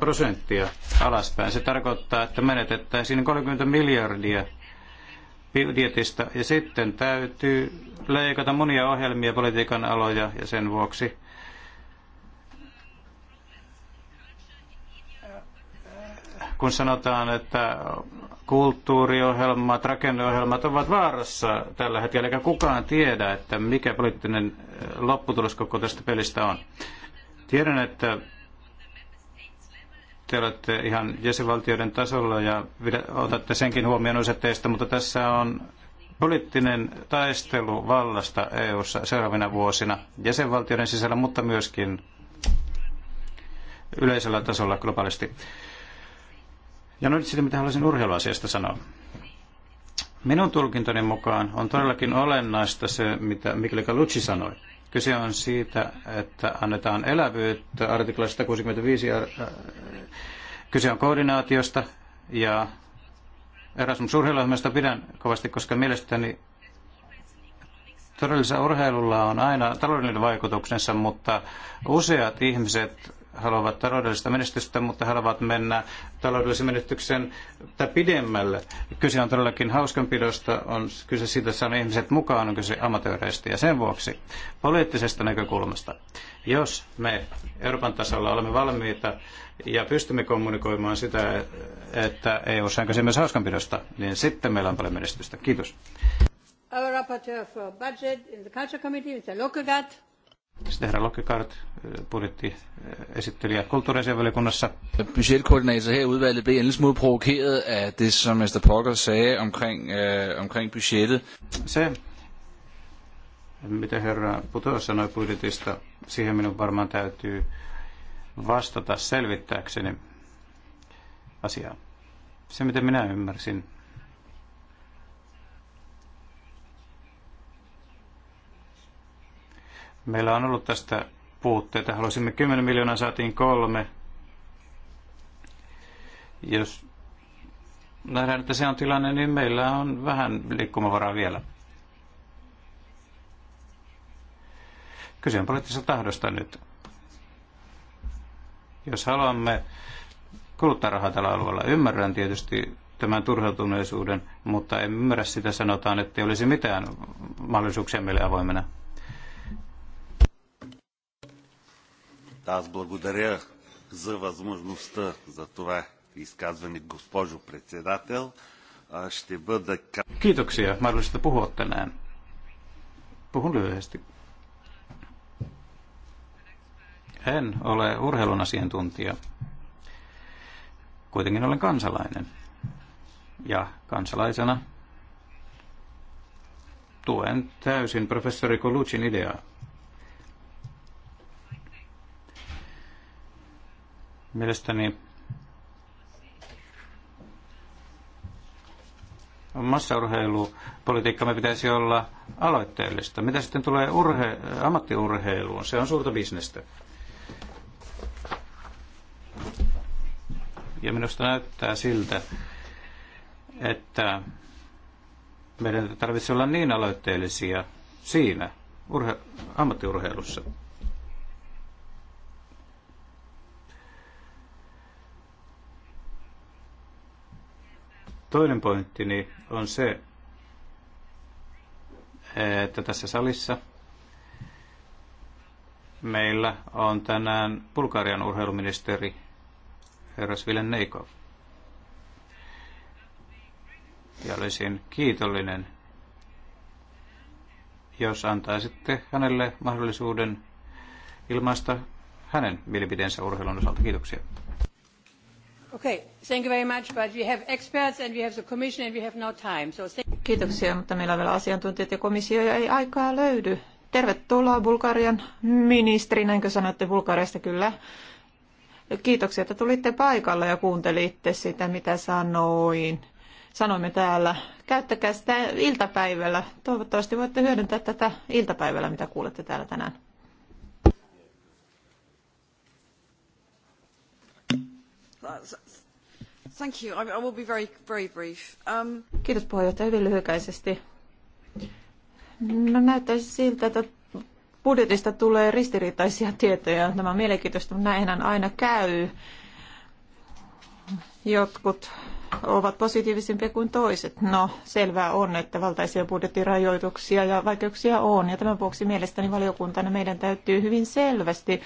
[SPEAKER 4] prosenttia alaspäin. Se tarkoittaa, että menetettäisiin 30 miljardia budjetista ja sitten täytyy leikata monia ohjelmia politiikan aloja ja sen vuoksi kun sanotaan, että kulttuuriohjelmat, rakenneohjelmat ovat vaarassa tällä hetkellä, eikä kukaan tiedä, että mikä poliittinen eh, lopputulos koko tästä pelistä on. Tiedän, että te olette ihan jäsenvaltioiden tasolla ja otatte senkin huomioon osa teistä, mutta tässä on poliittinen taistelu vallasta EU-ssa seuraavina vuosina jäsenvaltioiden sisällä, mutta myöskin yleisellä tasolla globaalisti. Ja nyt sitten mitä haluaisin urheiluasiasta sanoa. Minun tulkintoni mukaan on todellakin olennaista se, mitä Mikkel Kalucci sanoi. Kyse on siitä, että annetaan elävyyttä artikla 165. Äh, kyse on koordinaatiosta ja Erasmus urheiluohjelmasta pidän kovasti, koska mielestäni todellisella urheilulla on aina taloudellinen vaikutuksensa, mutta useat ihmiset haluavat taloudellista menestystä, mutta haluavat mennä taloudellisen menestyksen pidemmälle. Kyse on todellakin hauskanpidosta, on kyse siitä, että saamme ihmiset mukaan, on kyse amatööreistä. Ja sen vuoksi poliittisesta näkökulmasta, jos me Euroopan tasolla olemme valmiita ja pystymme kommunikoimaan sitä, että EU on kyse myös hauskanpidosta, niin sitten meillä on paljon menestystä. Kiitos.
[SPEAKER 5] Our rapporteur for budget in the Culture Committee, Mr.
[SPEAKER 4] Sitten herra Lokkikaart, eh, budjettiesittelijä eh, Budgetkoordinator her i udvalget blev en lille smule provokeret af det, som Mr. Pokker sagde omkring, øh, omkring budgettet. Se, mitä herra Puto sanoi budjetista, siihen minun varmaan täytyy vastata selvittääkseni asiaa. Se, mitä minä ymmärsin, Meillä on ollut tästä puutteita. Haluaisimme 10 miljoonaa, saatiin kolme. Jos nähdään, että se on tilanne, niin meillä on vähän liikkumavaraa vielä. Kyse on poliittisesta tahdosta nyt. Jos haluamme kuluttaa rahaa tällä alueella, ymmärrän tietysti tämän turhautuneisuuden, mutta en ymmärrä sitä sanotaan, että ei olisi mitään
[SPEAKER 3] mahdollisuuksia meille avoimena. Аз благодаря за възможността за това изказване, госпожо председател. Ще бъда... Kiitoksia mahdollisesta puhua tänään.
[SPEAKER 4] Puhun lyhyesti. En ole urheilun asiantuntija. Kuitenkin olen kansalainen. Ja kansalaisena tuen täysin professori Colucin ideaa. Mielestäni massaurheilupolitiikkamme pitäisi olla aloitteellista. Mitä sitten tulee urhe- ammattiurheiluun? Se on suurta bisnestä. Ja minusta näyttää siltä, että meidän tarvitsee olla niin aloitteellisia siinä urhe- ammattiurheilussa. Toinen pointtini on se, että tässä salissa meillä on tänään Bulgarian urheiluministeri herra Svilen Neikov. Ja olisin kiitollinen, jos antaisitte hänelle mahdollisuuden ilmaista hänen mielipiteensä urheilun osalta. Kiitoksia.
[SPEAKER 5] Okay, thank you very much, but we have experts and we have the commission and we have no time. So thank... Kiitoksia,
[SPEAKER 4] mutta meillä on
[SPEAKER 1] vielä asiantuntijat ja komissio ja ei aikaa löydy. Tervetuloa Bulgarian ministeri, näinkö sanoitte Bulgariasta kyllä. Kiitoksia, että tulitte paikalle ja kuuntelitte sitä, mitä sanoin. Sanoimme täällä. Käyttäkää sitä iltapäivällä. Toivottavasti voitte hyödyntää tätä iltapäivällä, mitä kuulette täällä tänään.
[SPEAKER 6] Thank you. I
[SPEAKER 5] will be very, very brief. Um...
[SPEAKER 1] Kiitos puheenjohtaja hyvin lyhykäisesti. No, näyttäisi siltä, että budjetista tulee ristiriitaisia tietoja. Tämä on mielenkiintoista, mutta näinhän aina käy. Jotkut ovat positiivisempia kuin toiset. No, selvää on, että valtaisia budjettirajoituksia ja vaikeuksia on, ja tämän vuoksi mielestäni valiokuntana meidän täytyy hyvin selvästi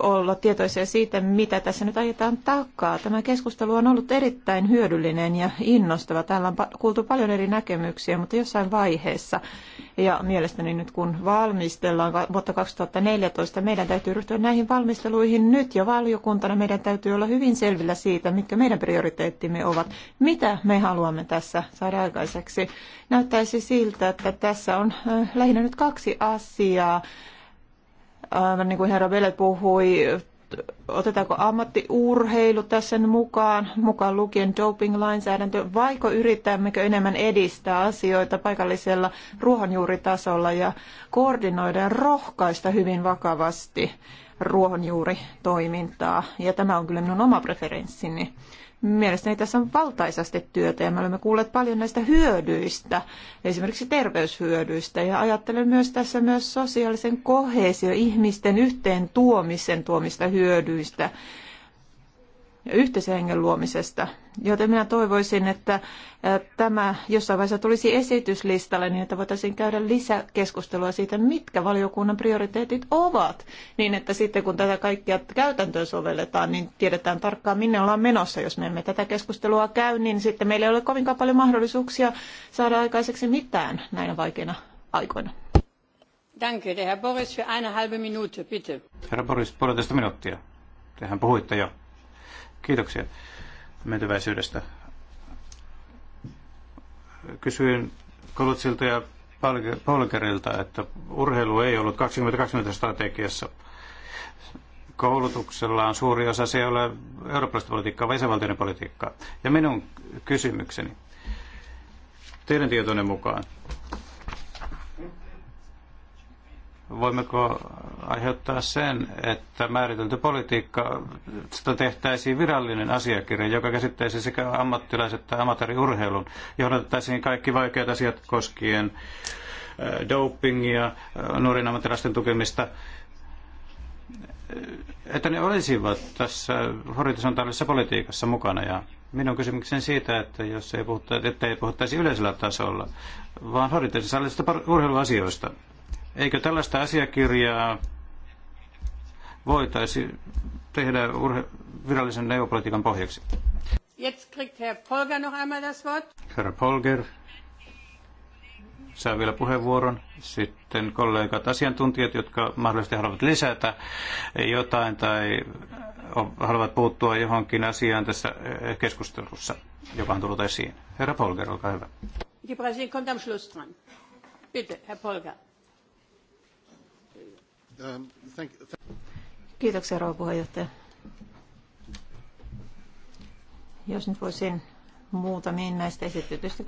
[SPEAKER 1] olla tietoisia siitä, mitä tässä nyt ajetaan takaa. Tämä keskustelu on ollut erittäin hyödyllinen ja innostava. Täällä on kuultu paljon eri näkemyksiä, mutta jossain vaiheessa, ja mielestäni nyt kun valmistellaan vuotta 2014, meidän täytyy ryhtyä näihin valmisteluihin nyt jo valiokuntana. Meidän täytyy olla hyvin selvillä siitä, mitkä meidän prioriteettimme ovat, mitä me haluamme tässä saada aikaiseksi. Näyttäisi siltä, että tässä on lähinnä nyt kaksi asiaa aivan niin kuin herra Vele puhui, otetaanko ammattiurheilu tässä mukaan, mukaan lukien doping-lainsäädäntö, vaiko yrittämmekö enemmän edistää asioita paikallisella ruohonjuuritasolla ja koordinoida ja rohkaista hyvin vakavasti ruohonjuuritoimintaa. Ja tämä on kyllä minun oma preferenssini. Mielestäni tässä on valtaisasti työtä ja me olemme kuulleet paljon näistä hyödyistä, esimerkiksi terveyshyödyistä ja ajattelen myös tässä myös sosiaalisen kohesio, ihmisten yhteen tuomisen tuomista hyödyistä yhteisen hengen luomisesta. Joten minä toivoisin, että tämä jossain vaiheessa tulisi esityslistalle niin, että voitaisiin käydä lisäkeskustelua siitä, mitkä valiokunnan prioriteetit ovat, niin että sitten kun tätä kaikkea käytäntöön sovelletaan, niin tiedetään tarkkaan, minne ollaan menossa. Jos me emme tätä keskustelua käy, niin sitten meillä ei ole kovinkaan paljon mahdollisuuksia saada aikaiseksi mitään näinä vaikeina
[SPEAKER 5] aikoina. Danke, der Herr Boris für eine halbe Minute, bitte.
[SPEAKER 4] Herra Boris, puolitoista minuuttia. Tehän puhuitte jo. Kiitoksia mentyväisyydestä. Kysyin Kolutsilta ja Polkerilta, että urheilu ei ollut 2020 strategiassa. Koulutuksella on suuri osa, se ei ole eurooppalaista politiikkaa, vaan isävaltioiden politiikkaa. Ja minun kysymykseni, teidän tietoinen mukaan, voimmeko aiheuttaa sen, että määritelty politiikka tehtäisiin virallinen asiakirja, joka käsittäisi sekä ammattilaiset että amatööriurheilun. Johdatettaisiin kaikki vaikeat asiat koskien äh, dopingia, äh, nuorin ammattilaisten tukemista, äh, että ne olisivat tässä horisontaalisessa politiikassa mukana. Ja minun kysymykseni siitä, että jos ei puhuta, että ei puhuttaisi yleisellä tasolla, vaan horisontaalisista urheiluasioista Eikö tällaista asiakirjaa voitaisi tehdä urhe- virallisen neuvopolitiikan pohjaksi?
[SPEAKER 5] Jetzt kriegt Herr Polger noch einmal das Wort.
[SPEAKER 4] Herra Polger saa vielä puheenvuoron. Sitten kollegat, asiantuntijat, jotka mahdollisesti haluavat lisätä jotain tai haluavat puuttua johonkin asiaan tässä eh, keskustelussa, joka on tullut esiin. Herra Polger, olkaa hyvä.
[SPEAKER 5] Die Brasilien kommt am Schluss dran. Bitte, Herr Polger.
[SPEAKER 3] Um,
[SPEAKER 1] Kiitoksia, rouva puheenjohtaja. Jos nyt voisin muutamiin näistä esitetyistä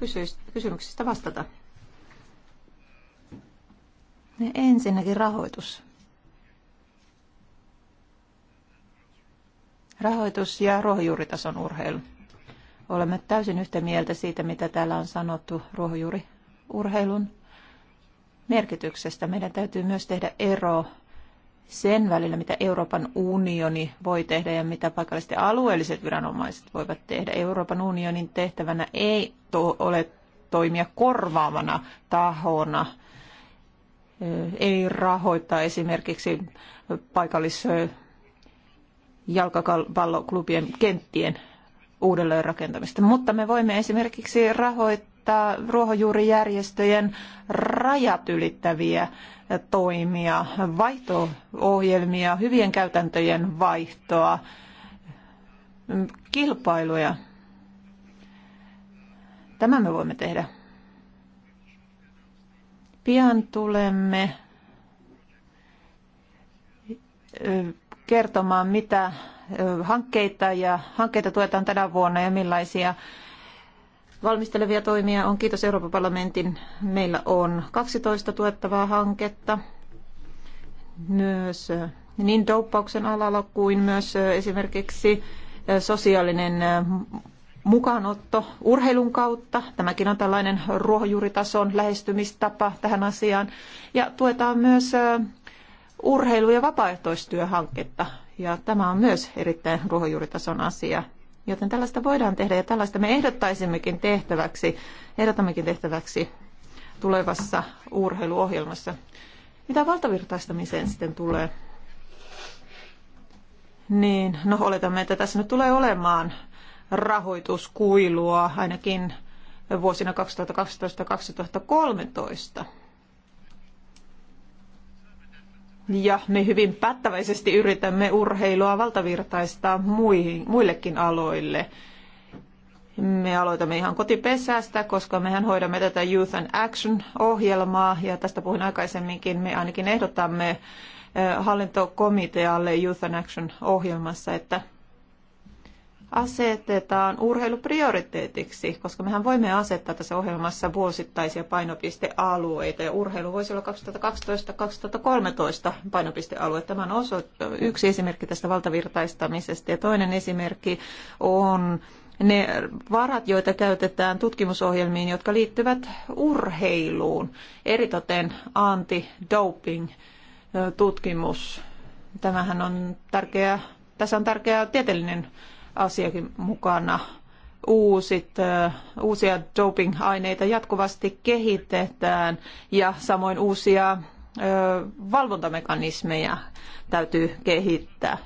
[SPEAKER 1] kysymyksistä vastata. Ensinnäkin rahoitus. Rahoitus ja ruohonjuuritason urheilu. Olemme täysin yhtä mieltä siitä, mitä täällä on sanottu ruohonjuuriurheilun merkityksestä. Meidän täytyy myös tehdä ero sen välillä, mitä Euroopan unioni voi tehdä ja mitä paikalliset ja alueelliset viranomaiset voivat tehdä. Euroopan unionin tehtävänä ei to- ole toimia korvaavana tahona, ei rahoittaa esimerkiksi paikallis jalkapalloklubien kenttien uudelleenrakentamista. mutta me voimme esimerkiksi rahoittaa ruohonjuurijärjestöjen rajat ylittäviä toimia, vaihto-ohjelmia, hyvien käytäntöjen vaihtoa, kilpailuja. Tämä me voimme tehdä. Pian tulemme kertomaan, mitä hankkeita ja hankkeita tuetaan tänä vuonna ja millaisia valmistelevia toimia on. Kiitos Euroopan parlamentin. Meillä on 12 tuettavaa hanketta myös äh, niin douppauksen alalla kuin myös äh, esimerkiksi äh, sosiaalinen mukaanotto urheilun kautta. Tämäkin on tällainen ruohonjuuritason lähestymistapa tähän asiaan. Ja tuetaan myös urheilu- ja vapaaehtoistyöhanketta. Ja tämä on myös erittäin ruohonjuuritason asia. Joten tällaista voidaan tehdä ja tällaista me ehdottaisimmekin tehtäväksi, ehdotammekin tehtäväksi tulevassa urheiluohjelmassa. Mitä valtavirtaistamiseen sitten tulee? Niin, no oletamme, että tässä nyt tulee olemaan rahoituskuilua ainakin vuosina 2012-2013. ja me hyvin päättäväisesti yritämme urheilua valtavirtaistaa muihin, muillekin aloille. Me aloitamme ihan kotipesästä, koska mehän hoidamme tätä Youth and Action-ohjelmaa, ja tästä puhuin aikaisemminkin, me ainakin ehdotamme eh, hallintokomitealle Youth and Action-ohjelmassa, että asetetaan urheilu prioriteetiksi, koska mehän voimme asettaa tässä ohjelmassa vuosittaisia painopistealueita ja urheilu voisi olla 2012-2013 painopistealue. Tämä on osoit- yksi esimerkki tästä valtavirtaistamisesta ja toinen esimerkki on ne varat, joita käytetään tutkimusohjelmiin, jotka liittyvät urheiluun, eritoten anti-doping-tutkimus. Tämähän on tärkeä, tässä on tärkeä tieteellinen asiakin mukana. Uusit, uusia doping-aineita jatkuvasti kehitetään ja samoin uusia valvontamekanismeja täytyy kehittää.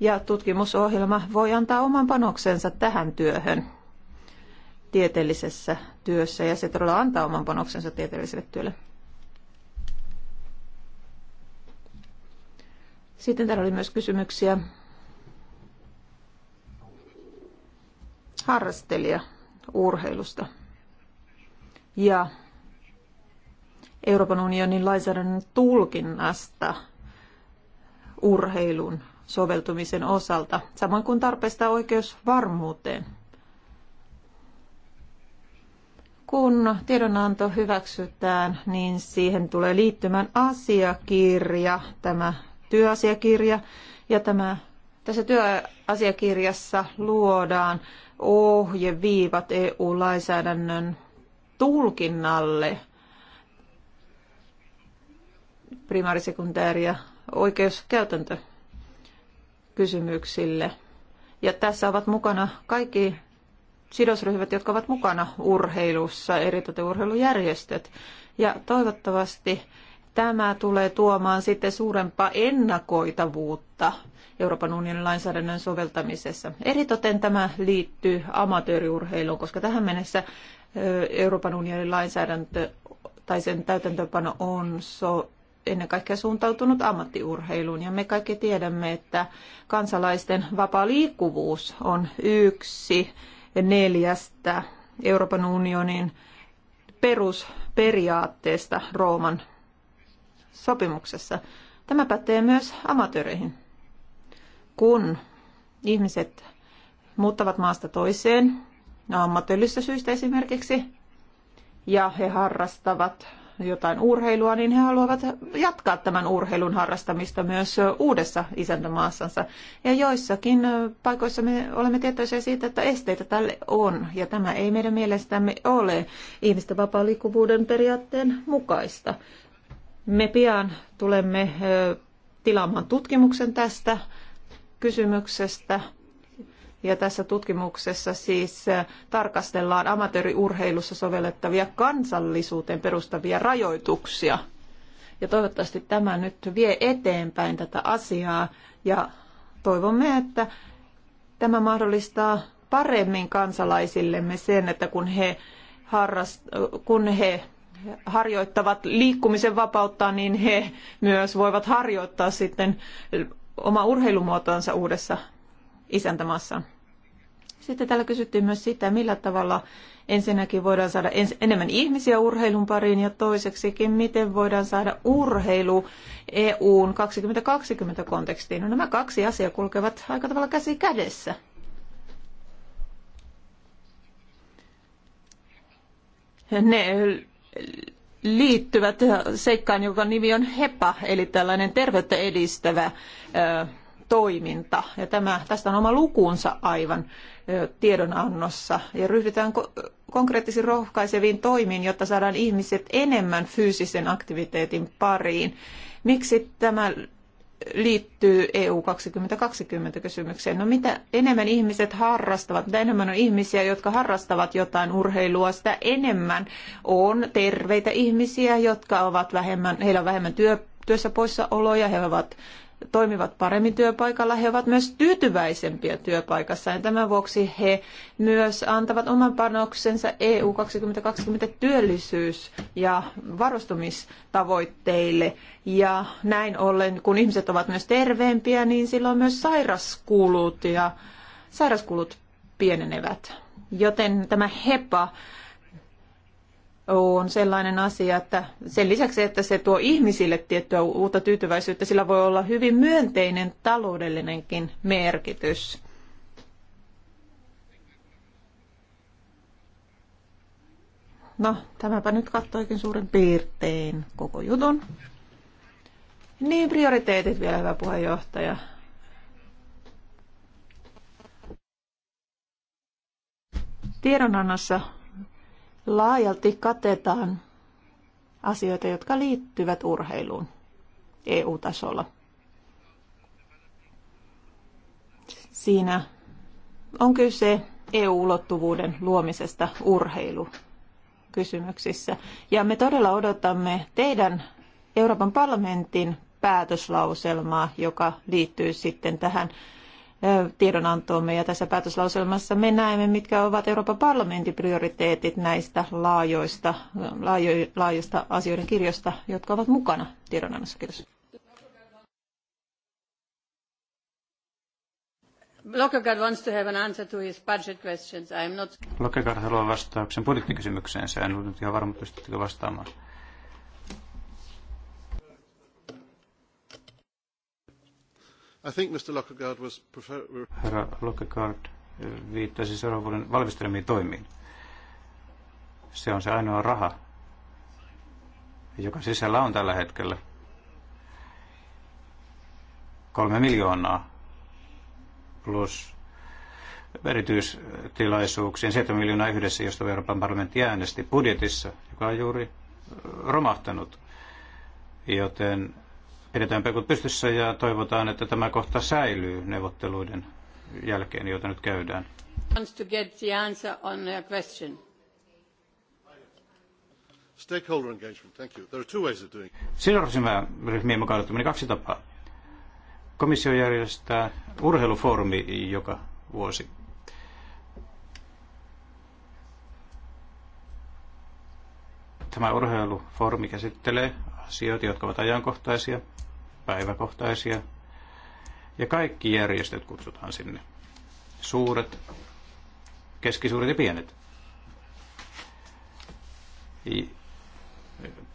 [SPEAKER 1] Ja tutkimusohjelma voi antaa oman panoksensa tähän työhön tieteellisessä työssä ja se todella antaa oman panoksensa tieteelliselle työlle. Sitten täällä oli myös kysymyksiä harrastelija urheilusta. Ja Euroopan unionin lainsäädännön tulkinnasta urheilun soveltumisen osalta, samoin kuin tarpeesta oikeusvarmuuteen. Kun tiedonanto hyväksytään, niin siihen tulee liittymään asiakirja, tämä työasiakirja, ja tämä tässä työasiakirjassa luodaan ohjeviivat EU-lainsäädännön tulkinnalle primaari-, ja oikeuskäytäntö kysymyksille. Ja tässä ovat mukana kaikki sidosryhmät, jotka ovat mukana urheilussa, erityisesti urheilujärjestöt. Ja toivottavasti tämä tulee tuomaan sitten suurempaa ennakoitavuutta Euroopan unionin lainsäädännön soveltamisessa. Eritoten tämä liittyy amatööriurheiluun, koska tähän mennessä Euroopan unionin lainsäädäntö tai sen täytäntöpano on so, ennen kaikkea suuntautunut ammattiurheiluun. Ja me kaikki tiedämme, että kansalaisten vapaa liikkuvuus on yksi neljästä Euroopan unionin perusperiaatteesta Rooman sopimuksessa. Tämä pätee myös amatööreihin kun ihmiset muuttavat maasta toiseen, ammatillisista syistä esimerkiksi, ja he harrastavat jotain urheilua, niin he haluavat jatkaa tämän urheilun harrastamista myös uudessa isäntämaassansa. Ja joissakin paikoissa me olemme tietoisia siitä, että esteitä tälle on, ja tämä ei meidän mielestämme ole ihmisten vapaan liikkuvuuden periaatteen mukaista. Me pian tulemme tilaamaan tutkimuksen tästä kysymyksestä. Ja tässä tutkimuksessa siis äh, tarkastellaan amatööriurheilussa sovellettavia kansallisuuteen perustavia rajoituksia. Ja toivottavasti tämä nyt vie eteenpäin tätä asiaa ja toivomme, että tämä mahdollistaa paremmin kansalaisillemme sen, että kun he, harrast, kun he harjoittavat liikkumisen vapautta, niin he myös voivat harjoittaa sitten oma urheilumuotoonsa uudessa isäntämaassa. Sitten täällä kysyttiin myös sitä, millä tavalla ensinnäkin voidaan saada enemmän ihmisiä urheilun pariin ja toiseksikin, miten voidaan saada urheilu EUn 2020-kontekstiin. No, nämä kaksi asiaa kulkevat aika tavalla käsi kädessä. Ne liittyvät seikkaan, jonka nimi on HEPA, eli tällainen terveyttä edistävä toiminta. Ja tämä, tästä on oma lukunsa aivan tiedonannossa. Ja ryhdytään konkreettisiin rohkaiseviin toimiin, jotta saadaan ihmiset enemmän fyysisen aktiviteetin pariin. Miksi tämä liittyy EU 2020 kysymykseen. No mitä enemmän ihmiset harrastavat, mitä enemmän on ihmisiä, jotka harrastavat jotain urheilua, sitä enemmän on terveitä ihmisiä, jotka ovat vähemmän, heillä on vähemmän työ, työssä poissaoloja, he ovat toimivat paremmin työpaikalla, he ovat myös tyytyväisempiä työpaikassa ja tämän vuoksi he myös antavat oman panoksensa EU 2020 työllisyys- ja varustumistavoitteille. Ja näin ollen, kun ihmiset ovat myös terveempiä, niin silloin myös sairaskulut ja sairaskulut pienenevät. Joten tämä HEPA on sellainen asia, että sen lisäksi, että se tuo ihmisille tiettyä uutta tyytyväisyyttä, sillä voi olla hyvin myönteinen taloudellinenkin merkitys. No, tämäpä nyt kattoikin suurin piirtein koko jutun. Niin, prioriteetit vielä, hyvä puheenjohtaja. Tiedonannossa laajalti katetaan asioita, jotka liittyvät urheiluun EU-tasolla. Siinä on kyse EU-ulottuvuuden luomisesta urheilukysymyksissä. Ja me todella odotamme teidän Euroopan parlamentin päätöslauselmaa, joka liittyy sitten tähän tiedonantoomme ja tässä päätöslauselmassa me näemme, mitkä ovat Euroopan parlamentin prioriteetit näistä laajoista, laajo, laajoista asioiden kirjosta, jotka ovat mukana tiedonannossa. Kiitos.
[SPEAKER 5] Lokegaard wants to have an answer to his budget questions. I am not...
[SPEAKER 4] Lokegaard haluaa vastauksen budjettikysymykseensä. En nyt ihan varma, pystyttekö vastaamaan.
[SPEAKER 3] I think Mr. was prefer-
[SPEAKER 4] Herra Lockegaard eh, viittasi seuraavan vuoden valmistelemiin toimiin. Se on se ainoa raha, joka sisällä on tällä hetkellä. Kolme miljoonaa plus erityistilaisuuksiin, 7 miljoonaa yhdessä, josta Euroopan parlamentti äänesti budjetissa, joka on juuri romahtanut. Joten pidetään peukut pystyssä ja toivotaan, että tämä kohta säilyy neuvotteluiden jälkeen, joita nyt käydään.
[SPEAKER 3] Stakeholder engagement, thank you. There are two ways of doing
[SPEAKER 4] Sidosryhmien mukaan ottaminen kaksi tapaa. Komissio järjestää urheilufoorumi joka vuosi. Tämä urheilufoorumi käsittelee asioita, jotka ovat ajankohtaisia, päiväkohtaisia. Ja kaikki järjestöt kutsutaan sinne. Suuret, keskisuuret ja pienet.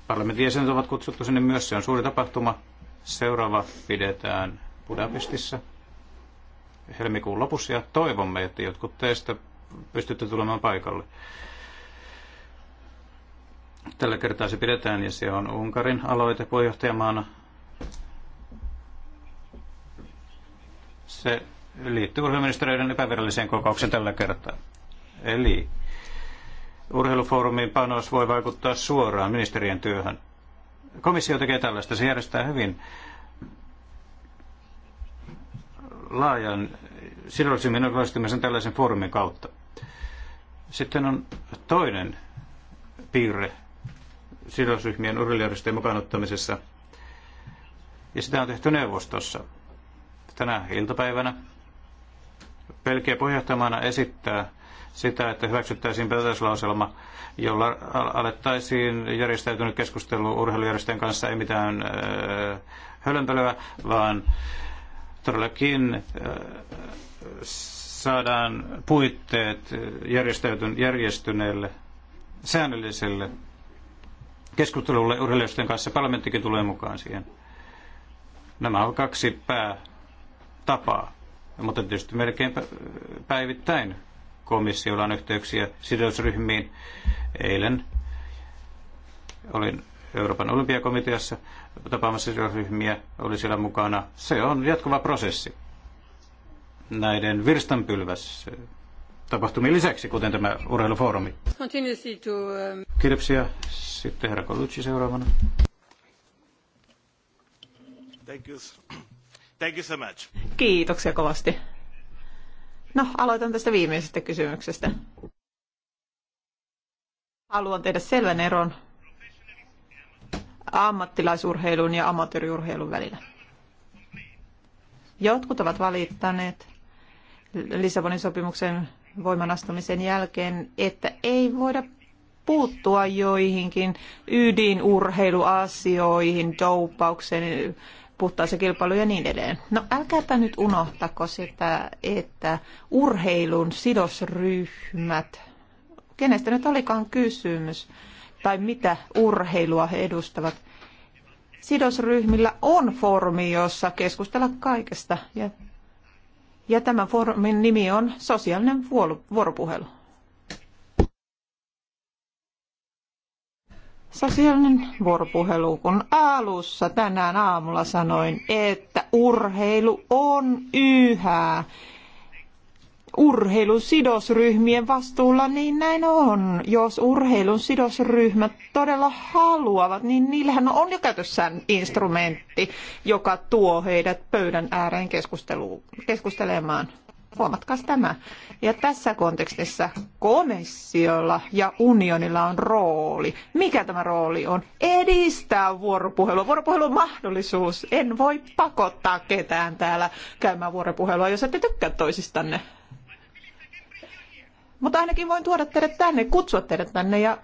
[SPEAKER 4] Parlamentin jäsenet ovat kutsuttu sinne myös. Se on suuri tapahtuma. Seuraava pidetään Budapestissa helmikuun lopussa ja toivomme, että jotkut teistä pystytte tulemaan paikalle. Tällä kertaa se pidetään ja se on Unkarin aloite puheenjohtajamaana. Se liittyy urheiluministeriöiden epäviralliseen kokoukseen tällä kertaa. Eli urheilufoorumin panos voi vaikuttaa suoraan ministerien työhön. Komissio tekee tällaista, se järjestää hyvin laajan sidollisemmin osallistumisen tällaisen foorumin kautta. Sitten on toinen piirre, sidosryhmien urheilijärjestöjen mukaan ottamisessa. Ja sitä on tehty neuvostossa tänä iltapäivänä. Pelkiä puheenjohtajamaana esittää sitä, että hyväksyttäisiin päätöslauselma, jolla alettaisiin järjestäytynyt keskustelu urheilujärjestöjen kanssa, ei mitään äh, hölönpölyä, vaan todellakin äh, saadaan puitteet järjestäytyn, järjestyneelle säännölliselle keskustelulle urheilijoiden kanssa. Parlamenttikin tulee mukaan siihen. Nämä ovat kaksi päätapaa, mutta tietysti melkein päivittäin komissiolla on yhteyksiä sidosryhmiin. Eilen olin Euroopan olympiakomiteassa tapaamassa sidosryhmiä, oli siellä mukana. Se on jatkuva prosessi. Näiden virstanpylväs tapahtumien lisäksi, kuten tämä urheilufoorumi. Um, Kiitoksia. Sitten herra Colucci seuraavana.
[SPEAKER 6] Thank you. Thank you so much.
[SPEAKER 1] Kiitoksia kovasti. No, aloitan tästä viimeisestä kysymyksestä. Haluan tehdä selvän eron ammattilaisurheilun ja amatööriurheilun välillä. Jotkut ovat valittaneet Lissabonin sopimuksen voimanastumisen jälkeen, että ei voida puuttua joihinkin ydinurheiluasioihin, doupaukseen, puhtaaseen kilpailuun ja niin edelleen. No älkääpä nyt unohtako sitä, että urheilun sidosryhmät, kenestä nyt olikaan kysymys, tai mitä urheilua he edustavat, sidosryhmillä on formi, jossa keskustella kaikesta ja ja tämän foorumin nimi on sosiaalinen vuoropuhelu. Sosiaalinen vuoropuhelu, kun alussa tänään aamulla sanoin, että urheilu on yhä urheilun sidosryhmien vastuulla, niin näin on. Jos urheilun sidosryhmät todella haluavat, niin niillähän on jo käytössään instrumentti, joka tuo heidät pöydän ääreen keskustelemaan. Huomatkaas tämä. Ja tässä kontekstissa komissiolla ja unionilla on rooli. Mikä tämä rooli on? Edistää vuoropuhelua. Vuoropuhelu on mahdollisuus. En voi pakottaa ketään täällä käymään vuoropuhelua, jos ette tykkää toisistanne. Mutta ainakin voin tuoda teidät tänne, kutsua teidät tänne ja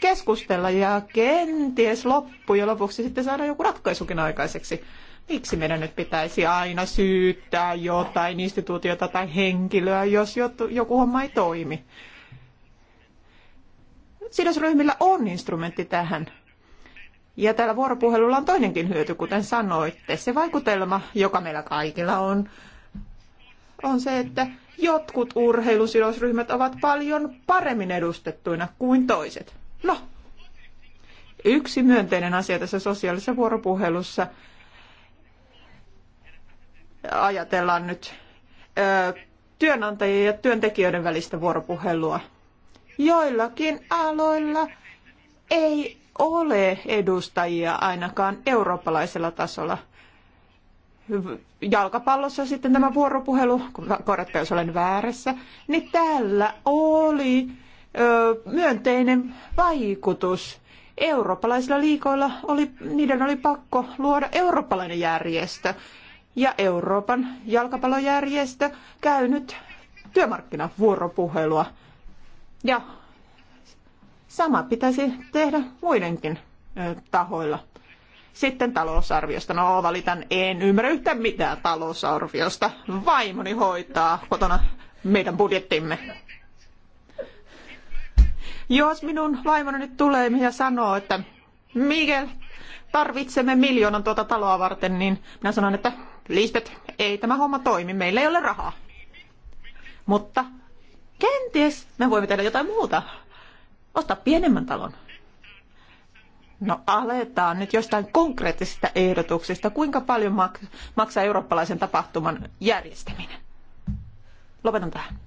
[SPEAKER 1] keskustella ja kenties loppu ja lopuksi sitten saada joku ratkaisukin aikaiseksi. Miksi meidän nyt pitäisi aina syyttää jotain instituutiota tai henkilöä, jos joku homma ei toimi? Sidosryhmillä on instrumentti tähän. Ja tällä vuoropuhelulla on toinenkin hyöty, kuten sanoitte. Se vaikutelma, joka meillä kaikilla on, on se, että jotkut urheilusidosryhmät ovat paljon paremmin edustettuina kuin toiset. No, yksi myönteinen asia tässä sosiaalisessa vuoropuhelussa ajatellaan nyt ö, työnantajien ja työntekijöiden välistä vuoropuhelua. Joillakin aloilla ei ole edustajia ainakaan eurooppalaisella tasolla – jalkapallossa sitten tämä vuoropuhelu, korjatkaa jos olen väärässä, niin tällä oli myönteinen vaikutus. Eurooppalaisilla liikoilla oli, niiden oli pakko luoda eurooppalainen järjestö ja Euroopan jalkapallojärjestö käynyt työmarkkinavuoropuhelua. Ja sama pitäisi tehdä muidenkin tahoilla. Sitten talousarviosta. No valitan, en ymmärrä yhtään mitään talousarviosta. Vaimoni hoitaa kotona meidän budjettimme. Jos minun vaimoni nyt tulee ja sanoo, että Miguel, tarvitsemme miljoonan tuota taloa varten, niin minä sanon, että Lisbeth, ei tämä homma toimi, meillä ei ole rahaa. Mutta kenties me voimme tehdä jotain muuta. Ostaa pienemmän talon. No aletaan nyt jostain konkreettisista ehdotuksista. Kuinka paljon maksaa eurooppalaisen tapahtuman järjestäminen? Lopetan tähän.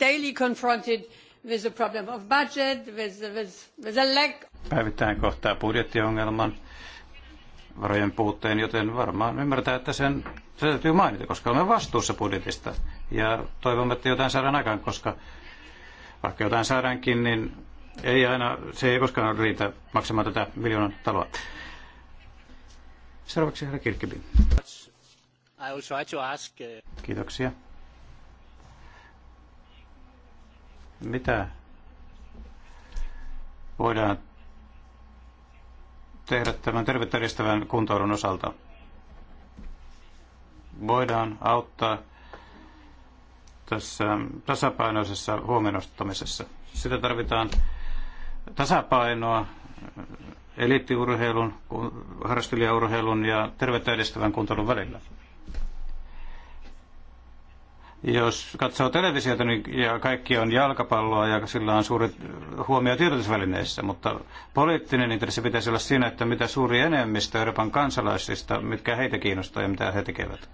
[SPEAKER 5] daily confronted with problem of budget, with, with, with a lack.
[SPEAKER 4] Päivittäin kohtaa budjettiongelman, varojen puutteen, joten varmaan ymmärtää, että sen, se täytyy mainita, koska olemme vastuussa budjetista. Ja toivomme, että jotain saadaan aikaan, koska vaikka jotain saadaankin, niin ei aina, se ei koskaan riitä maksamaan tätä miljoonan taloa. Seuraavaksi herra Kirkkibi. Uh, Kiitoksia. Mitä voidaan tehdä tämän terveyttä edistävän kuntoilun osalta? Voidaan auttaa tässä tasapainoisessa huomioonostamisessa. Sitä tarvitaan tasapainoa eliittiurheilun, harrastelijaurheilun ja terveyttä edistävän kuntoilun välillä. Jos katsoo televisiota niin, ja kaikki on jalkapalloa ja sillä on suuri huomio tiedotusvälineissä, mutta poliittinen intressi pitäisi olla siinä, että mitä suuri enemmistö Euroopan kansalaisista, mitkä heitä kiinnostaa ja mitä he tekevät.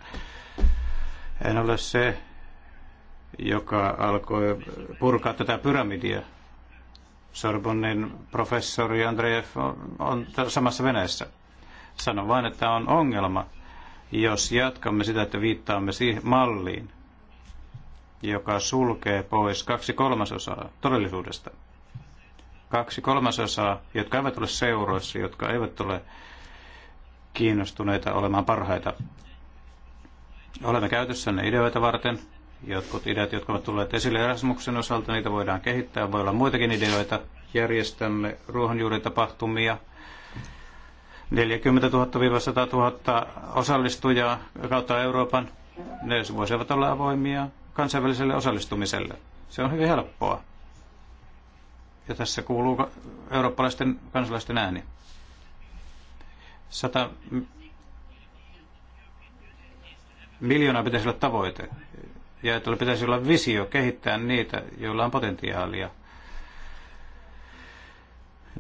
[SPEAKER 4] En ole se, joka alkoi purkaa tätä pyramidia. Sorbonnin professori Andreev on, samassa veneessä. Sanon vain, että on ongelma, jos jatkamme sitä, että viittaamme siihen malliin, joka sulkee pois kaksi kolmasosaa todellisuudesta. Kaksi kolmasosaa, jotka eivät ole seuroissa, jotka eivät ole kiinnostuneita olemaan parhaita. Olemme ne ideoita varten. Jotkut ideat, jotka ovat tulleet esille Erasmuksen osalta, niitä voidaan kehittää. Voi olla muitakin ideoita. Järjestämme ruohonjuuritapahtumia. 40 000-100 000 osallistujaa kautta Euroopan. Ne voisivat olla avoimia kansainväliselle osallistumiselle. Se on hyvin helppoa. Ja tässä kuuluu eurooppalaisten kansalaisten ääni. Sata miljoonaa pitäisi olla tavoite. Ja että pitäisi olla visio kehittää niitä, joilla on potentiaalia.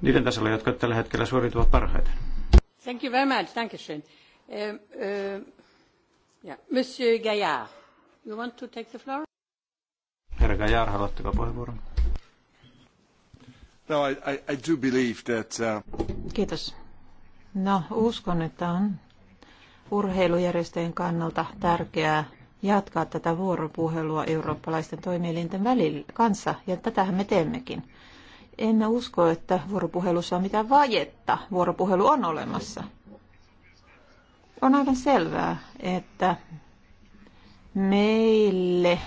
[SPEAKER 4] Niiden tasolla, jotka tällä hetkellä suoriutuvat parhaiten.
[SPEAKER 5] Thank you very much. Dankeschön. Uh, eh, uh, eh, yeah. Monsieur Gaillard. You want to take the floor?
[SPEAKER 4] Herra Gajar, haluatteko puheenvuoron?
[SPEAKER 3] No, I, I, I do believe that, uh...
[SPEAKER 1] Kiitos. No, uskon, että on urheilujärjestöjen kannalta tärkeää jatkaa tätä vuoropuhelua eurooppalaisten toimielinten välillä kanssa, ja tätähän me teemmekin. Emme usko, että vuoropuhelussa on mitään vajetta. Vuoropuhelu on olemassa. On aivan selvää, että Meille,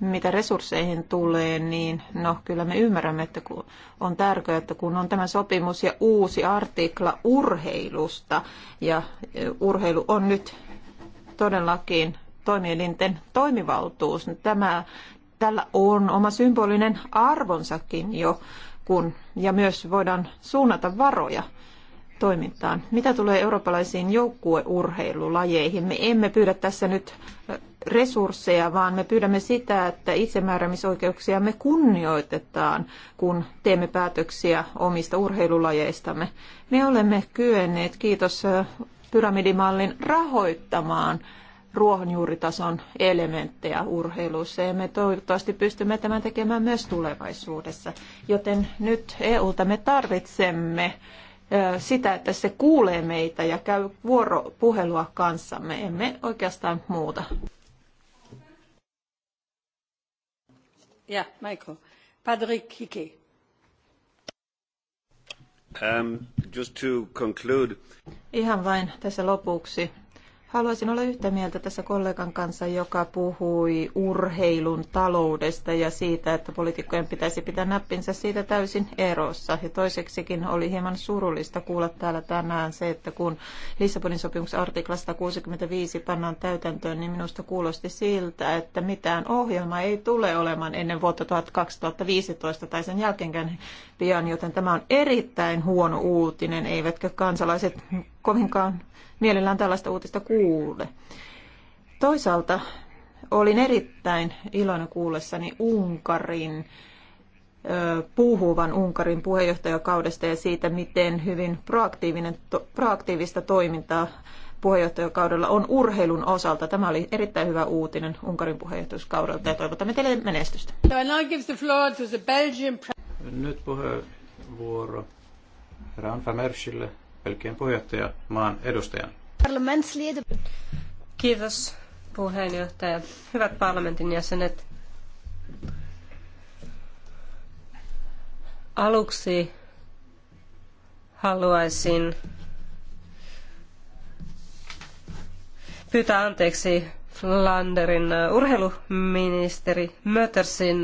[SPEAKER 1] mitä resursseihin tulee, niin no kyllä me ymmärrämme, että kun on tärkeää, että kun on tämä sopimus ja uusi artikla urheilusta, ja e, urheilu on nyt todellakin toimielinten toimivaltuus. Niin tämä, tällä on oma symbolinen arvonsakin jo, kun, ja myös voidaan suunnata varoja – toimintaan. Mitä tulee eurooppalaisiin joukkueurheilulajeihin, me emme pyydä tässä nyt resursseja, vaan me pyydämme sitä, että itsemääräämisoikeuksia me kunnioitetaan, kun teemme päätöksiä omista urheilulajeistamme. Me olemme kyenneet, kiitos pyramidimallin, rahoittamaan ruohonjuuritason elementtejä urheilussa ja me toivottavasti pystymme tämän tekemään myös tulevaisuudessa. Joten nyt EUlta me tarvitsemme sitä, että se kuulee meitä ja käy vuoropuhelua kanssamme. Emme oikeastaan muuta.
[SPEAKER 5] Ja, Michael. Patrick Hickey.
[SPEAKER 3] Um, just to conclude.
[SPEAKER 1] Ihan vain tässä lopuksi Haluaisin olla yhtä mieltä tässä kollegan kanssa, joka puhui urheilun taloudesta ja siitä, että poliitikkojen pitäisi pitää näppinsä siitä täysin erossa. Ja toiseksikin oli hieman surullista kuulla täällä tänään se, että kun Lissabonin sopimuksen artiklasta 65 pannaan täytäntöön, niin minusta kuulosti siltä, että mitään ohjelma ei tule olemaan ennen vuotta 2015 tai sen jälkeenkään pian, joten tämä on erittäin huono uutinen, eivätkä kansalaiset kovinkaan mielellään tällaista uutista kuule. Toisaalta olin erittäin iloinen kuullessani Unkarin puhuvan Unkarin puheenjohtajakaudesta ja siitä, miten hyvin proaktiivinen, to, proaktiivista toimintaa puheenjohtajakaudella on urheilun osalta. Tämä oli erittäin hyvä uutinen Unkarin
[SPEAKER 4] puheenjohtajuuskaudelta ja toivotamme teille menestystä. Nyt puheenvuoro Ranfa Anfa Belgian puheenjohtaja maan edustajan.
[SPEAKER 2] Kiitos puheenjohtaja. Hyvät parlamentin jäsenet. Aluksi haluaisin pyytää anteeksi Flanderin urheiluministeri Mötersin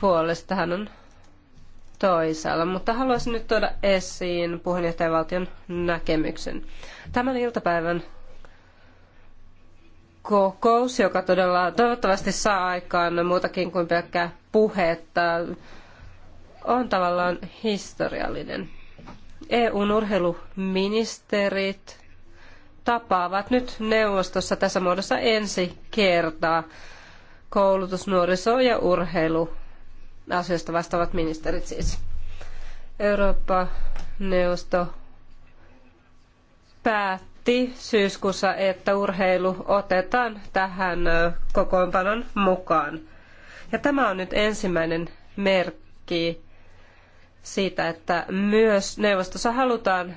[SPEAKER 2] puolesta. Hän on toisaalla, mutta haluaisin nyt tuoda esiin puheenjohtajavaltion näkemyksen. Tämän iltapäivän kokous, joka todella toivottavasti saa aikaan muutakin kuin pelkkää puhetta, on tavallaan historiallinen. EUn urheiluministerit tapaavat nyt neuvostossa tässä muodossa ensi kertaa koulutus, nuoriso ja urheilu asioista vastaavat ministerit siis. Eurooppa-neuvosto päätti syyskuussa, että urheilu otetaan tähän kokoonpanon mukaan. Ja tämä on nyt ensimmäinen merkki siitä, että myös neuvostossa halutaan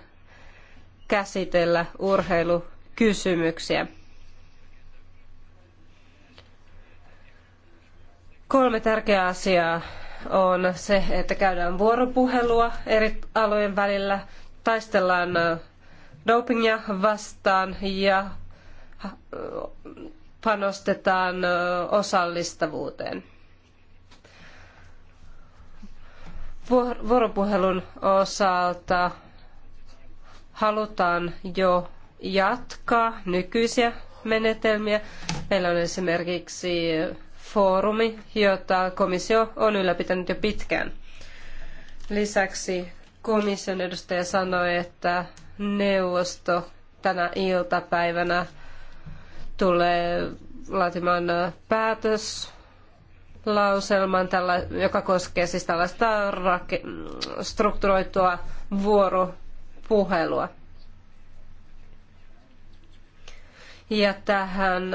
[SPEAKER 2] käsitellä urheilukysymyksiä. Kolme tärkeää asiaa on se, että käydään vuoropuhelua eri alojen välillä, taistellaan dopingia vastaan ja panostetaan osallistavuuteen. Vuoropuhelun osalta halutaan jo jatkaa nykyisiä menetelmiä. Meillä on esimerkiksi foorumi, jota komissio on ylläpitänyt jo pitkään. Lisäksi komission edustaja sanoi, että neuvosto tänä iltapäivänä tulee laatimaan päätös lauselman, joka koskee siis tällaista strukturoitua vuoropuhelua. Ja tähän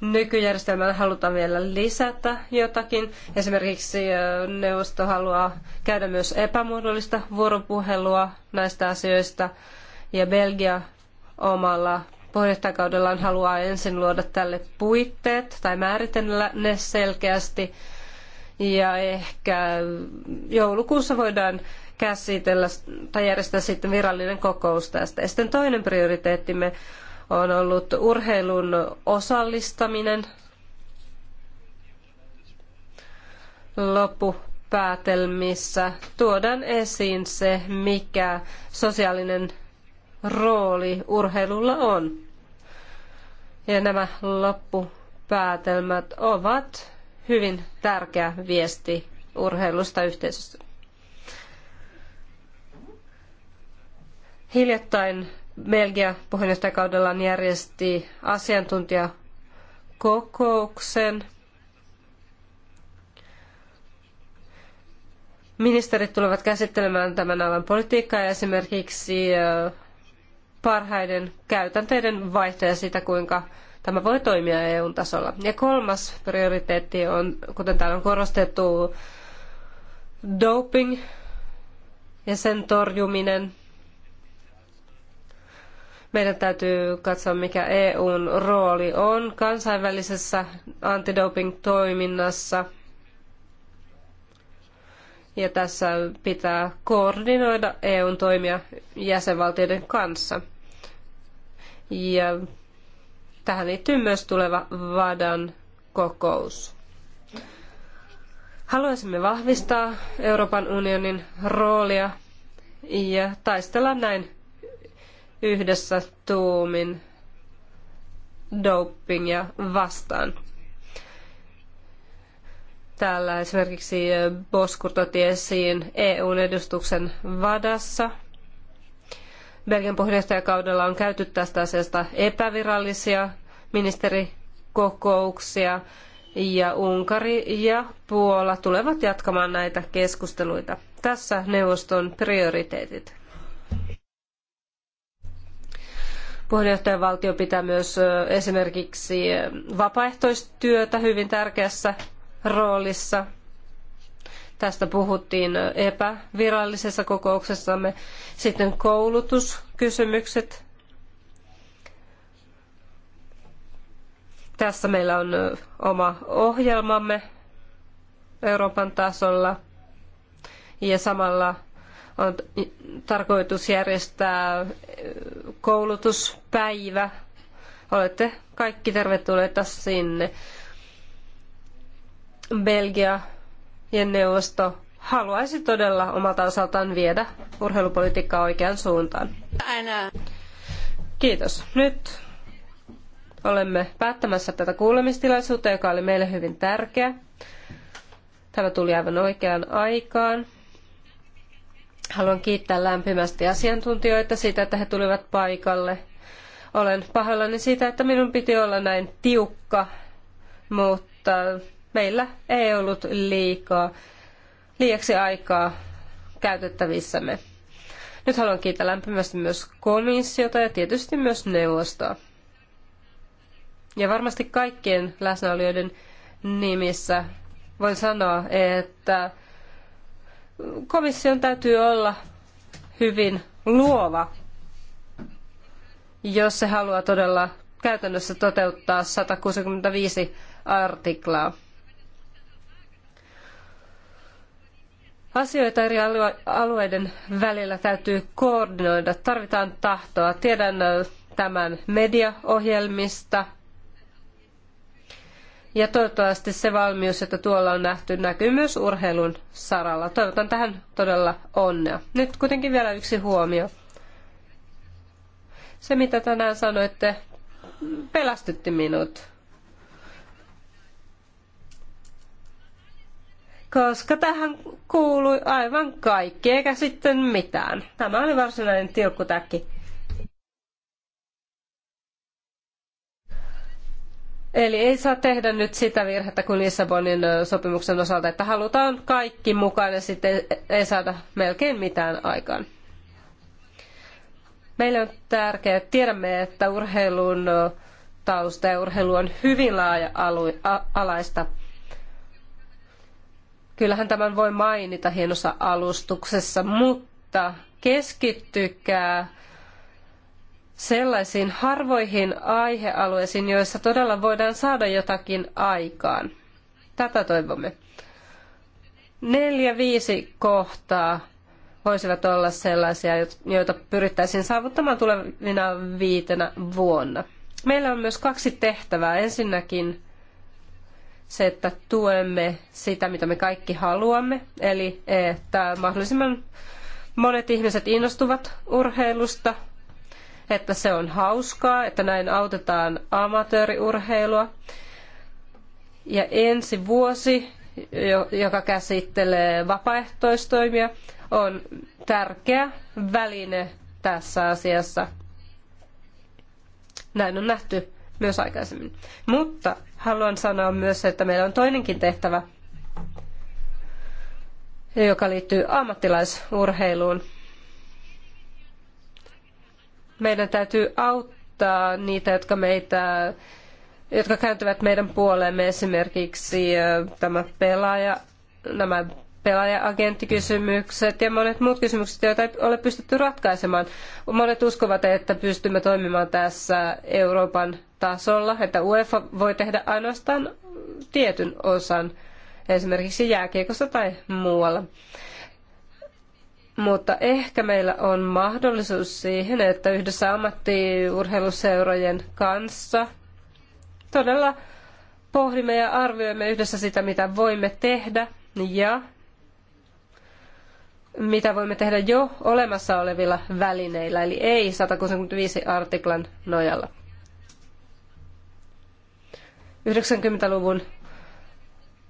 [SPEAKER 2] nykyjärjestelmään halutaan vielä lisätä jotakin. Esimerkiksi neuvosto haluaa käydä myös epämuodollista vuoropuhelua näistä asioista ja Belgia omalla puheenjohtajakaudellaan haluaa ensin luoda tälle puitteet tai määritellä ne selkeästi. Ja ehkä joulukuussa voidaan käsitellä tai järjestää sitten virallinen kokous tästä. Ja sitten toinen prioriteettimme on ollut urheilun osallistaminen. Loppupäätelmissä tuodaan esiin se, mikä sosiaalinen rooli urheilulla on. Ja nämä loppupäätelmät ovat hyvin tärkeä viesti urheilusta yhteisössä. Hiljattain Belgia puheenjohtajakaudellaan järjesti asiantuntijakokouksen. Ministerit tulevat käsittelemään tämän alan politiikkaa ja esimerkiksi parhaiden käytänteiden vaihtoja siitä, kuinka tämä voi toimia EUn tasolla. Ja kolmas prioriteetti on, kuten täällä on korostettu, doping ja sen torjuminen. Meidän täytyy katsoa, mikä EUn rooli on kansainvälisessä antidoping-toiminnassa. Ja tässä pitää koordinoida EUn toimia jäsenvaltioiden kanssa. Ja tähän liittyy myös tuleva VADAN kokous. Haluaisimme vahvistaa Euroopan unionin roolia ja taistella näin yhdessä tuumin dopingia vastaan. Täällä esimerkiksi Boskurta tiesiin esiin EUn edustuksen Vadassa. Belgian puheenjohtajakaudella on käyty tästä asiasta epävirallisia ministerikokouksia ja Unkari ja Puola tulevat jatkamaan näitä keskusteluita. Tässä neuvoston prioriteetit. Puheenjohtajavaltio pitää myös esimerkiksi vapaaehtoistyötä hyvin tärkeässä roolissa. Tästä puhuttiin epävirallisessa kokouksessamme. Sitten koulutuskysymykset. Tässä meillä on oma ohjelmamme Euroopan tasolla ja samalla on tarkoitus järjestää koulutuspäivä. Olette kaikki tervetulleita sinne. Belgia ja neuvosto haluaisi todella omalta osaltaan viedä urheilupolitiikkaa oikeaan suuntaan. Kiitos. Nyt olemme päättämässä tätä kuulemistilaisuutta, joka oli meille hyvin tärkeä. Tämä tuli aivan oikeaan aikaan. Haluan kiittää lämpimästi asiantuntijoita siitä, että he tulivat paikalle. Olen pahoillani siitä, että minun piti olla näin tiukka, mutta meillä ei ollut liikaa, liiaksi aikaa käytettävissämme. Nyt haluan kiittää lämpimästi myös komissiota ja tietysti myös neuvostoa. Ja varmasti kaikkien läsnäolijoiden nimissä voin sanoa, että komission täytyy olla hyvin luova, jos se haluaa todella käytännössä toteuttaa 165 artiklaa. Asioita eri alueiden välillä täytyy koordinoida. Tarvitaan tahtoa. Tiedän tämän mediaohjelmista – ja toivottavasti se valmius, että tuolla on nähty, näkyy myös urheilun saralla. Toivotan tähän todella onnea. Nyt kuitenkin vielä yksi huomio. Se, mitä tänään sanoitte, pelastytti minut. koska tähän kuului aivan kaikki, eikä sitten mitään. Tämä oli varsinainen tilkkutäkki. Eli ei saa tehdä nyt sitä virhettä kuin Lissabonin sopimuksen osalta, että halutaan kaikki mukaan ja sitten ei saada melkein mitään aikaan. Meille on tärkeää, että tiedämme, että urheilun tausta ja urheilu on hyvin laaja-alaista. Kyllähän tämän voi mainita hienossa alustuksessa, mutta keskittykää sellaisiin harvoihin aihealueisiin, joissa todella voidaan saada jotakin aikaan. Tätä toivomme. Neljä, viisi kohtaa voisivat olla sellaisia, joita pyrittäisiin saavuttamaan tulevina viitenä vuonna. Meillä on myös kaksi tehtävää. Ensinnäkin se, että tuemme sitä, mitä me kaikki haluamme, eli että mahdollisimman monet ihmiset innostuvat urheilusta, että se on hauskaa, että näin autetaan amatööriurheilua. Ja ensi vuosi, joka käsittelee vapaaehtoistoimia, on tärkeä väline tässä asiassa. Näin on nähty myös aikaisemmin. Mutta haluan sanoa myös, että meillä on toinenkin tehtävä, joka liittyy ammattilaisurheiluun. Meidän täytyy auttaa niitä, jotka meitä jotka kääntyvät meidän puoleemme esimerkiksi tämä pelaaja, nämä pelaaja-agenttikysymykset ja monet muut kysymykset, joita ei ole pystytty ratkaisemaan. Monet uskovat, että pystymme toimimaan tässä Euroopan tasolla, että UEFA voi tehdä ainoastaan tietyn osan esimerkiksi jääkiekossa tai muualla. Mutta ehkä meillä on mahdollisuus siihen, että yhdessä ammattiurheiluseurojen kanssa todella pohdimme ja arvioimme yhdessä sitä, mitä voimme tehdä ja mitä voimme tehdä jo olemassa olevilla välineillä, eli ei 165 artiklan nojalla. 90-luvun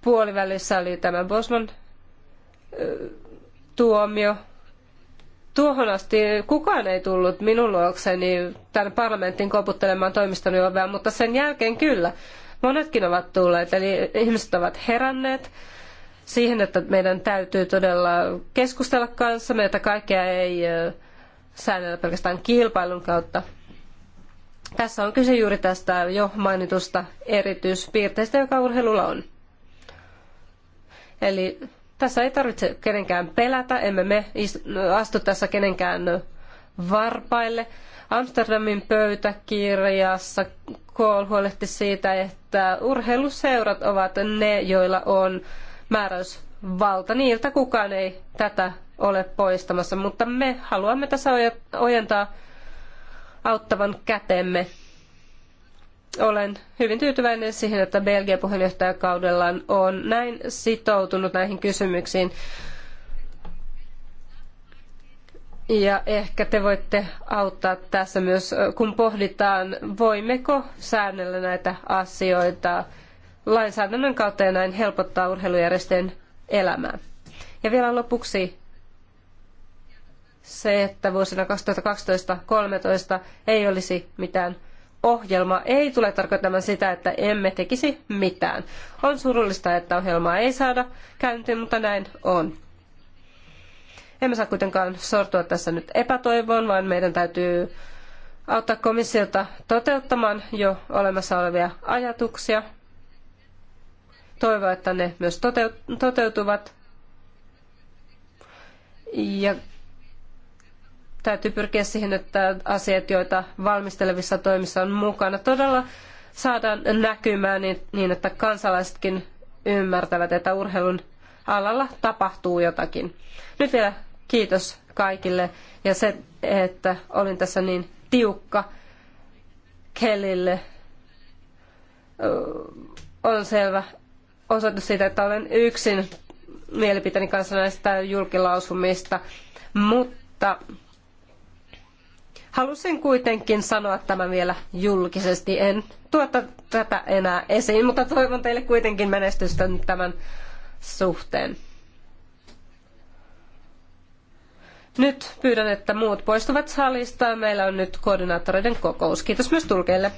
[SPEAKER 2] puolivälissä oli tämä Bosman tuomio Tuohon asti kukaan ei tullut minun luokseni tämän parlamentin koputtelemaan toimistoni ovea, mutta sen jälkeen kyllä. Monetkin ovat tulleet, eli ihmiset ovat heränneet siihen, että meidän täytyy todella keskustella kanssa, että kaikkea ei säännellä pelkästään kilpailun kautta. Tässä on kyse juuri tästä jo mainitusta erityispiirteestä, joka urheilulla on. Eli tässä ei tarvitse kenenkään pelätä, emme me astu tässä kenenkään varpaille. Amsterdamin pöytäkirjassa Kohl huolehti siitä, että urheiluseurat ovat ne, joilla on määräysvalta. Niiltä kukaan ei tätä ole poistamassa, mutta me haluamme tässä ojentaa auttavan kätemme olen hyvin tyytyväinen siihen, että Belgia puheenjohtajakaudellaan on näin sitoutunut näihin kysymyksiin. Ja ehkä te voitte auttaa tässä myös, kun pohditaan, voimmeko säännellä näitä asioita lainsäädännön kautta ja näin helpottaa urheilujärjestöjen elämää. Ja vielä lopuksi se, että vuosina 2012-2013 ei olisi mitään ohjelma ei tule tarkoittamaan sitä, että emme tekisi mitään. On surullista, että ohjelmaa ei saada käyntiin, mutta näin on. Emme saa kuitenkaan sortua tässä nyt epätoivoon, vaan meidän täytyy auttaa komissiota toteuttamaan jo olemassa olevia ajatuksia. Toivoa, että ne myös toteutuvat. Ja täytyy pyrkiä siihen, että asiat, joita valmistelevissa toimissa on mukana, todella saadaan näkymään niin, niin, että kansalaisetkin ymmärtävät, että urheilun alalla tapahtuu jotakin. Nyt vielä kiitos kaikille ja se, että olin tässä niin tiukka Kelille on selvä osoitus siitä, että olen yksin mielipiteeni kanssa näistä julkilausumista, mutta Halusin kuitenkin sanoa tämän vielä julkisesti. En tuota tätä enää esiin, mutta toivon teille kuitenkin menestystä tämän suhteen. Nyt pyydän, että muut poistuvat salista. Meillä on nyt koordinaattoreiden kokous. Kiitos myös tulkeille.